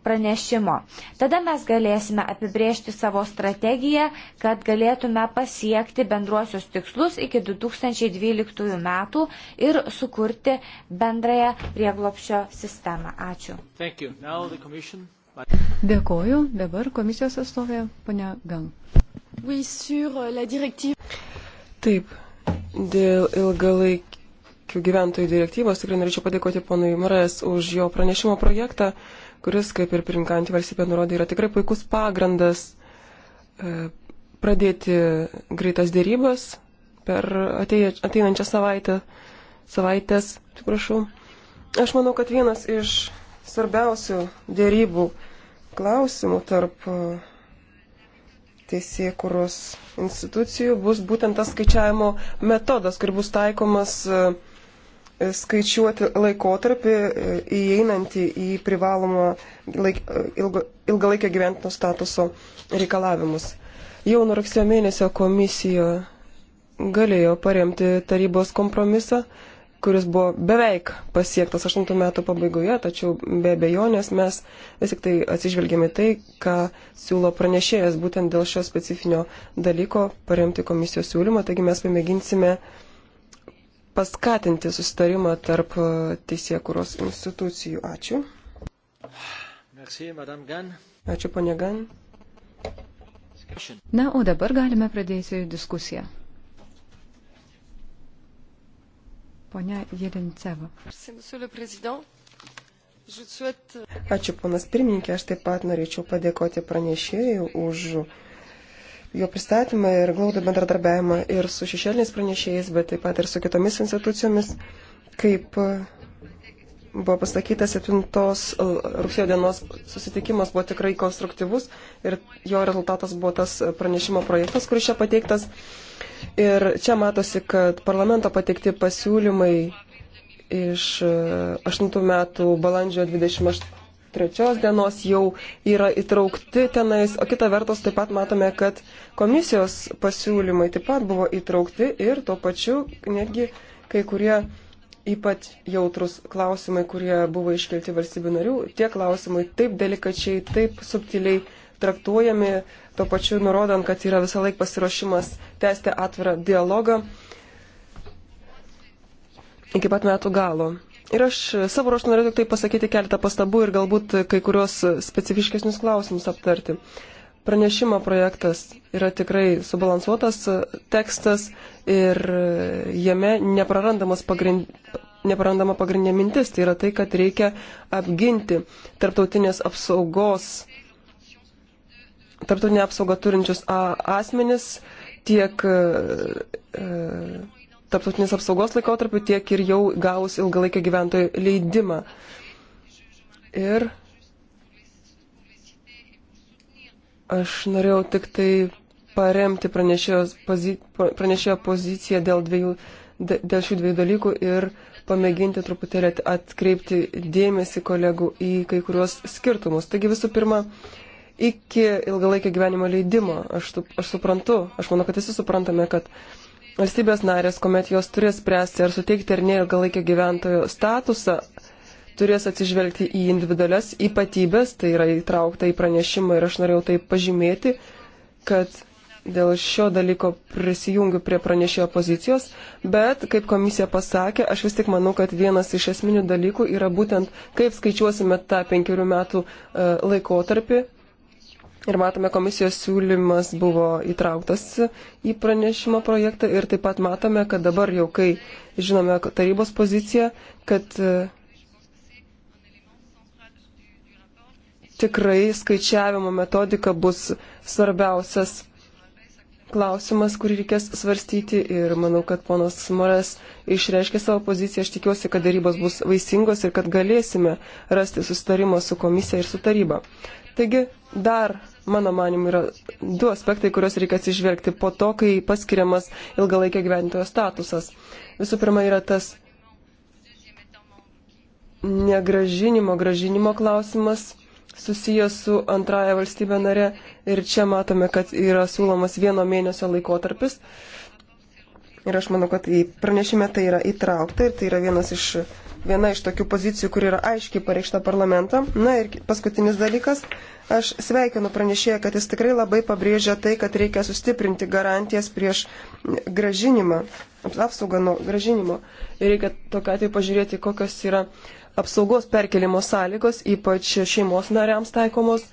[SPEAKER 4] pranešimo. Tada mes galėsime apibriežti savo strategiją, kad galėtume pasiekti bendruosius tikslus iki 2012 metų ir sukurti bendrąją prieglopšio sistemą. Ačiū. Dėkoju. Dabar komisijos atstovė, ponia Gal.
[SPEAKER 2] Oui, euh,
[SPEAKER 1] Taip, dėl ilgalaikių gyventojų direktyvos tikrai norėčiau padėkoti ponui Maras už jo pranešimo projektą. Uh, kuris, kaip ir pirminkantį valstybę nurodė, yra tikrai puikus pagrindas e, pradėti greitas dėrybas per ateinančią savaitę, savaitės, atsiprašau. Aš manau, kad vienas iš svarbiausių dėrybų klausimų tarp e, teisėkuros institucijų bus būtent tas skaičiavimo metodas, kur bus taikomas uh, skaičiuoti laikotarpį e, įeinantį į privalomą laik, ilgo, ilgalaikio gyventino statuso reikalavimus. Jau nuo rugsėjo mėnesio komisija galėjo paremti tarybos kompromisą, kuris buvo beveik pasiektas 8 metų pabaigoje, tačiau be bejonės mes vis tik tai atsižvelgėme tai, ką siūlo pranešėjas būtent dėl šio specifinio dalyko paremti komisijos siūlymą, taigi mes pamėginsime uh, paskatinti susitarimą tarp teisėkuros institucijų. Ačiū.
[SPEAKER 2] Merci, Ačiū, ponė Gan.
[SPEAKER 1] Na,
[SPEAKER 3] o dabar galime pradėti diskusiją.
[SPEAKER 1] Pone Jelinceva. Ačiū, ponas pirmininkė, aš taip pat norėčiau padėkoti pranešėjų už jo pristatymą ir glaudų bendradarbiavimą ir su šešėliniais pranešėjais, bet taip pat ir su kitomis institucijomis, kaip e, buvo pasakyta, 7 rugsėjo dienos susitikimas buvo tikrai konstruktyvus ir jo rezultatas buvo tas pranešimo projektas, kuris čia pateiktas. Ir čia matosi, kad parlamento pateikti pasiūlymai iš 8 e, metų balandžio 28 trečios dienos jau yra įtraukti tenais, o kita vertus taip pat matome, kad komisijos pasiūlymai taip pat buvo įtraukti ir tuo pačiu netgi kai kurie ypač jautrus klausimai, kurie buvo iškelti valstybių narių, tie klausimai taip delikačiai, taip subtiliai traktuojami, tuo pačiu nurodant, kad yra visą laiką pasiruošimas tęsti atvirą dialogą iki pat metų galo. Ir aš savo ruoštų norėčiau tik tai pasakyti keletą pastabų ir galbūt kai kurios specifiškesnius klausimus aptarti. Pranešimo projektas yra tikrai subalansuotas tekstas ir jame neprarandamas pagrind... neprarandama pagrindinė mintis. Tai yra tai, kad reikia apginti tarptautinės apsaugos, tarptautinę apsaugą turinčius asmenis tiek. E, e, tarptautinės apsaugos laikotarpiu, tiek ir jau gaus ilgalaikę gyventojų leidimą. Ir aš norėjau tik tai paremti pozi, pranešėjo poziciją dėl, dviejų, dėl šių dviejų dalykų ir pamėginti truputėlį atkreipti dėmesį kolegų į kai kuriuos skirtumus. Taigi visų pirma, iki ilgalaikio gyvenimo leidimo, aš, aš suprantu, aš manau, kad visi suprantame, kad Valstybės narės, kuomet jos turės spręsti ar suteikti ar ne ilgalaikio gyventojo statusą, turės atsižvelgti į individualias ypatybės, tai yra įtraukta į pranešimą ir aš norėjau tai pažymėti, kad dėl šio dalyko prisijungiu prie pranešėjo pozicijos, bet, kaip komisija pasakė, aš vis tik manau, kad vienas iš esminių dalykų yra būtent, kaip skaičiuosime tą penkerių metų e, laikotarpį Ir matome, komisijos siūlymas buvo įtrauktas į pranešimo projektą ir taip pat matome, kad dabar jau, kai žinome tarybos poziciją, kad e, tikrai skaičiavimo metodika bus svarbiausias klausimas, kurį reikės svarstyti ir manau, kad ponas Moras išreiškė savo poziciją. Aš tikiuosi, kad darybos bus vaisingos ir kad galėsime rasti susitarimą su komisija ir su taryba. Taigi dar mano manimu, yra du aspektai, kuriuos reikia atsižvelgti po to, kai paskiriamas ilgalaikio gyventojo statusas. Visų pirma, yra tas negražinimo, gražinimo klausimas susijęs su antraja valstybė nare ir čia matome, kad yra siūlomas vieno mėnesio laikotarpis. Ir aš manau, kad į pranešimą tai yra įtraukta ir tai yra vienas iš viena iš tokių pozicijų, kur yra aiškiai pareikšta parlamentą. Na ir paskutinis dalykas, aš sveikinu pranešėją, kad jis tikrai labai pabrėžia tai, kad reikia sustiprinti garantijas prieš gražinimą, apsaugą nuo gražinimo. Ir reikia tokia atveju pažiūrėti, kokios yra apsaugos perkelimo sąlygos, ypač šeimos nariams taikomos.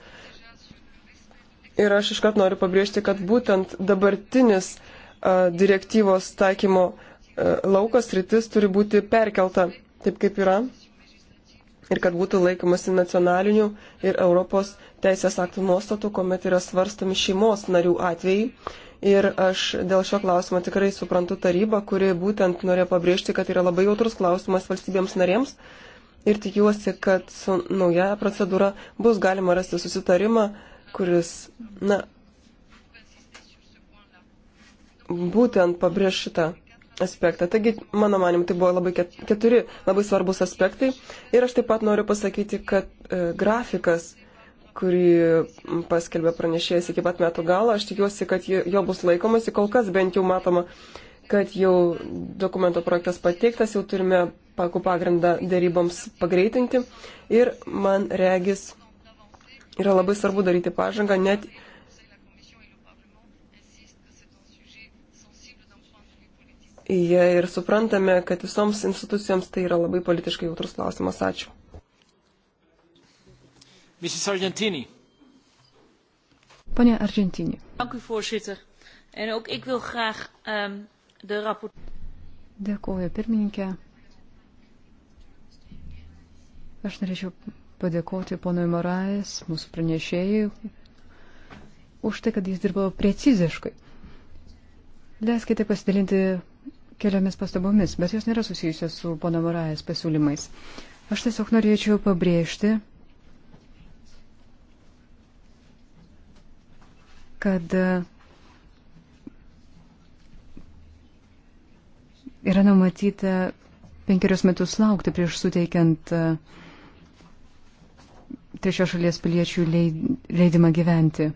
[SPEAKER 1] Ir aš iškart noriu pabrėžti, kad būtent dabartinis a, direktyvos taikymo a, laukas rytis turi būti perkelta taip kaip yra ir kad būtų laikomasi nacionalinių ir Europos teisės aktų nuostatų, kuomet yra svarstami šeimos narių atvejai. Ir aš dėl šio klausimo tikrai suprantu tarybą, kuri būtent norėjo pabrėžti, kad yra labai jautrus klausimas valstybėms narėms. Ir tikiuosi, kad su nauja procedūra bus galima rasti susitarimą, kuris, na, būtent pabrėž šitą aspektą. Taigi, mano manim, tai buvo labai keturi labai svarbus aspektai. Ir aš taip pat noriu pasakyti, kad e, grafikas, kurį paskelbė pranešėjas iki pat metų galo, aš tikiuosi, kad jo bus laikomasi. Kol kas bent jau matoma, kad jau dokumento projektas pateiktas, jau turime pakų pagrindą dėryboms pagreitinti. Ir man regis yra labai svarbu daryti pažangą, net jie ir suprantame, kad visoms institucijoms tai yra labai politiškai jautrus klausimas. Ačiū.
[SPEAKER 2] Mrs. Argentini. Pane Argentini.
[SPEAKER 1] Dank u, voorzitter.
[SPEAKER 4] En ook ik wil graag um, de rapport.
[SPEAKER 3] Dėkuoju, pirmininkė. Aš norėčiau padėkoti ponui Marais, mūsų pranešėjai, už tai, kad jis dirbo preciziškai. Leiskite pasidalinti keliomis pastabomis, bet jos nėra susijusios su pono Morajas pasiūlymais. Aš tiesiog norėčiau pabrėžti, kad e, yra numatyta penkerius metus laukti prieš suteikiant e, trečios šalies piliečių leidimą gyventi.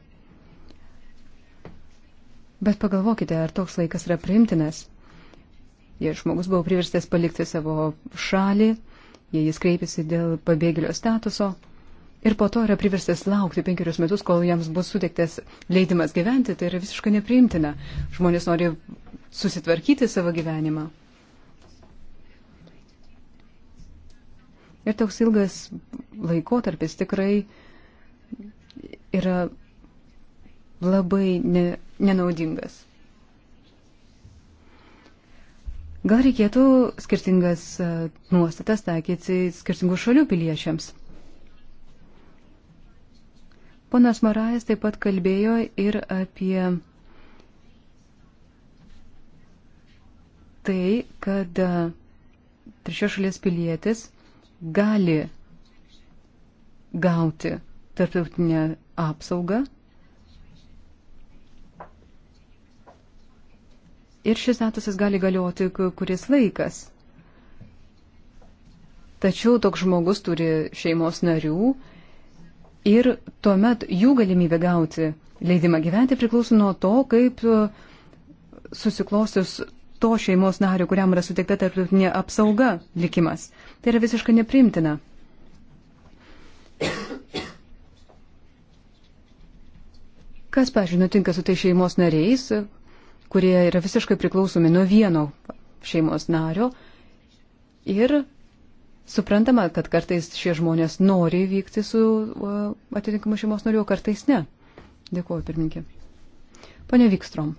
[SPEAKER 3] Bet pagalvokite, ar toks laikas yra primtinas. Jei žmogus buvo priverstas palikti savo šalį, jei jis kreipėsi dėl pabėgėlio statuso ir po to yra priverstas laukti penkerius metus, kol jiems bus suteiktas leidimas gyventi, tai yra visiškai nepriimtina. Žmonės nori susitvarkyti savo gyvenimą. Ir toks ilgas laikotarpis tikrai yra labai ne, nenaudingas. Gal reikėtų skirtingas e, nuostatas taikyti skirtingų šalių piliečiams? Ponas Marajas taip pat kalbėjo ir apie tai, kad e, trečios šalies pilietis gali gauti tarptautinę apsaugą ir šis statusas gali galioti kuris laikas. Tačiau toks žmogus turi šeimos narių ir tuomet jų galimybė gauti leidimą gyventi priklauso nuo to, kaip e, susiklosius to šeimos nario, kuriam yra suteikta tarptautinė apsauga likimas. Tai yra visiškai neprimtina. Kas, pažiūrėjau, nutinka su tai šeimos nariais, kurie yra visiškai priklausomi nuo vieno šeimos nario. Ir suprantama, kad kartais šie žmonės nori vykti su atitinkamu šeimos nariu, o kartais ne. Dėkuoju, pirmininkė. Pane Vikstrom.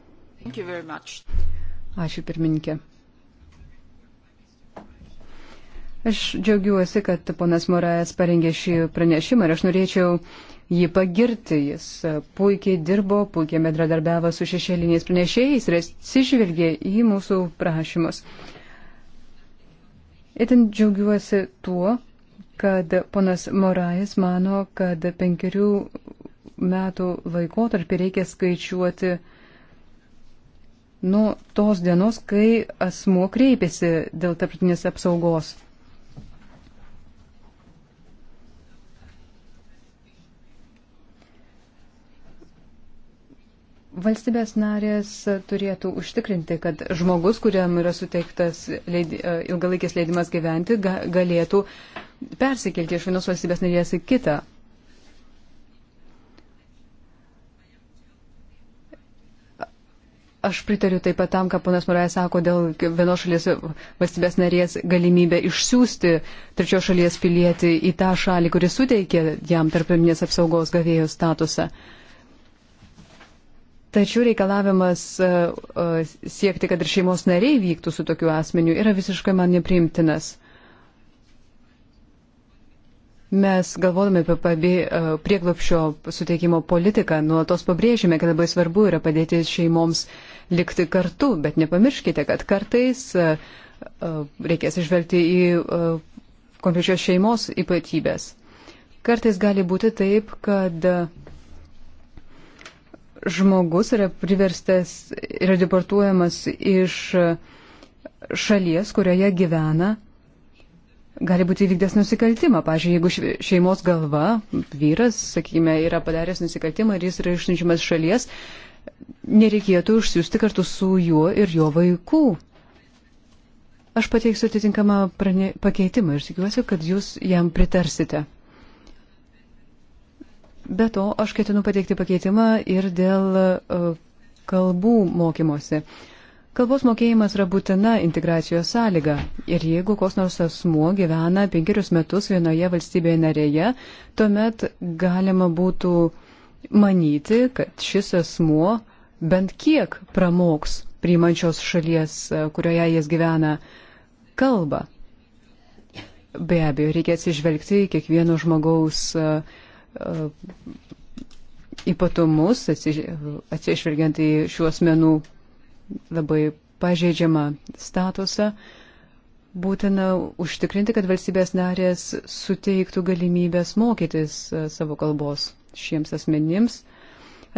[SPEAKER 1] Ačiū,
[SPEAKER 3] pirmininkė. Aš džiaugiuosi, kad ponas Morajas parengė šį pranešimą ir aš norėčiau uh, jį pagirti. Jis e, puikiai dirbo, puikiai medradarbiavo su šešėliniais pranešėjais ir atsižvelgė į mūsų prašymus. Itin džiaugiuosi tuo, kad ponas Morais mano, kad penkerių metų laikotarpį reikia skaičiuoti nuo tos dienos, kai asmuo kreipėsi dėl tarptautinės apsaugos. Valstybės narės turėtų užtikrinti, kad žmogus, kuriam yra suteiktas leidi, e, ilgalaikis leidimas gyventi, ga, galėtų persikelti iš vienos valstybės narės į kitą. Aš pritariu taip pat tam, ką ponas Murai sako dėl vienos šalies valstybės narės galimybę išsiųsti trečios šalies pilietį į tą šalį, kuris suteikė jam tarpiminės apsaugos gavėjo statusą. Uh, Tačiau reikalavimas e, e, siekti, kad ir šeimos nariai vyktų su tokiu asmeniu, yra visiškai man neprimtinas. Mes galvodami apie e, prieglopšio suteikimo politiką, nuolatos pabrėžime, kad labai svarbu yra padėti šeimoms likti kartu, bet nepamirškite, kad kartais reikės išvelgti į konkrečios šeimos ypatybės. Kartais gali būti taip, kad žmogus yra priverstas, yra deportuojamas iš šalies, kurioje gyvena, gali būti įvykdęs nusikaltimą. Pavyzdžiui, jeigu šeimos galva, vyras, sakykime, yra padaręs nusikaltimą ir jis yra išsiunčiamas šalies, nereikėtų išsiųsti kartu su juo ir jo vaikų. Aš pateiksiu atitinkamą prane... pakeitimą ir tikiuosi, kad jūs jam pritarsite. Be to, aš ketinu pateikti pakeitimą ir dėl e, kalbų mokymosi. Kalbos mokėjimas yra būtina integracijos sąlyga ir jeigu kos nors asmuo gyvena penkerius metus vienoje valstybėje narėje, tuomet galima būtų manyti, kad šis asmuo bent kiek pramoks priimančios šalies, e, kurioje jis gyvena, kalbą. Be abejo, reikia atsižvelgti į kiekvieno žmogaus uh, E, ypatumus, atsižvelgiant į šiuos menų labai pažeidžiamą statusą, būtina užtikrinti, kad valstybės narės suteiktų galimybės mokytis e, savo kalbos šiems asmenims,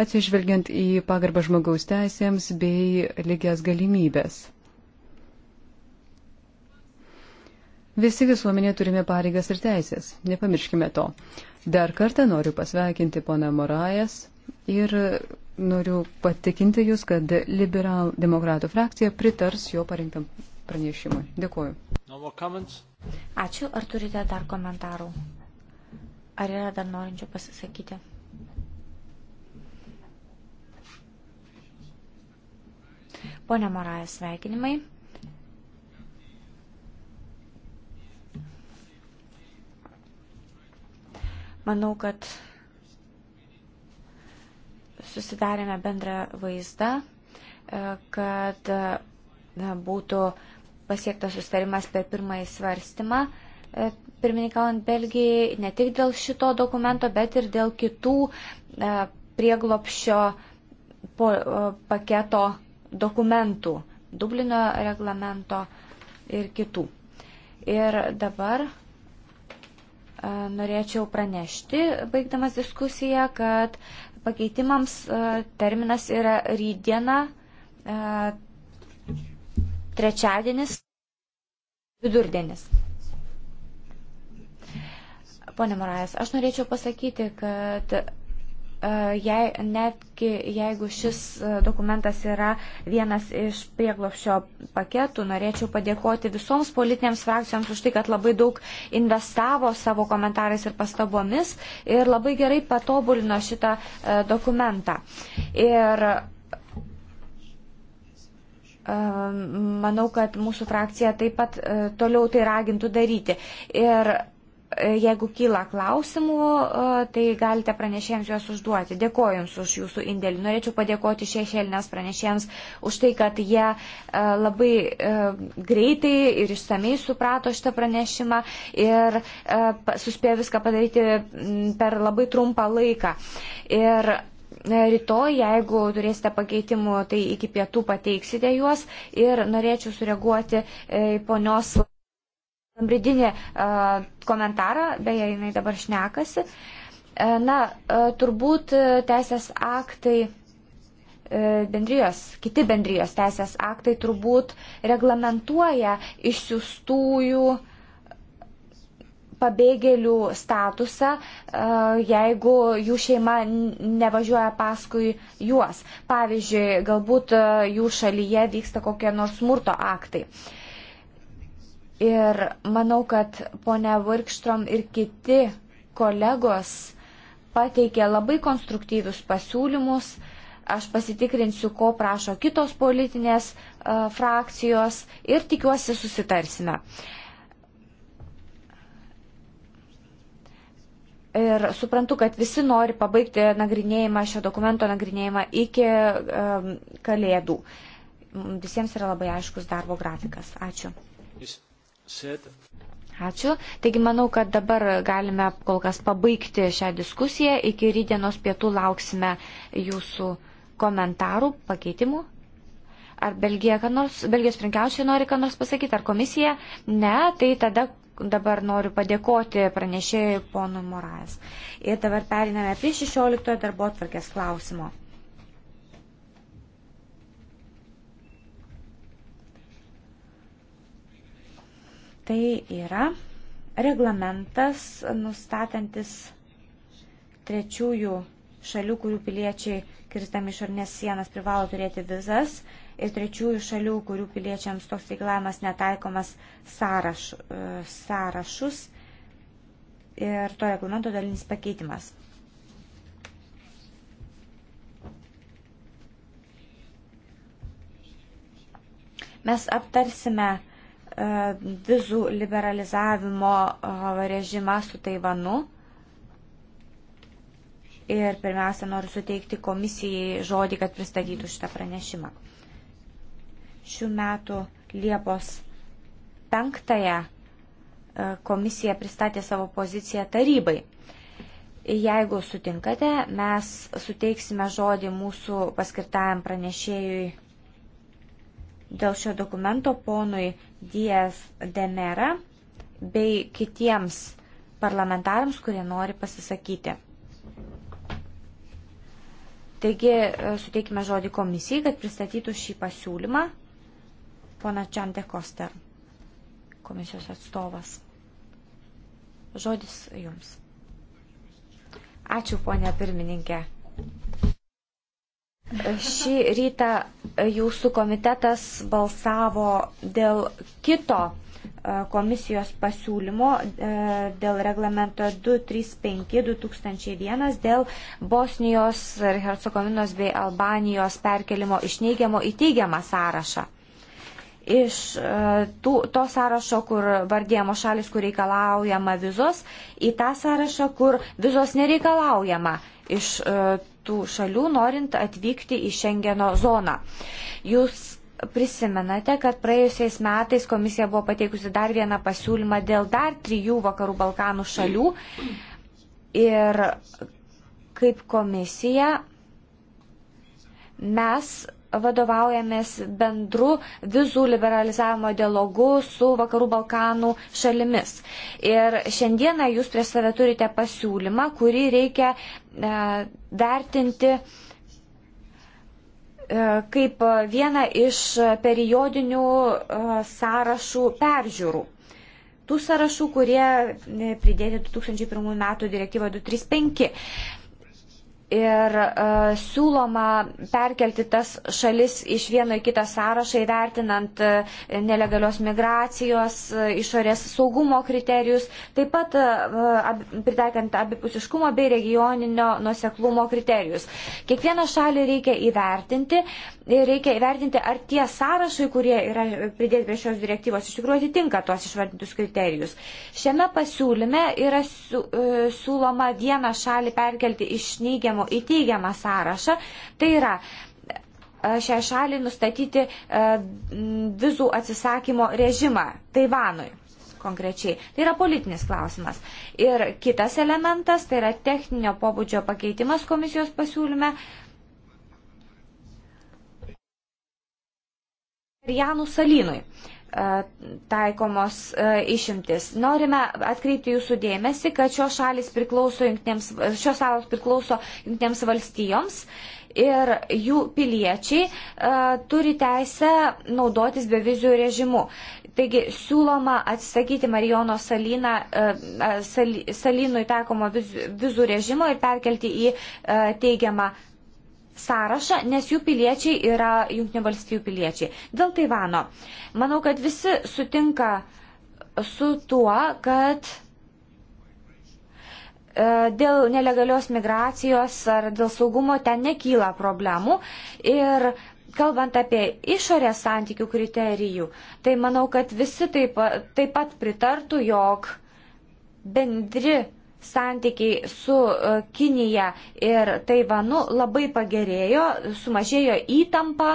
[SPEAKER 3] atsižvelgiant į pagarbą žmogaus teisėms bei lygias galimybės. Visi visuomenė turime pareigas ir teisės, nepamirškime to. Dar kartą noriu pasveikinti poną Morajas ir noriu patikinti Jūs, kad liberal demokratų frakcija pritars jo parinktam pranešimui. Dėkuoju.
[SPEAKER 2] No
[SPEAKER 4] Ačiū. Ar turite dar komentarų? Ar yra dar norinčių pasisakyti? Pone Morajas, sveikinimai. Manau, kad susidarėme bendrą vaizdą, e, kad e, būtų pasiektas sustarimas per pirmąjį svarstymą, e, pirmininkaujant Belgijai, ne tik dėl šito dokumento, bet ir dėl kitų prieglopšio paketo dokumentų, Dublino reglamento ir kitų. Ir dabar norėčiau pranešti, baigdamas diskusiją, kad pakeitimams terminas yra rydiena, trečiadienis, vidurdienis. Pone Morajas, aš norėčiau pasakyti, kad E, jei, netgi jeigu šis e, dokumentas yra vienas iš prieglopščio paketų, norėčiau padėkoti visoms politinėms frakcijoms už tai, kad labai daug investavo savo komentarais ir pastabomis ir labai gerai patobulino šitą e, dokumentą. Ir Manau, kad mūsų frakcija taip pat toliau tai ragintų daryti. Ir Jeigu kyla klausimų, e, tai galite pranešėjams juos užduoti. Dėkoju Jums už Jūsų indėlį. Norėčiau padėkoti šešėlinės pranešėjams už tai, kad jie e, labai e, greitai ir išsamei suprato šitą pranešimą ir suspėjo viską padaryti per labai trumpą laiką. Ir rytoj, jeigu turėsite pakeitimų, tai iki pietų pateiksite juos ir norėčiau sureaguoti ponios. Lambridinė komentarą, beje, jinai dabar šnekasi. Na, turbūt teisės aktai, bendrijos, kiti bendrijos teisės aktai turbūt reglamentuoja išsiųstųjų pabėgėlių statusą, jeigu jų šeima nevažiuoja paskui juos. Pavyzdžiui, galbūt jų šalyje vyksta kokie nors smurto aktai. Uh, Ir manau, kad ponia Virkštrom ir kiti kolegos pateikė labai konstruktyvius pasiūlymus. Aš pasitikrinsiu, ko prašo kitos politinės uh, frakcijos ir tikiuosi susitarsime. Ir suprantu, kad visi nori pabaigti nagrinėjimą, šio dokumento nagrinėjimą iki um, kalėdų. Visiems yra labai aiškus darbo grafikas. Ačiū. Ačiū. Taigi manau, kad dabar galime kol kas pabaigti šią diskusiją. Iki rydienos pietų lauksime jūsų komentarų, pakeitimų. Ar Belgija, nors, Belgijos prinkiausiai nori ką nors pasakyti, ar komisija? Ne, tai tada dabar noriu padėkoti pranešėjui ponui Morais. Ir dabar periname prie 16 darbo atvarkės klausimo. Tai yra reglamentas nustatantis trečiųjų šalių, kurių piliečiai kirstami išornės sienas privalo turėti vizas ir trečiųjų šalių, kurių piliečiams toks reikalavimas netaikomas sąraš, e, sąrašus ir to reglamento dalinis pakeitimas. Mes aptarsime E, vizų liberalizavimo e, režimą su Taivanu. Ir pirmiausia, noriu suteikti komisijai žodį, kad pristatytų šitą pranešimą. Šių metų Liepos 5 e, komisija pristatė savo poziciją tarybai. Jeigu sutinkate, mes suteiksime žodį mūsų paskirtajam pranešėjui dėl šio dokumento ponui Dijas Demera bei kitiems parlamentarams, kurie nori pasisakyti. Taigi e, suteikime žodį komisijai, kad pristatytų šį pasiūlymą. Pona Čante Koster, komisijos atstovas. Žodis jums. Ačiū, ponė pirmininkė. Šį rytą jūsų komitetas balsavo dėl kito e, komisijos pasiūlymo e, dėl reglamento 235-2001 dėl Bosnijos ir Hercegovinos bei Albanijos perkelimo iš neigiamo į teigiamą sąrašą. Iš e, tų, to sąrašo, kur vardėjamo šalis, kur reikalaujama vizos, į tą sąrašą, kur vizos nereikalaujama iš tų šalių, norint atvykti į Šengeno zoną. Jūs prisimenate, kad praėjusiais metais komisija buvo pateikusi dar vieną pasiūlymą dėl dar trijų vakarų Balkanų šalių. Ir kaip komisija mes vadovaujamės bendru vizų liberalizavimo dialogu su Vakarų Balkanų šalimis. Ir šiandieną jūs prieš save turite pasiūlymą, kurį reikia e, vertinti e, kaip vieną iš periodinių e, sąrašų peržiūrų. Tų sąrašų, kurie pridėti 2001 metų direktyvą 235 ir uh, siūloma perkelti tas šalis iš vieno į kitą sąrašą įvertinant uh, nelegalios migracijos, uh, išorės saugumo kriterijus, taip pat uh, ab, pritaikant abipusiškumo bei regioninio nuseklumo kriterijus. Kiekvieną šalį reikia įvertinti ir reikia įvertinti, ar tie sąrašai, kurie yra pridėti prie šios direktyvos, iš tikrųjų atitinka tuos išvardintus kriterijus. Šiame pasiūlyme yra siūloma vieną šalį perkelti iš neigiamą problemų į teigiamą sąrašą. Tai yra e, šią šalį nustatyti e, vizų atsisakymo režimą Taivanui konkrečiai. Tai yra politinis klausimas. Ir kitas elementas, tai yra techninio pobūdžio pakeitimas komisijos pasiūlyme. Rijanų salynui. Uh, E, taikomos e, išimtis. Norime atkreipti jūsų dėmesį, kad šios šalis priklauso jungtinėms, šios salos priklauso jungtinėms valstijoms ir jų piliečiai uh, turi teisę naudotis bevizijų režimu. Taigi siūloma atsisakyti Marijono salyną, uh, sal, salynui taikomo vizų režimo ir perkelti į uh, teigiamą sąrašą, nes jų piliečiai yra Junktinių valstybių piliečiai. Dėl Taivano. Manau, kad visi sutinka su tuo, kad e, dėl nelegalios migracijos ar dėl saugumo ten nekyla problemų. Ir kalbant apie išorės santykių kriterijų, tai manau, kad visi taip, taip pat pritartų, jog bendri santykiai su e, Kinija ir Taivanu labai pagerėjo, sumažėjo įtampa.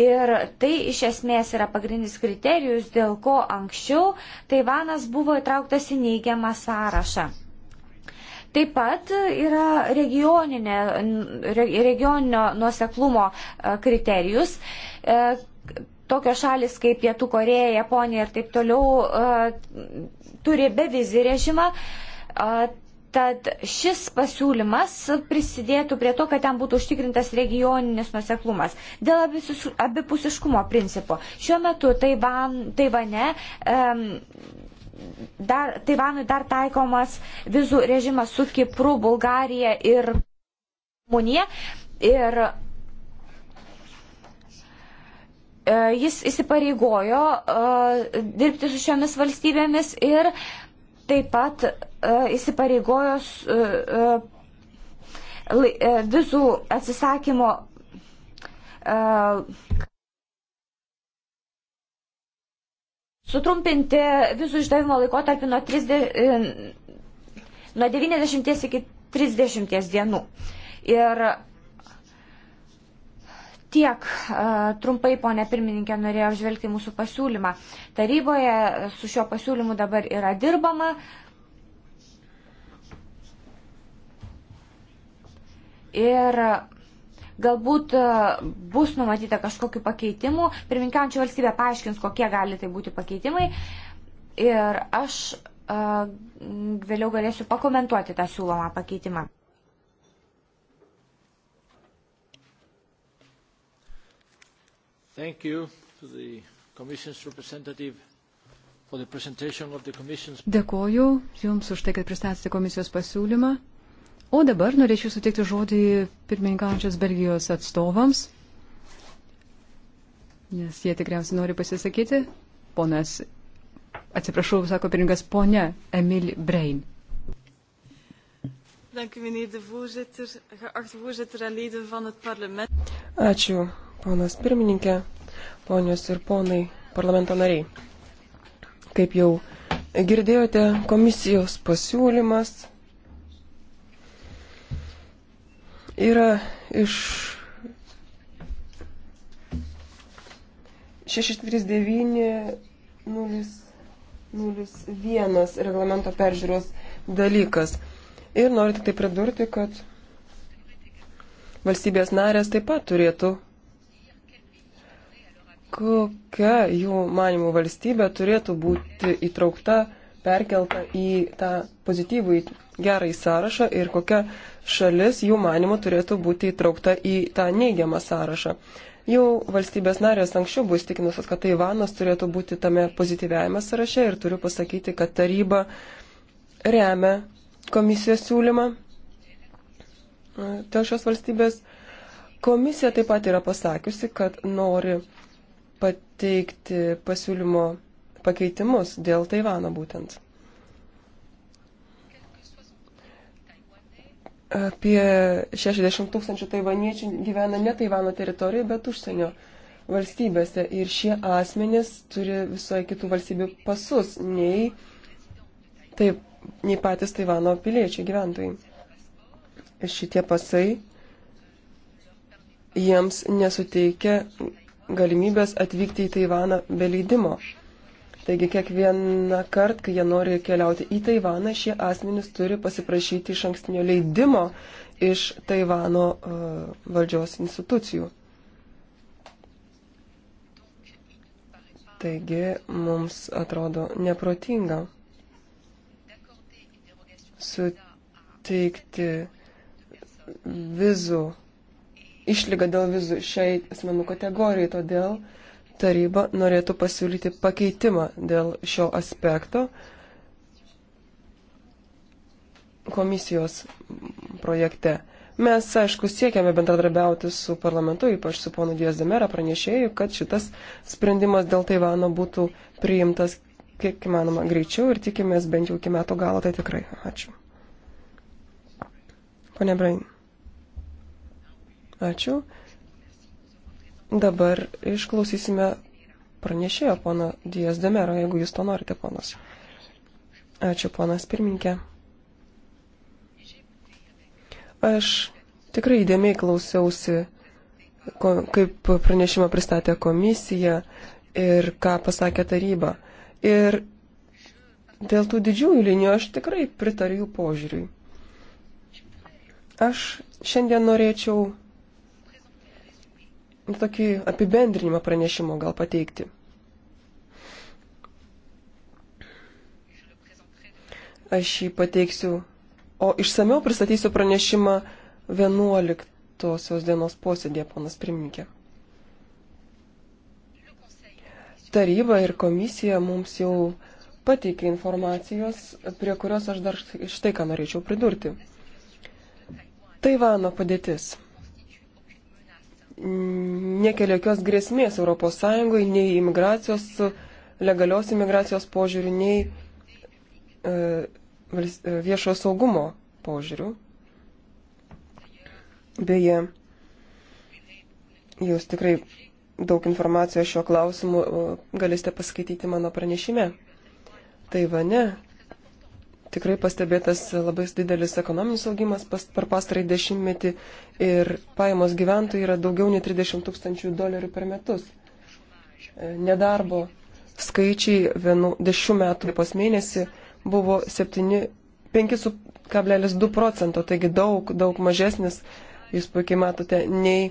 [SPEAKER 4] Ir tai iš esmės yra pagrindinis kriterijus, dėl ko anksčiau Taivanas buvo įtrauktas į neigiamą sąrašą. Taip pat yra regioninio nuoseklumo e, kriterijus e, tokios šalis kaip Pietų Koreja, Japonija ir taip toliau turi bevizį režimą. Tad šis pasiūlymas prisidėtų prie to, kad ten būtų užtikrintas regioninis nuseklumas. Dėl abipusiškumo principo. Šiuo metu Taivan, Taivane. Um, Dar, Taivanui dar taikomas vizų režimas su Kipru, Bulgarija ir Rumunija. Ir E, jis įsipareigojo e, dirbti su šiomis valstybėmis ir taip pat e, įsipareigojo vizų atsisakymo sutrumpinti vizų išdavimo laikotarpį nuo, 30, nuo 90 iki 30 dienų. Ir Tiek trumpai, ponė pirmininkė, norėjau žvelgti mūsų pasiūlymą. Taryboje su šiuo pasiūlymu dabar yra dirbama. Ir galbūt bus numatyta kažkokiu pakeitimu. Pirminkiančių valstybė paaiškins, kokie gali tai būti pakeitimai. Ir aš vėliau galėsiu pakomentuoti tą siūlomą pakeitimą.
[SPEAKER 2] Thank you to the Commission's representative for the presentation of the Commission's.
[SPEAKER 3] Dėkoju Jums už tai, kad pristatėte komisijos pasiūlymą. O dabar norėčiau suteikti žodį pirmininkaujančios Belgijos atstovams, nes jie tikriausiai nori pasisakyti. Ponas, atsiprašau, sako pirmininkas, ponia Emil Brein. Dank u meneer de voorzitter, geachte voorzitter en leden van het parlement.
[SPEAKER 1] Ačiū, Ponas pirmininkė, ponios ir ponai parlamento nariai. Kaip jau girdėjote, komisijos pasiūlymas yra iš 639.001 reglamento peržiūros dalykas. Ir noriu tik tai pridurti, kad valstybės narės taip pat turėtų kokia jų manimų valstybė turėtų būti įtraukta, perkelta į tą pozityvų, į gerąjį sąrašą ir kokia šalis jų manimų turėtų būti įtraukta į tą neigiamą sąrašą. Jau valstybės narės anksčiau buvo įstikinusios, kad Taivanas turėtų būti tame pozityviajame sąraše ir turiu pasakyti, kad taryba remia komisijos siūlymą e, dėl šios valstybės. Komisija taip pat yra pasakiusi, kad nori pateikti pasiūlymo pakeitimus dėl Taivano būtent. Apie 60 tūkstančių taivaniečių gyvena ne Taivano teritorijoje, bet užsienio valstybėse. Ir šie asmenys turi visoje kitų valstybių pasus, nei, taip, nei patys Taivano piliečiai gyventojai. Ir šitie pasai jiems nesuteikia galimybės atvykti į Taivaną be leidimo. Taigi kiekvieną kartą, kai jie nori keliauti į Taivaną, šie asmenys turi pasiprašyti iš ankstinio leidimo iš Taivano uh, valdžios institucijų. Taigi mums atrodo neprotinga suteikti vizų išlyga dėl vizų šiai asmenų kategorijai, todėl taryba norėtų pasiūlyti pakeitimą dėl šio aspekto komisijos projekte. Mes, aišku, siekiame bendradarbiauti su parlamentu, ypač su ponu Diezdemera pranešėjų, kad šitas sprendimas dėl Taivano būtų priimtas kiek įmanoma greičiau ir tikimės bent jau iki metų galo, tai tikrai. Ačiū. Pone Brain. Ačiū. Dabar išklausysime pranešėjo pono Dijas Demero, jeigu jūs to norite, ponas. Ačiū, ponas pirminkė. Aš tikrai įdėmiai klausiausi, kaip pranešimą pristatė komisija ir ką pasakė taryba. Ir dėl tų didžiųjų linijų aš tikrai pritariu jų požiūriui. Aš šiandien norėčiau tokį apibendrinimą pranešimo gal pateikti. Aš jį pateiksiu, o išsameu pristatysiu pranešimą 11 dienos posėdėje, ponas pirmininkė. Taryba ir komisija mums jau pateikė informacijos, prie kurios aš dar štai ką norėčiau pridurti. Taivano padėtis nekelia jokios grėsmės ES nei imigracijos, legalios imigracijos požiūrių, nei e, e, viešojo saugumo požiūrių. Beje, jūs tikrai daug informacijos šio klausimu e, galėsite paskaityti mano pranešime. Taivane Tikrai pastebėtas labai didelis ekonominis augimas pas, per pastarąjį dešimtmetį ir pajamos gyventojų yra daugiau nei 30 tūkstančių dolerių per metus. E, nedarbo skaičiai vienu, dešimt metų pas mėnesį buvo 5,2 procento, taigi daug, daug mažesnis, jūs puikiai matote, nei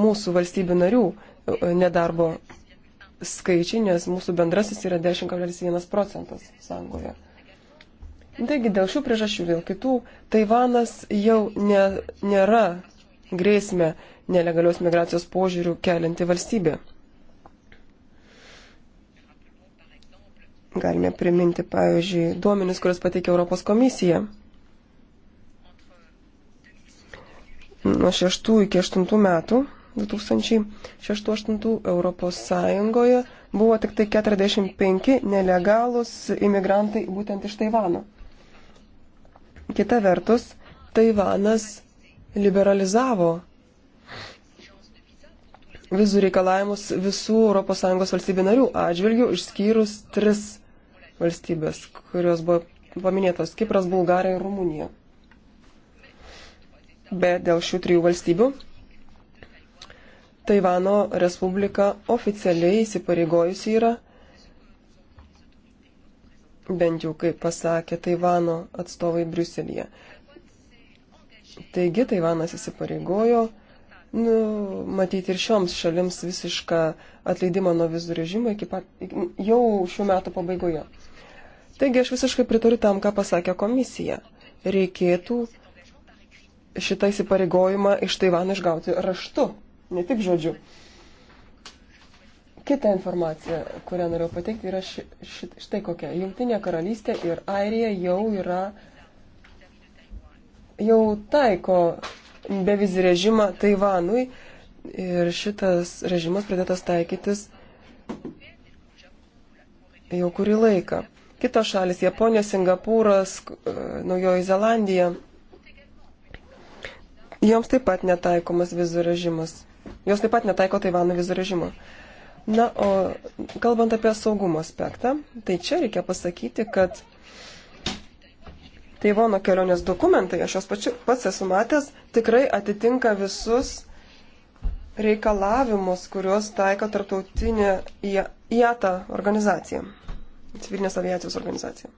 [SPEAKER 1] mūsų valstybių narių e, nedarbo skaičiai, nes mūsų bendrasis yra 10,1 procentas sąjungoje. Taigi dėl šių priežasčių, dėl kitų, Taivanas jau ne, nėra grėsmė nelegalios migracijos požiūrių kelinti valstybė. Galime priminti, pavyzdžiui, duomenis, kurias pateikė Europos komisija. Nuo 6 iki 8 metų, 2006-2008 Europos Sąjungoje buvo tik tai 45 nelegalus imigrantai būtent iš Taivano. Kita vertus, Taivanas liberalizavo vizų reikalavimus visų ES valstybių narių atžvilgių, išskyrus tris valstybės, kurios buvo paminėtos - Kipras, Bulgarija ir Rumunija. Bet dėl šių trijų valstybių Taivano Respublika oficialiai įsipareigojusi yra bent jau kaip pasakė Taivano atstovai Briuselėje. Taigi Taivanas įsipareigojo nu, matyti ir šioms šalims visišką atleidimą nuo vizų režimo iki pat, jau šių metų pabaigoje. Taigi aš visiškai pritariu tam, ką pasakė komisija. Reikėtų šitą įsipareigojimą iš Taivano išgauti raštu, ne tik žodžiu. Kita informacija, kurią norėjau pateikti, yra ši, ši, štai kokia. Jungtinė karalystė ir Airija jau yra, jau taiko bevizį režimą Taivanui ir šitas režimas pradėtas taikytis jau kurį laiką. Kitos šalis - Japonija, Singapūras, Naujoji Zelandija. Joms taip pat netaikomas vizų režimas. Jos taip pat netaiko Taivano vizų režimo. Na, o kalbant apie saugumo aspektą, tai čia reikia pasakyti, kad Taivono kelionės dokumentai, aš jos pačiu, pats esu matęs, tikrai atitinka visus reikalavimus, kuriuos taiko tarptautinė IATA organizacija, civilinės aviacijos organizacija.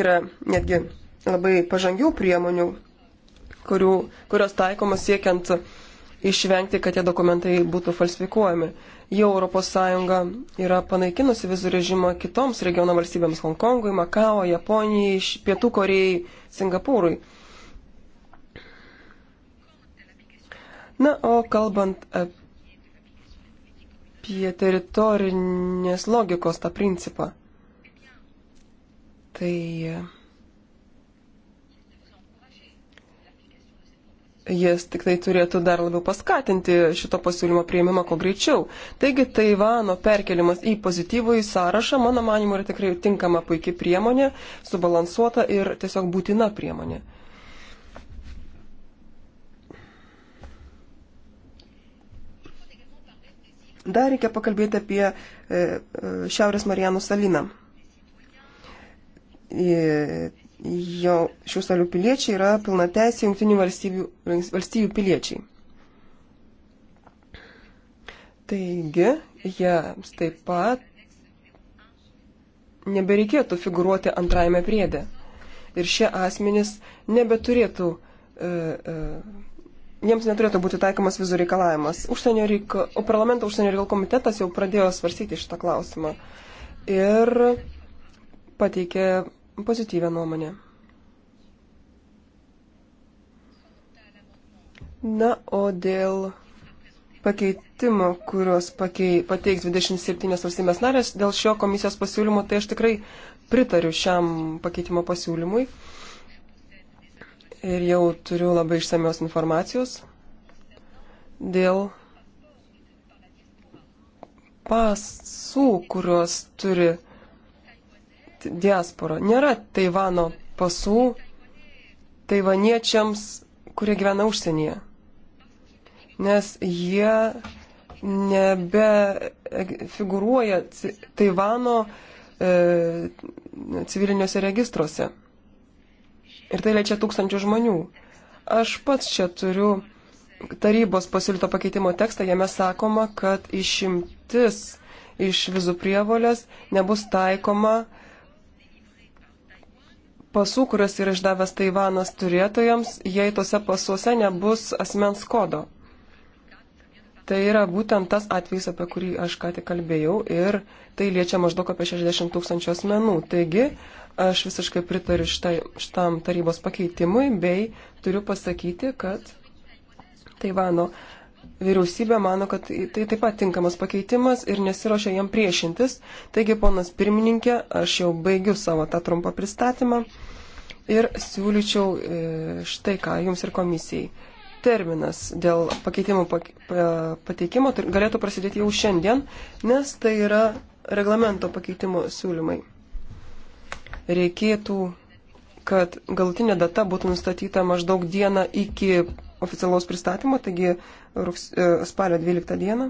[SPEAKER 1] Yra netgi labai pažangių priemonių, kurių, kurios taikomas siekiant uh, išvengti, kad tie dokumentai būtų falsifikuojami. Jau ES yra panaikinusi vizų režimą kitoms regiono valstybėms - Hongkongui, Makao, Japonijai, Pietų Korejai, Singapūrui. Na, o kalbant apie teritorinės logikos tą principą, tai jis tik tai turėtų dar labiau paskatinti šito pasiūlymo prieimimą kuo greičiau. Taigi Taivano perkelimas į pozityvų į sąrašą, mano manimu, yra tikrai tinkama puikiai priemonė, subalansuota ir tiesiog būtina priemonė. Dar reikia pakalbėti apie e, e Šiaurės Marijanų saliną. E, jo šių šalių piliečiai yra pilnateisiai jungtinių valstybių, valstybių piliečiai. Taigi, jiems taip pat nebereikėtų figuruoti antrajame priedė. Ir šie asmenys nebeturėtų, e, e, jiems neturėtų būti taikomas vizų reikalavimas. Užsienio reik, o parlamento užsienio reikalų komitetas jau pradėjo svarstyti šitą klausimą. Ir pateikė pozityvę nuomonę. Na, o dėl pakeitimo, kuriuos pakei, pateiks 27 valstybės narės, dėl šio komisijos pasiūlymo, tai aš tikrai pritariu šiam pakeitimo pasiūlymui. Ir jau turiu labai išsamios informacijos dėl pasų, kurios turi diaspora. Nėra Taivano pasų taivaniečiams, kurie gyvena užsienyje. Nes jie nebefigūruoja Taivano e, civiliniuose registruose. Ir tai lečia tūkstančių žmonių. Aš pats čia turiu tarybos pasiūlyto pakeitimo tekstą, jame sakoma, kad išimtis iš vizų prievolės nebus taikoma pasų, kurias yra išdavęs Taivanas turėtojams, jei tose pasuose nebus asmens kodo. Tai yra būtent tas atvejs, apie kurį aš ką tik kalbėjau ir tai liečia maždaug apie 60 tūkstančių asmenų. Taigi aš visiškai pritariu štai, šitam tarybos pakeitimui bei turiu pasakyti, kad Taivano vyriausybė mano, kad tai, tai taip pat tinkamas pakeitimas ir nesiuošia jam priešintis. Taigi, ponas pirmininkė, aš jau baigiu savo tą trumpą pristatymą. Ir siūlyčiau e, štai ką jums ir komisijai. Terminas dėl pakeitimų pateikimo galėtų prasidėti jau šiandien, nes tai yra reglamento pakeitimo siūlymai. Reikėtų, kad galutinė data būtų nustatyta maždaug dieną iki oficialaus pristatymo, taigi rugs, e, spalio 12 dieną.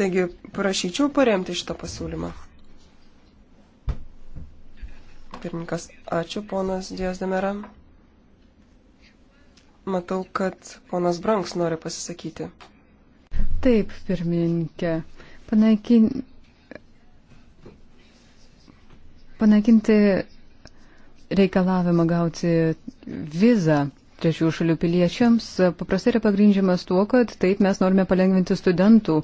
[SPEAKER 1] Taigi prašyčiau paremti šitą pasiūlymą. Pirmininkas, ačiū, ponas Dijas Demera. Matau, kad ponas Branks nori pasisakyti.
[SPEAKER 3] Taip, pirmininkė. Panaikin... Panaikinti reikalavimą gauti vizą trečių šalių piliečiams paprastai yra pagrindžiamas tuo, kad taip mes norime palengvinti studentų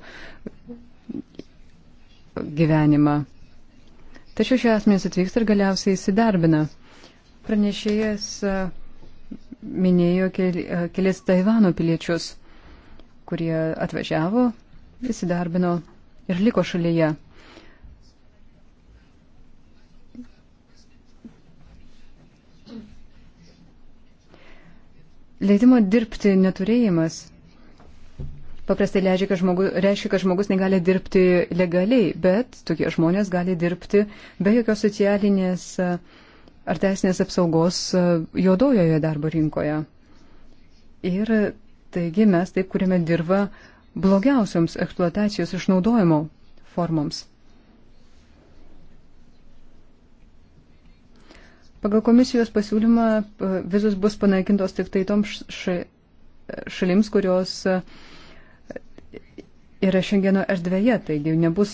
[SPEAKER 3] gyvenimą. Tačiau šie asmenys atvyksta ir galiausiai įsidarbina. Pranešėjas e, minėjo kelias e, Taivano piliečius, kurie atvažiavo, įsidarbino ir liko šalyje. Leidimo dirbti neturėjimas paprastai reiškia, kad žmogus, reiškia, kad žmogus negali dirbti legaliai, bet tokie žmonės gali dirbti be jokios socialinės ar teisinės apsaugos juodojoje darbo rinkoje. Ir taigi mes taip kūrėme dirbą blogiausiams eksploatacijos išnaudojimo formoms. Pagal komisijos pasiūlymą vizos bus panaikintos tik tai toms šalims, kurios uh, yra šengeno erdvėje, taigi nebus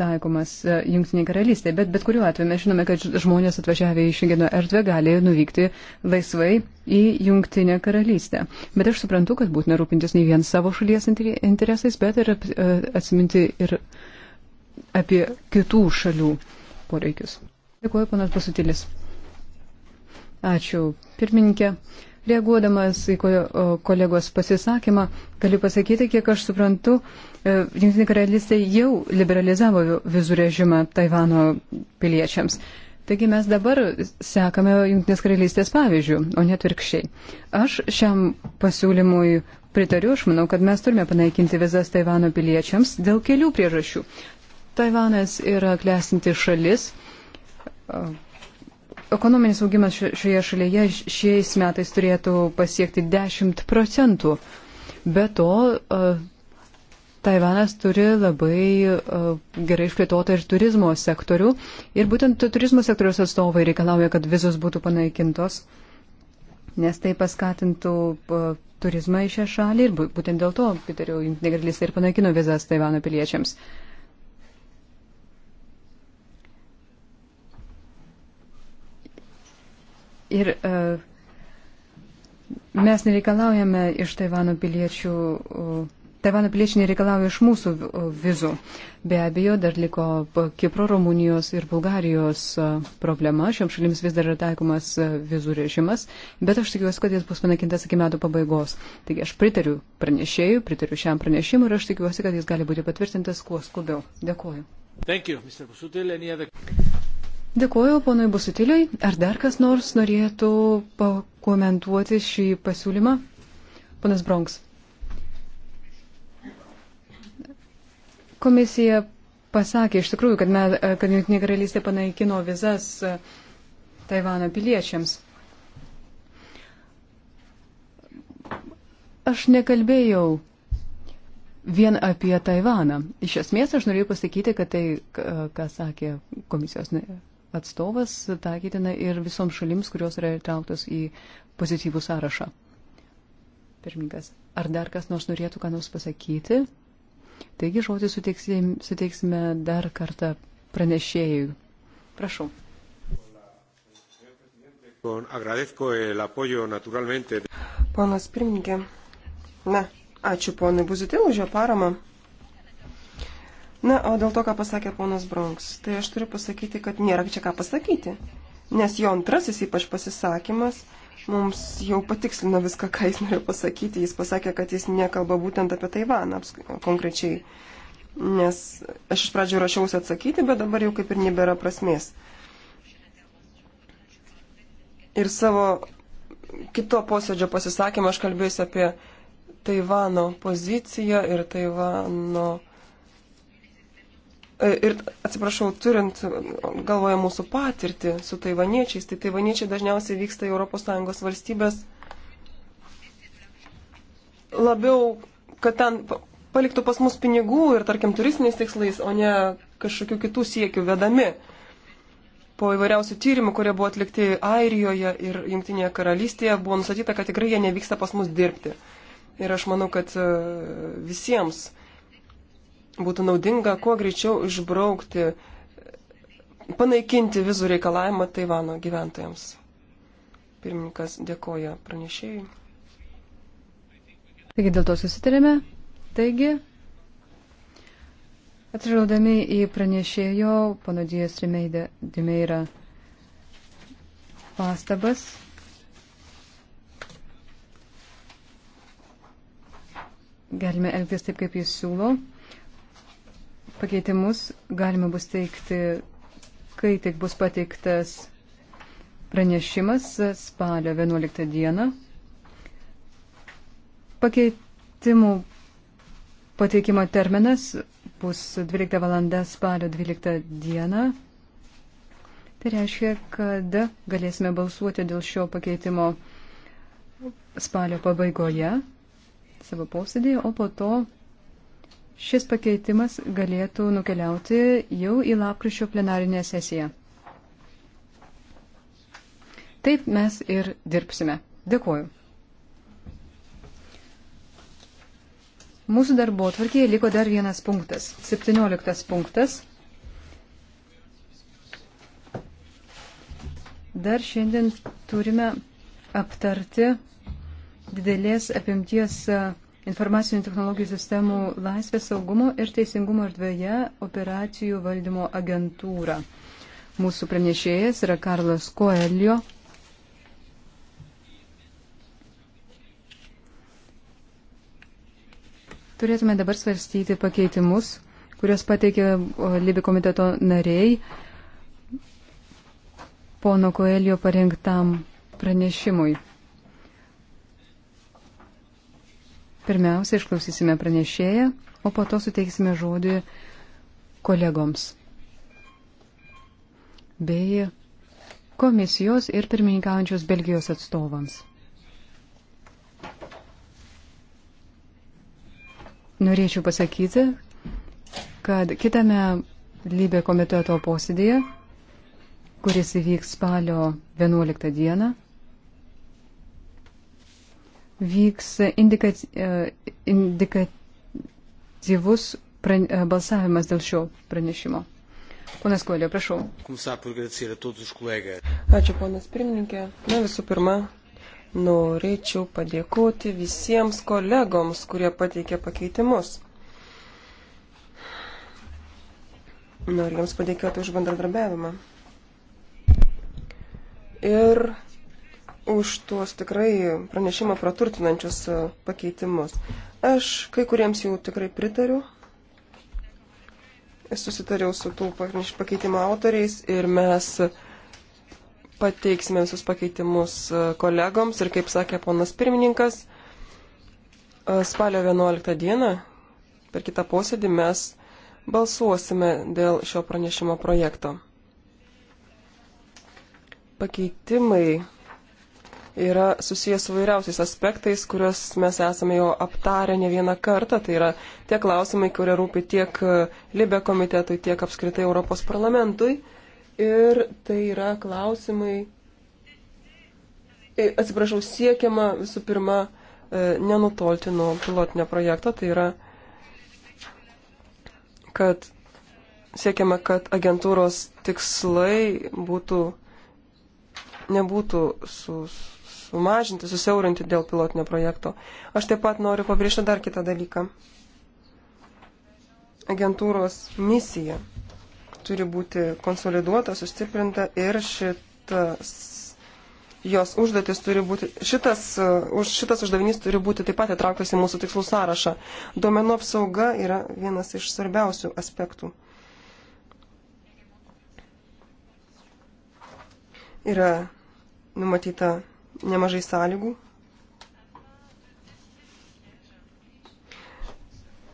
[SPEAKER 3] taikomas e, Junktiniai karalystė, bet bet kuriuo atveju mes žinome, kad žmonės atvažiavę į Šengeno erdvę gali nuvykti laisvai į Jungtinę karalystę. Bet aš suprantu, kad būtina rūpintis ne vien savo šalies interesais, bet ir e, atsiminti ir apie kitų šalių poreikius. Dėkuoju, panas Pasutilis. Ačiū, pirmininkė. Reaguodamas į kolegos pasisakymą, galiu pasakyti, kiek aš suprantu, e, Junktinė karalystė jau liberalizavo vizų režimą Taivano piliečiams. Taigi mes dabar sekame Junktinės karalystės pavyzdžių, o net virkščiai. Aš šiam pasiūlymui pritariu, aš manau, kad mes turime panaikinti vizas Taivano piliečiams dėl kelių priežasčių. Taivanas yra klesinti šalis, ekonominis augimas šioje šalyje šiais metais turėtų pasiekti 10 procentų. Be to, Taivanas turi labai gerai išplėtotą ir turizmo sektorių. Ir būtent turizmo sektoriaus atstovai reikalauja, kad vizos būtų panaikintos, nes tai paskatintų turizmą į šią šalį ir būtent dėl to, Piterio, Jungtinė karalystė ir panaikino vizas Taivano piliečiams. Uh, Ir uh, mes nereikalaujame iš Taivano piliečių. Uh, Taivano piliečiai nereikalauja iš mūsų vizų. Be abejo, dar liko Kipro, Rumunijos ir Bulgarijos e, problema. Šioms šalims vis dar yra taikomas e, vizų režimas, bet aš tikiuosi, kad jis bus panaikintas iki metų pabaigos. Taigi aš pritariu pranešėjui, pritariu šiam pranešimui ir aš tikiuosi, kad jis gali būti patvirtintas kuo skubiau. Dėkuoju. Thank you, Dėkuoju ponui Busutiliui. Ar dar kas nors norėtų pakomentuoti šį pasiūlymą? Ponas Bronks. Komisija pasakė iš tikrųjų, kad, mes, kad Junktinė karalystė panaikino vizas e, Taivano piliečiams. Aš nekalbėjau vien apie Taivaną. Iš esmės aš norėjau pasakyti, kad tai, e, ką sakė komisijos atstovas taikytina ir visoms šalims, kurios yra įtrauktos į pozityvų sąrašą. Pirmininkas, ar dar kas nors norėtų ką nors pasakyti? Taigi žodį suteiksime dar kartą pranešėjui.
[SPEAKER 1] Prašau. Ponas pirmininkė, na, ačiū ponui Buzitil už jo paramą. Na, o dėl to, ką pasakė ponas Bronks, tai aš turiu pasakyti, kad nėra čia ką pasakyti. Nes jo antrasis ypač pasisakymas mums jau patikslino viską, ką jis norėjo pasakyti. Jis pasakė, kad jis nekalba būtent apie Taivaną konkrečiai. Nes aš iš pradžių rašiausi atsakyti, bet dabar jau kaip ir nebėra prasmės. Ir savo kito posėdžio pasisakymą aš kalbėsiu apie Taivano poziciją ir Taivano E, ir atsiprašau, turint galvoje mūsų patirtį su taivaniečiais, tai taivaniečiai dažniausiai vyksta į ES valstybės labiau, kad ten paliktų pas mus pinigų ir, tarkim, turistiniais tikslais, o ne kažkokių kitų siekių vedami. Po įvairiausių tyrimų, kurie buvo atlikti Airijoje ir Junktinėje karalystėje, buvo nustatyta, kad tikrai jie nevyksta pas mus dirbti. Ir aš manau, kad e, visiems būtų naudinga kuo greičiau išbraukti, panaikinti vizų reikalavimą Taivano gyventojams. Pirmininkas dėkoja pranešėjai.
[SPEAKER 3] Taigi dėl to susitarėme. Taigi, atsižvelgdami į pranešėjo panodijos Rimeira pastabas. Galime elgtis taip, kaip jis siūlo. Pakeitimus galima bus teikti, kai tik bus pateiktas pranešimas spalio 11 dieną. Pakeitimų pateikimo terminas bus 12 val. spalio 12 dieną. Tai reiškia, kad galėsime balsuoti dėl šio pakeitimo spalio pabaigoje savo posėdėje, o po to šis pakeitimas galėtų nukeliauti jau į lapkričio plenarinę sesiją. Taip mes ir dirbsime. Dėkuoju. Mūsų darbo tvarkėje liko dar vienas punktas. 17 punktas. Dar šiandien turime aptarti didelės apimties informacinių technologijų sistemų laisvės saugumo ir teisingumo erdvėje operacijų valdymo agentūrą. Mūsų pranešėjas yra Karlas Koelio. Turėtume dabar svarstyti pakeitimus, kuriuos pateikė Libi komiteto nariai pono Koelio parengtam pranešimui. Pirmiausia, išklausysime pranešėją, o po to suteiksime žodį kolegoms bei komisijos ir pirmininkaujančios Belgijos atstovams. Norėčiau pasakyti, kad kitame lybė komiteto posėdėje, kuris įvyks spalio 11 dieną, vyks indikat, e, indikatyvus pran, e, balsavimas dėl šio pranešimo. Ponas Kolė, prašau.
[SPEAKER 1] Ačiū, ponas pirmininkė. Na visų pirma, norėčiau padėkoti visiems kolegoms, kurie pateikė pakeitimus. Noriu jums padėkoti už bendradarbiavimą. Ir už tuos tikrai pranešimą praturtinančius e, pakeitimus. Aš kai kuriems jų tikrai pritariu. Susitariau su tų pakeitimo autoriais ir mes pateiksime visus pakeitimus e, kolegoms ir, kaip sakė ponas pirmininkas, e, spalio 11 dieną per kitą posėdį mes balsuosime dėl šio pranešimo projekto. Pakeitimai yra susijęs su vairiausiais aspektais, kuriuos mes esame jau aptarę ne vieną kartą. Tai yra tie klausimai, kurie rūpi tiek Libė komitetui, tiek apskritai Europos parlamentui. Ir tai yra klausimai, atsiprašau, siekiama visų pirma e, nenutolti nuo pilotinio projekto. Tai yra, kad siekiame, kad agentūros tikslai būtų, nebūtų sus, sumažinti, susiaurinti dėl pilotinio projekto. Aš taip pat noriu pabrėžti dar kitą dalyką. Agentūros misija turi būti konsoliduota, sustiprinta ir šitas, jos užduotis turi būti, šitas, už, šitas uždavinys turi būti taip pat įtrauktas į mūsų tikslų sąrašą. Duomenų apsauga yra vienas iš svarbiausių aspektų. Yra numatyta nemažai sąlygų.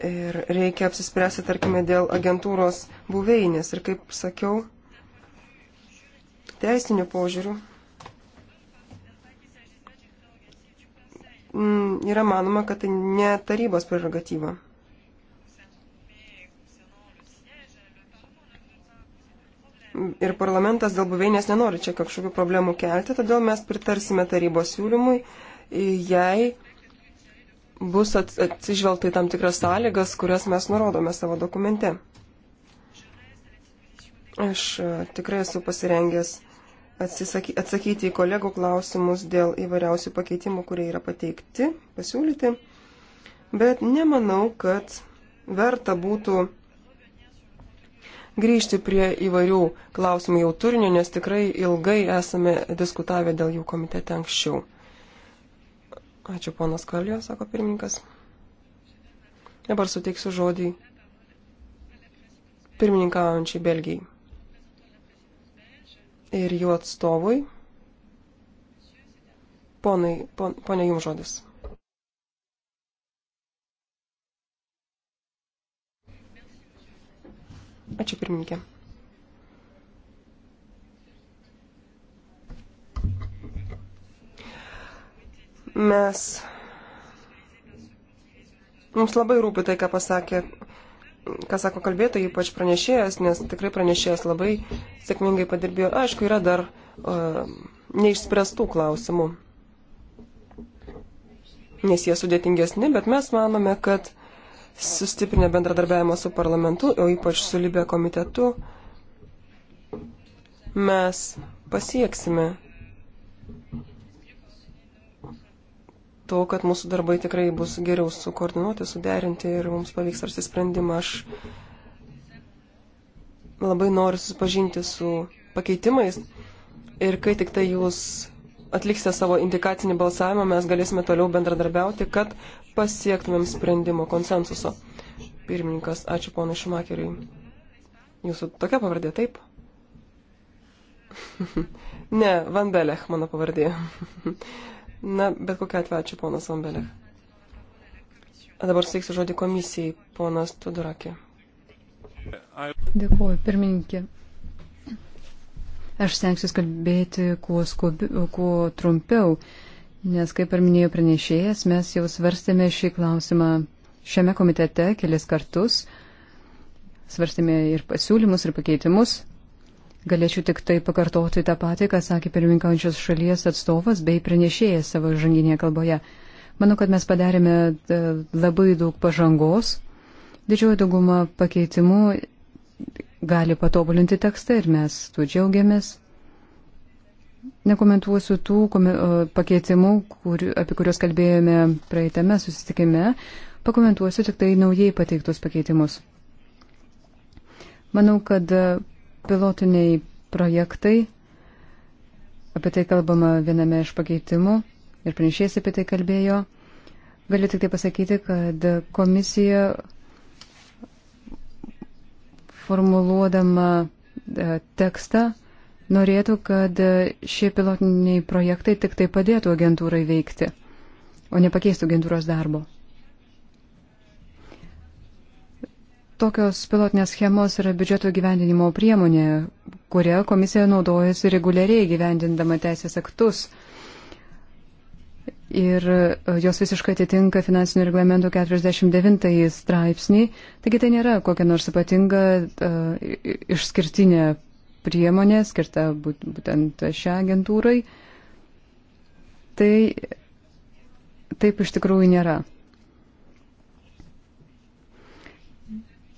[SPEAKER 1] Ir reikia apsispręsti, tarkime, dėl agentūros buveinės. Ir kaip sakiau, teisinių požiūrių mm, yra manoma, kad tai ne tarybos prerogatyva. ir parlamentas dėl buveinės nenori čia kažkokių problemų kelti, todėl mes pritarsime tarybos siūlymui, jei bus atsižvelgta į tam tikras sąlygas, kurias mes nurodome savo dokumente. Aš e, tikrai esu pasirengęs atsakyti į kolegų klausimus dėl įvairiausių pakeitimų, kurie yra pateikti, pasiūlyti, bet nemanau, kad verta būtų grįžti prie įvairių klausimų jau turinio, nes tikrai ilgai esame diskutavę dėl jų komitete anksčiau. Ačiū ponas Kalio, sako pirmininkas. Dabar suteiksiu žodį pirmininkaujančiai Belgijai ir jų atstovui. Ponai, pon, ponia jums žodis. Ačiū pirmininkė. Mes. Mums labai rūpi tai, ką pasakė, ką sako kalbėtojai, ypač pranešėjas, nes tikrai pranešėjas labai sėkmingai padirbėjo. Aišku, yra dar uh, neišspręstų klausimų, nes jie sudėtingesni, bet mes manome, kad uh, sustiprinę bendradarbiavimą su parlamentu, o ypač su Libė komitetu, mes pasieksime to, kad mūsų darbai tikrai bus geriau sukoordinuoti, suderinti ir mums pavyks rasti sprendimą. Aš labai noriu susipažinti su pakeitimais ir kai tik tai jūs atliksite savo indikacinį balsavimą, mes galėsime toliau bendradarbiauti, kad pasiektumėm sprendimo konsensuso. Pirmininkas, ačiū ponui Šumakeriui. Jūsų tokia pavardė, taip? ne, Vanbelech mano pavardė. Na, bet kokia atveju ačiū ponas Vanbelech. A dabar steiksiu žodį komisijai, ponas Tudorakė. Dėkuoju,
[SPEAKER 3] pirmininkė. Aš stengsiu kalbėti kuo, skubi, kuo trumpiau. Uh, Nes, kaip ir minėjo pranešėjas, mes jau svarstėme šį klausimą šiame komitete kelis kartus, svarstėme ir pasiūlymus, ir pakeitimus. Galėčiau tik tai pakartoti tą patį, ką sakė pirmininkaujančios šalies atstovas bei pranešėjas savo žanginėje kalboje. Manau, kad mes padarėme e, labai daug pažangos. Didžioji dauguma pakeitimų gali patobulinti tekstą ir mes tuo džiaugiamės nekomentuosiu tų e, pakeitimų, kur, apie kuriuos kalbėjome praeitame susitikime, pakomentuosiu tik tai naujai pateiktus pakeitimus. Manau, kad pilotiniai projektai, apie tai kalbama viename iš pakeitimų ir pranešėjas apie tai kalbėjo, galiu tik tai pasakyti, kad komisija formuluodama e, tekstą norėtų, kad šie pilotiniai projektai tik tai padėtų agentūrai veikti, o ne pakeistų agentūros darbo. Tokios pilotinės schemos yra biudžeto gyvendinimo priemonė, kurią komisija naudojasi reguliariai gyvendindama teisės aktus. Ir e, jos visiškai atitinka finansinio reglamento 49 straipsnį, taigi tai nėra kokia nors ypatinga uh, išskirtinė priemonė skirta būtent šią agentūrai, tai taip iš tikrųjų nėra.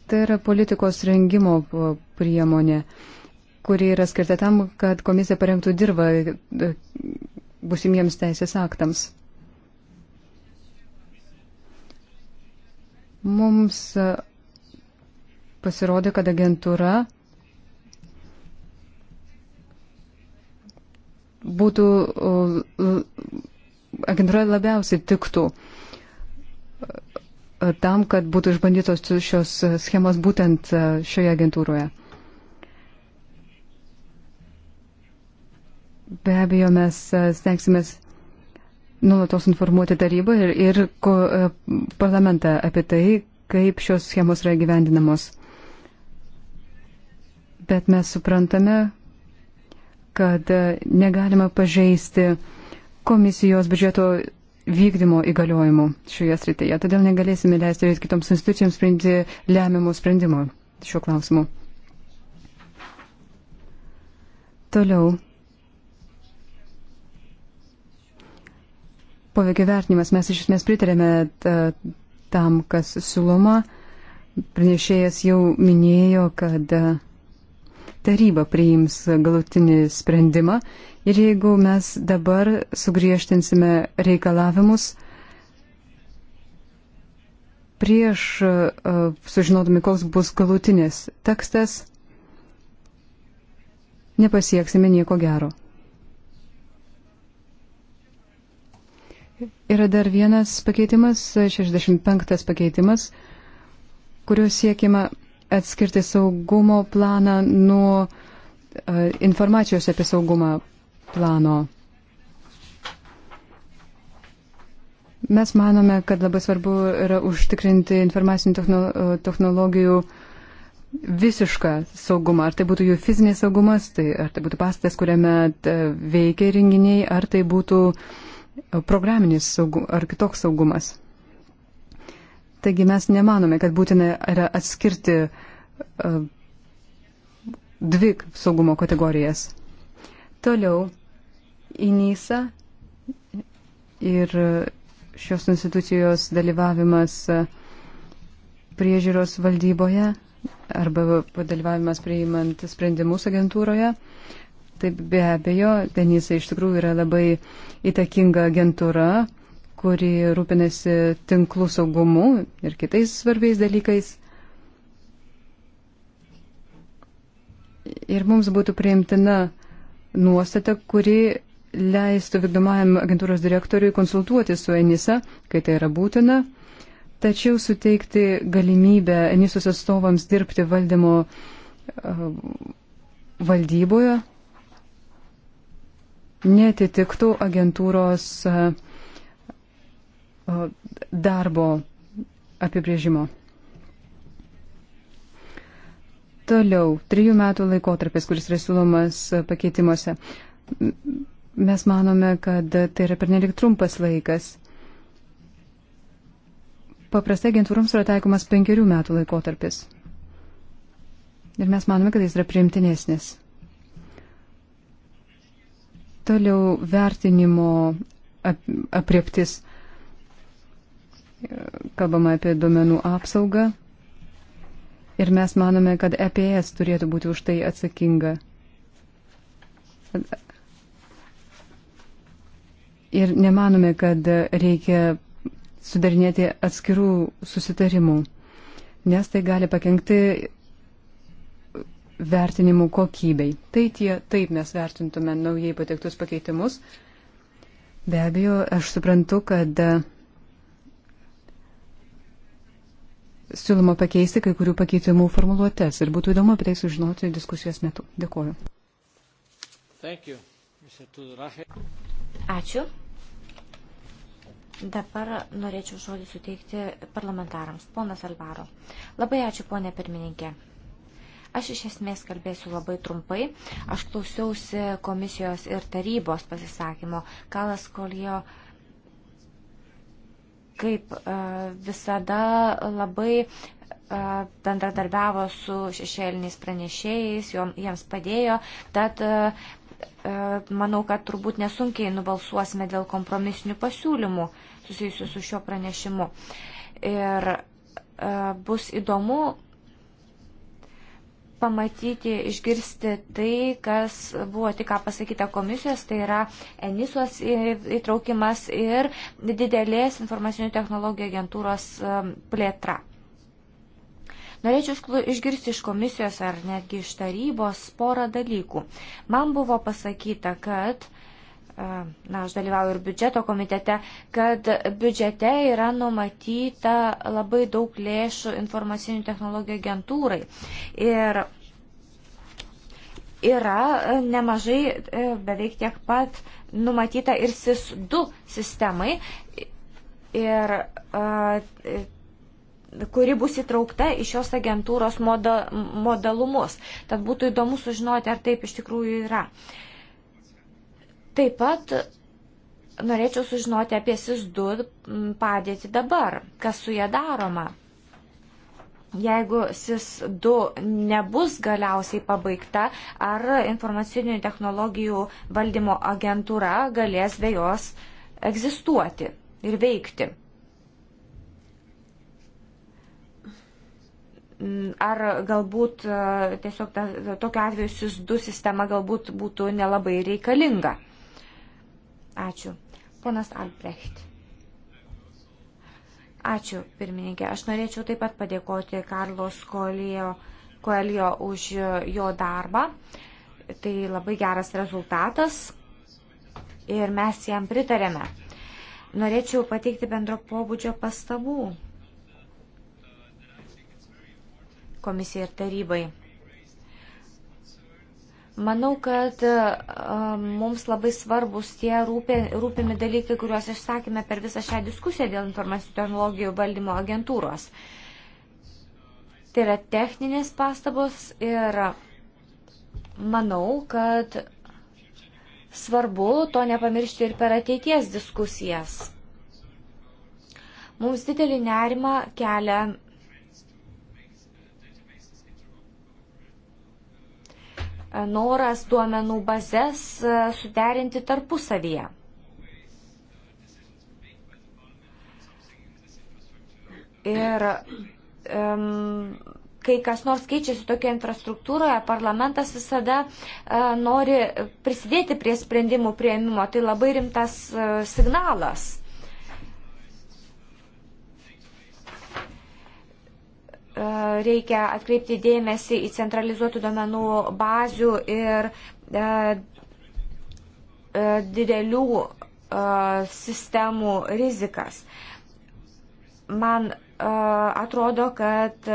[SPEAKER 3] Tai yra politikos rengimo priemonė, kuri yra skirta tam, kad komisija parengtų dirbą e, busimiems teisės aktams. Mums e, pasirodė, kad agentūra būtų agentūra labiausiai tiktų e, tam, kad būtų išbandytos šios schemos būtent e, šioje agentūroje. Be abejo, mes e, stengsimės nulatos informuoti tarybą ir, ir ko, parlamentą apie tai, kaip šios schemos yra gyvendinamos. Bet mes suprantame, kad e, negalima pažeisti komisijos biudžeto vykdymo įgaliojimų šioje srityje. Todėl negalėsime leisti kitoms institucijoms priimti lemiamų sprendimų šiuo klausimu. Toliau. Poveikio vertinimas. Mes iš esmės pritarėme e, tam, kas siūloma. Pranešėjas jau minėjo, kad e, taryba priims galutinį sprendimą ir jeigu mes dabar sugriežtinsime reikalavimus prieš e, sužinodami, koks bus galutinis tekstas, nepasieksime nieko gero. Yra dar vienas pakeitimas, 65 pakeitimas, kuriuo siekima atskirti saugumo planą nuo e, informacijos apie saugumą plano. Mes manome, kad labai svarbu yra užtikrinti informacinių e, technologijų visišką saugumą. Ar tai būtų jų fizinis saugumas, tai ar tai būtų pastatas, kuriame e, veikia renginiai, ar tai būtų programinis saugumas, ar kitoks saugumas. Taigi mes nemanome, kad būtina yra atskirti uh, dvi saugumo kategorijas. Toliau įnysa ir šios institucijos dalyvavimas priežiūros valdyboje arba padalyvavimas priimant sprendimus agentūroje. Taip be abejo, Denisa iš tikrųjų yra labai įtakinga agentūra, kuri rūpinasi tinklų saugumu ir kitais svarbiais dalykais. Ir mums būtų priimtina nuostata, kuri leistų vykdomajam agentūros direktoriui konsultuoti su Enisa, kai tai yra būtina, tačiau suteikti galimybę Enisos atstovams dirbti valdymo uh, valdyboje netitiktų agentūros uh, darbo apibrėžimo. Toliau, trijų metų laikotarpis, kuris yra siūlomas e, pakeitimuose. Mes manome, kad tai yra pernelik trumpas laikas. Paprastai agentūroms yra taikomas penkerių metų laikotarpis. Ir mes manome, kad jis yra priimtinesnis. Toliau vertinimo ap, apriektis kalbama apie duomenų apsaugą ir mes manome, kad EPS turėtų būti už tai atsakinga. Ir nemanome, kad reikia sudarinėti atskirų susitarimų, nes tai gali pakengti vertinimų kokybei. Tai tie, taip mes vertintume naujai patektus pakeitimus. Be abejo, aš suprantu, kad siūloma pakeisti kai kurių pakeitimų formuluotės ir būtų įdomu apie tai sužinoti diskusijos metu. Dėkuoju.
[SPEAKER 2] You,
[SPEAKER 4] Ačiū. Dabar norėčiau žodį suteikti parlamentarams. Ponas Alvaro. Labai ačiū, ponė pirmininkė. Aš iš esmės kalbėsiu labai trumpai. Aš klausiausi komisijos ir tarybos pasisakymo. Kalas Kolio. Uh, kaip e, visada labai e, bendradarbiavo su šešėliniais pranešėjais, jiems padėjo, tad e, manau, kad turbūt nesunkiai nubalsuosime dėl kompromisinių pasiūlymų susijusių su šiuo pranešimu. Ir bus įdomu pamatyti, išgirsti tai, kas buvo tik ką pasakyta komisijos, tai yra Enisos įtraukimas ir didelės informacinių technologijų agentūros um, plėtra. Norėčiau išgirsti iš komisijos ar netgi iš tarybos porą dalykų. Man buvo pasakyta, kad na, aš dalyvauju ir biudžeto komitete, kad biudžete yra numatyta labai daug lėšų informacinių technologijų agentūrai. Ir yra e, nemažai, e, beveik tiek pat numatyta ir SIS-2 sistemai. Ir, uh, kuri bus įtraukta į šios agentūros moda, modalumus. Tad būtų įdomu sužinoti, ar taip iš tikrųjų yra. Uh, Taip pat norėčiau sužinoti apie SIS2 padėtį dabar, kas su ją daroma. Jeigu SIS2 nebus galiausiai pabaigta, ar informacinių technologijų valdymo agentūra galės be jos egzistuoti ir veikti? Ar galbūt e, tiesiog ta, tokiu atveju SIS2 sistema galbūt būtų nelabai reikalinga? Ačiū. Ponas Albrecht. Ačiū, pirmininkė. Aš norėčiau taip pat padėkoti Karlos Koelio, Koelio už jo darbą. Tai labai geras rezultatas ir mes jam pritarėme. Norėčiau pateikti bendro pobūdžio pastabų komisijai ir tarybai. Manau, kad e, mums labai svarbus tie rūpė, rūpimi dalykai, kuriuos išsakėme per visą šią diskusiją dėl informacinių technologijų valdymo agentūros. Tai yra techninės pastabos ir manau, kad svarbu to nepamiršti ir per ateities diskusijas. Mums didelį nerimą kelia E, noras duomenų bazės e, suderinti tarpusavyje. Ir um, kai kas nors keičiasi tokia infrastruktūroje, parlamentas visada uh, nori prisidėti prie sprendimų prieimimo. Tai labai rimtas uh, signalas. E, reikia atkreipti dėmesį į centralizuotų domenų bazių ir e, e, didelių sistemų rizikas. Man atrodo, kad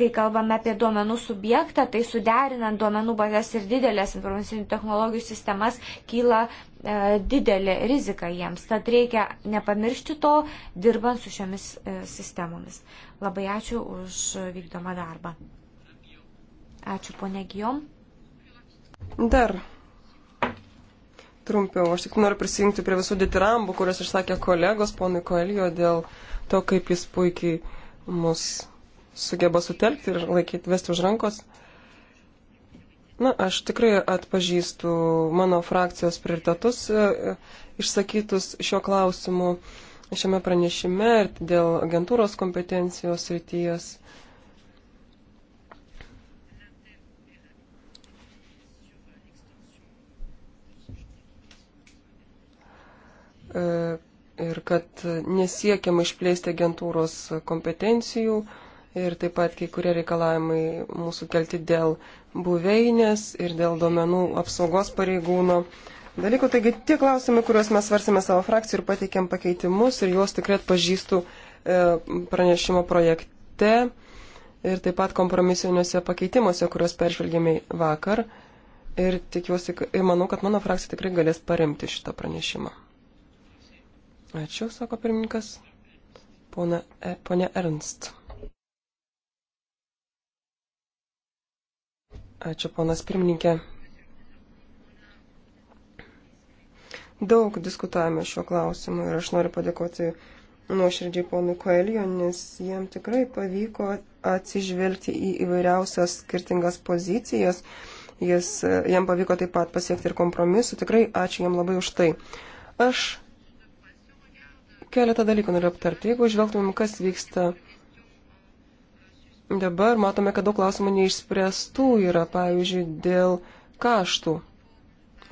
[SPEAKER 4] kai kalbame apie duomenų subjektą, tai suderinant duomenų bazės ir didelės informacinių technologijų sistemas kyla e, didelė rizika jiems. Tad reikia nepamiršti to, dirbant su šiomis e, sistemomis. Labai ačiū už vykdomą darbą. Ačiū ponė Gijom.
[SPEAKER 1] Dar trumpiau, aš tik noriu prisijungti prie visų ditirambų, kurias išsakė kolegos ponui Koelijo dėl to, kaip jis puikiai mus sugeba sutelkti ir laikyti vesti už rankos. Na, aš tikrai atpažįstu mano frakcijos prioritetus e, e, išsakytus šio klausimu šiame pranešime ir dėl agentūros kompetencijos ryties. E, ir kad nesiekiama išplėsti agentūros kompetencijų ir taip pat kai kurie reikalavimai mūsų kelti dėl buveinės ir dėl duomenų apsaugos pareigūno dalykų. Taigi tie klausimai, kuriuos mes svarsime savo frakcijų ir pateikėm pakeitimus ir juos tikrai atpažįstu e, pranešimo projekte ir taip pat kompromisiniuose pakeitimuose, kuriuos peržvelgėme vakar. Ir tikiuosi ir manau, kad mano frakcija tikrai galės paremti šitą pranešimą. Ačiū, sako pirmininkas. Pone, e, pone Ernst. Ačiū, ponas pirmininkė. Daug diskutavome šiuo klausimu ir aš noriu padėkoti nuoširdžiai ponui Koelio, nes jam tikrai pavyko atsižvelgti į įvairiausias skirtingas pozicijas. Jis, jam pavyko taip pat pasiekti ir kompromisų. Tikrai ačiū jam labai už tai. Aš keletą dalykų noriu aptarti. Jeigu žvelgtumėm, kas vyksta dabar, matome, kad daug klausimų neišspręstų yra, pavyzdžiui, dėl kaštų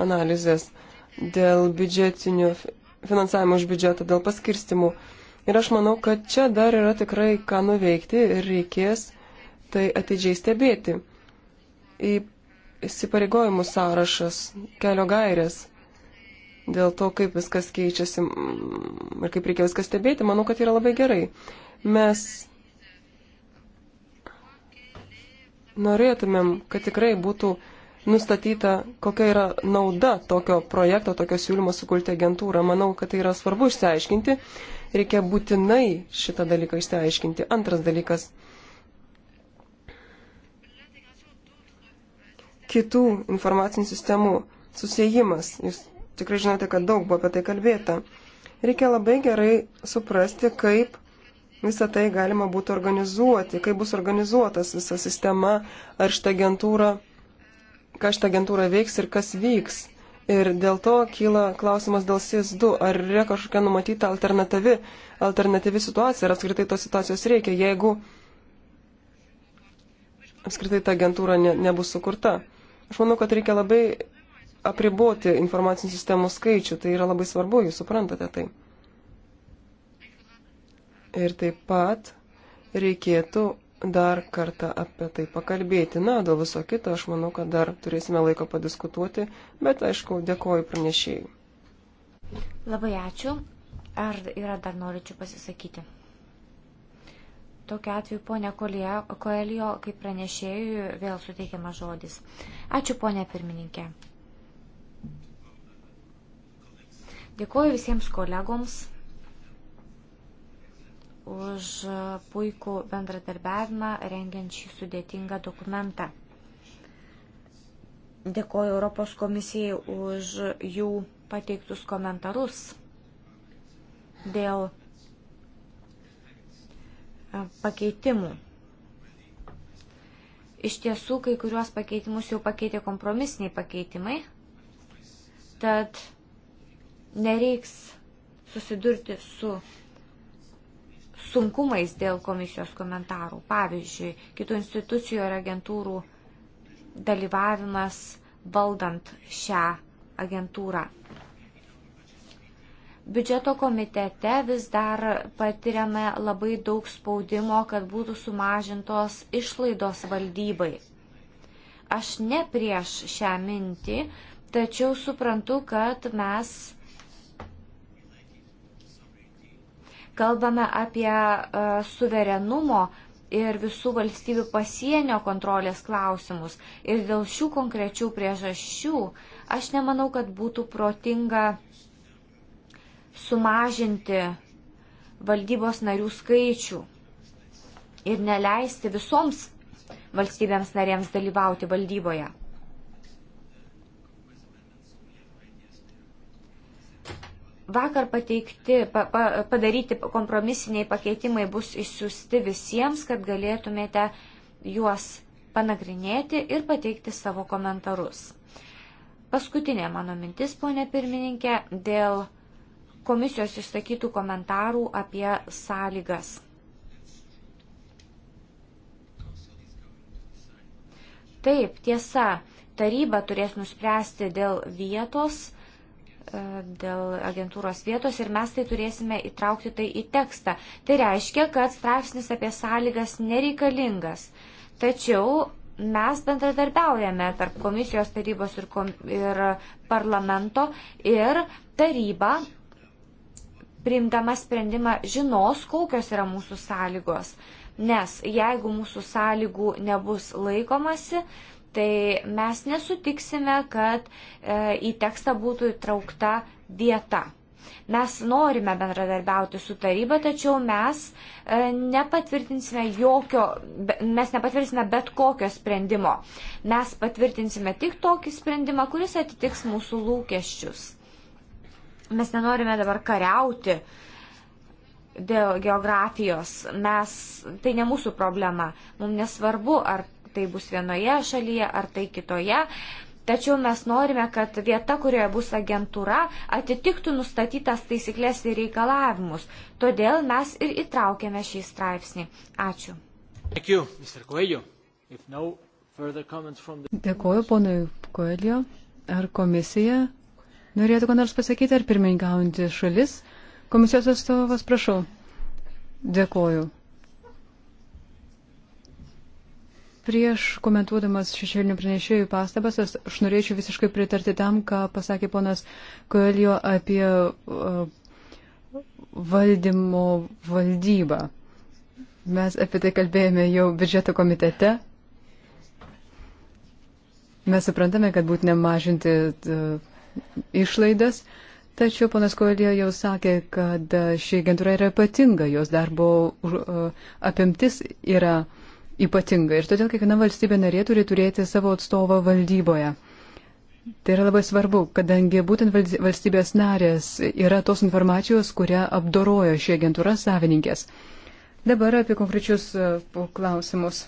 [SPEAKER 1] analizės dėl biudžetinių finansavimo už biudžetą, dėl paskirstimų. Ir aš manau, kad čia dar yra tikrai ką nuveikti ir reikės tai atidžiai stebėti. Į įsipareigojimų sąrašas, kelio gairės dėl to, kaip viskas keičiasi mm, ir kaip reikia viską stebėti, manau, kad yra labai gerai. Mes norėtumėm, kad tikrai būtų nustatyta, kokia yra nauda tokio projekto, tokio siūlymo sukurti agentūrą. Manau, kad tai yra svarbu išsiaiškinti. Reikia būtinai šitą dalyką išsiaiškinti. Antras dalykas. Kitų informacinių sistemų susijimas. Jūs tikrai žinote, kad daug buvo apie tai kalbėta. Reikia labai gerai suprasti, kaip visą tai galima būtų organizuoti, kaip bus organizuotas visa sistema, ar šitą agentūrą ką šitą agentūrą veiks ir kas vyks. Ir dėl to kyla klausimas dėl SIS-2, ar yra kažkokia numatyta alternatyvi, alternatyvi situacija, ar apskritai tos situacijos reikia, jeigu apskritai ta agentūra ne, nebus sukurta. Aš manau, kad reikia labai apriboti informacinių sistemų skaičių, tai yra labai svarbu, jūs suprantate tai. Ir taip pat reikėtų dar kartą apie tai pakalbėti. Na, dėl viso kito aš manau, kad dar turėsime laiko padiskutuoti, bet aišku, dėkoju pranešėjai.
[SPEAKER 4] Labai ačiū. Ar yra dar norinčių pasisakyti? Tokiu atveju, ponia Koelio, kaip pranešėjui, vėl suteikiama žodis. Ačiū, ponia pirmininkė. Dėkoju visiems kolegoms už puikų bendradarbiavimą rengiant šį sudėtingą dokumentą. Dėkoju Europos komisijai už jų pateiktus komentarus dėl e, pakeitimų. Iš tiesų, kai kuriuos pakeitimus jau pakeitė kompromisiniai pakeitimai, tad nereiks susidurti su sunkumais dėl komisijos komentarų. Pavyzdžiui, kitų institucijų ir agentūrų dalyvavimas valdant šią agentūrą. Biudžeto komitete vis dar patiriame labai daug spaudimo, kad būtų sumažintos išlaidos valdybai. Aš ne prieš šią mintį, tačiau suprantu, kad mes Kalbame apie e, suverenumo ir visų valstybių pasienio kontrolės klausimus. Ir dėl šių konkrečių priežasčių aš nemanau, kad būtų protinga sumažinti valdybos narių skaičių ir neleisti visoms valstybėms narėms dalyvauti valdyboje. Vakar pateikti, pa, pa, padaryti kompromisiniai pakeitimai bus išsiųsti visiems, kad galėtumėte juos panagrinėti ir pateikti savo komentarus. Paskutinė mano mintis, ponė pirmininkė, dėl komisijos išsakytų komentarų apie sąlygas. Taip, tiesa, taryba turės nuspręsti dėl vietos E, dėl agentūros vietos ir mes tai turėsime įtraukti tai į tekstą. Tai reiškia, kad straipsnis apie sąlygas nereikalingas. Tačiau mes bendradarbiaujame tarp komisijos tarybos ir, kom, ir parlamento ir taryba, priimdama sprendimą, žinos, kokios yra mūsų sąlygos. Nes jeigu mūsų sąlygų nebus laikomasi, uh, tai mes nesutiksime, kad e, į tekstą būtų įtraukta vieta. Mes norime bendradarbiauti su taryba, tačiau mes e, nepatvirtinsime jokio, mes nepatvirtinsime bet kokio sprendimo. Mes patvirtinsime tik tokį sprendimą, kuris atitiks mūsų lūkesčius. Mes nenorime dabar kariauti dėl geografijos. Mes, tai ne mūsų problema. Mums nesvarbu, ar tai bus vienoje šalyje ar tai kitoje. Tačiau mes norime, kad vieta, kurioje bus agentūra, atitiktų nustatytas taisyklės ir reikalavimus. Todėl mes ir įtraukėme šį straipsnį. Ačiū.
[SPEAKER 2] You, no the... Dėkuoju, ponui
[SPEAKER 4] Koelio.
[SPEAKER 3] Ar komisija norėtų ko nors pasakyti, ar pirmininkaujantį šalis? Komisijos atstovas, prašau. Dėkuoju. Prieš komentuodamas šešėlinių pranešėjų pastabas, aš norėčiau visiškai pritarti tam, ką pasakė ponas Koelio apie uh, valdymo valdybą. Mes apie tai kalbėjome jau biudžeto komitete. Mes suprantame, kad būtina mažinti uh, išlaidas, tačiau ponas Koelio jau sakė, kad uh, ši agentūra yra ypatinga, jos darbo apimtis yra ypatinga ir todėl kiekviena valstybė narė turi turėti savo atstovą valdyboje. Tai yra labai svarbu, kadangi būtent valstybės narės yra tos informacijos, kurią apdoroja ši agentūra savininkės. Dabar apie konkrečius e, klausimus.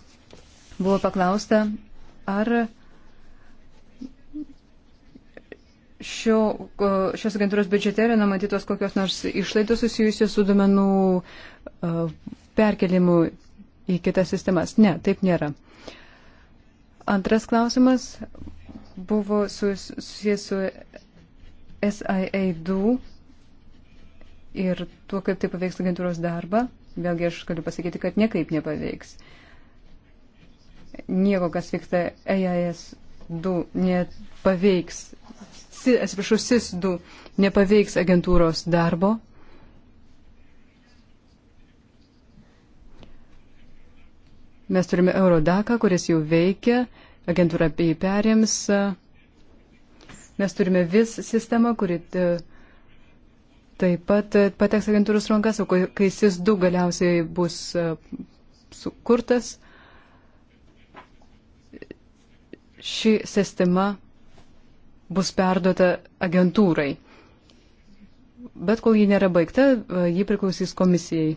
[SPEAKER 3] Buvo paklausta, ar šio, e, šios agentūros biudžete yra numatytos kokios nors išlaidos susijusios su duomenų e, perkelimu į kitas sistemas. Ne, taip nėra. Antras klausimas buvo susijęs su SIA2 ir tuo, kaip tai paveiks agentūros darbą. Vėlgi aš galiu pasakyti, kad niekaip nepaveiks. Nieko, kas vyksta EIS2, nepaveiks, atsiprašau, SIS2 nepaveiks agentūros darbo, Mes turime Eurodaką, kuris jau veikia, agentūra apie jį perėms. Mes turime vis sistemą, kuri e, taip pat e, pateks agentūros rankas, o kai jis du galiausiai bus e, sukurtas, ši sistema bus perduota agentūrai. Bet kol ji nėra baigta, ji priklausys komisijai.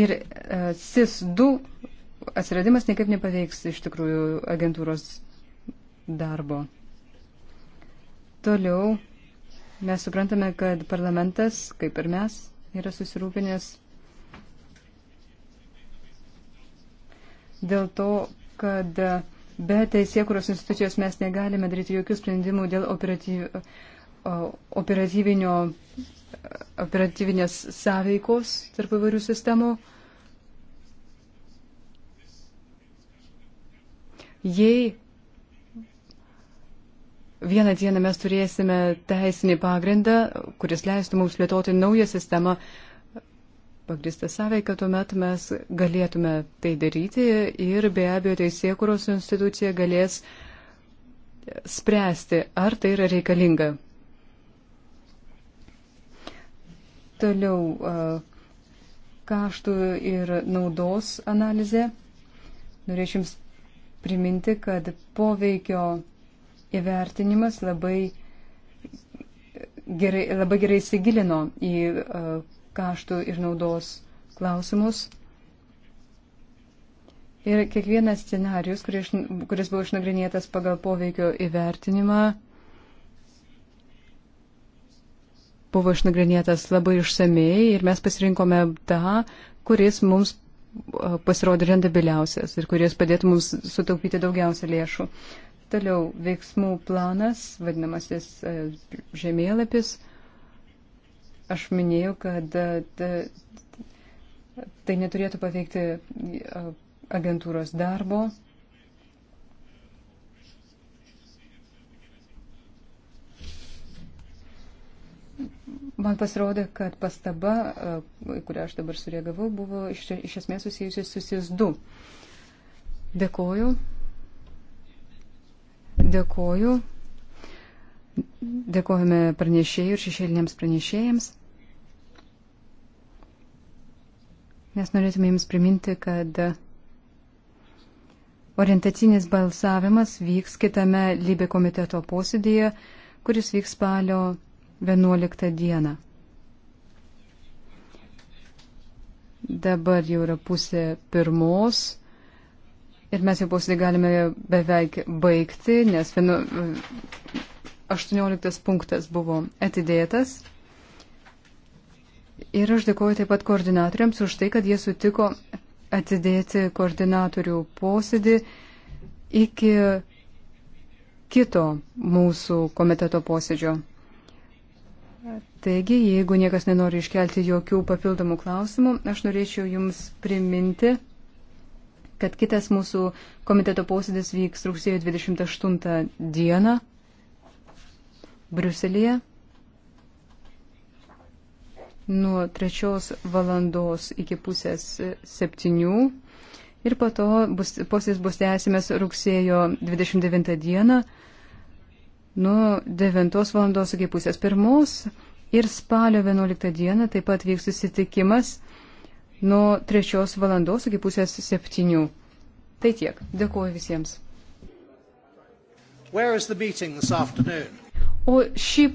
[SPEAKER 3] Ir e, SIS-2 atsiradimas niekaip nepaveiks iš tikrųjų agentūros darbo. Toliau mes suprantame, kad parlamentas, kaip ir mes, yra susirūpinęs dėl to, kad be teisėkuros institucijos mes negalime daryti jokių sprendimų dėl operatyv, operatyvinio operatyvinės sąveikos tarp įvairių sistemų. Jei vieną dieną mes turėsime teisinį pagrindą, kuris leistų mums plėtoti naują sistemą, pagristą sąveiką, tuomet mes galėtume tai daryti ir be abejo teisėkuros institucija galės spręsti, ar tai yra reikalinga Toliau kaštų ir naudos analizė. Norėčiau Jums priminti, kad poveikio įvertinimas labai gerai, labai gerai įsigilino į kaštų ir naudos klausimus. Ir kiekvienas scenarius, kuris, kuris buvo išnagrinėtas pagal poveikio įvertinimą, buvo išnagrinėtas labai išsamei ir mes pasirinkome tą, kuris mums pasirodė rentabiliausias ir kuris padėtų mums sutaupyti daugiausia lėšų. Toliau veiksmų planas, vadinamasis žemėlapis. Aš minėjau, kad tai neturėtų paveikti agentūros darbo, Man pasirodė, kad pastaba, e, kurią aš dabar sureagavau, buvo iš, iš esmės susijusi su SIS2. Dėkoju. Dėkoju. Dėkojame pranešėjų ir šešėliniams pranešėjams. Mes norėtume jums priminti, kad orientacinis balsavimas vyks kitame lybė komiteto posėdėje, kuris vyks spalio 11 dieną. Dabar jau yra pusė pirmos ir mes jau posėdį galime beveik baigti, nes 18 punktas buvo atidėtas. Ir aš dėkuoju taip pat koordinatoriams už tai, kad jie sutiko atidėti koordinatorių posėdį iki kito mūsų komiteto posėdžio. Taigi, jeigu niekas nenori iškelti jokių papildomų klausimų, aš norėčiau Jums priminti, kad kitas mūsų komiteto posėdis vyks rugsėjo 28 dieną Briuselėje nuo 3 valandos iki pusės 7 ir po to bus, posėdis bus tęsiamas rugsėjo 29 dieną nuo 9 valandos iki pusės 1 Ir spalio 11 dieną taip pat vyks susitikimas nuo 3 valandos iki pusės 7. Tai tiek. Dėkuoju visiems. O šį.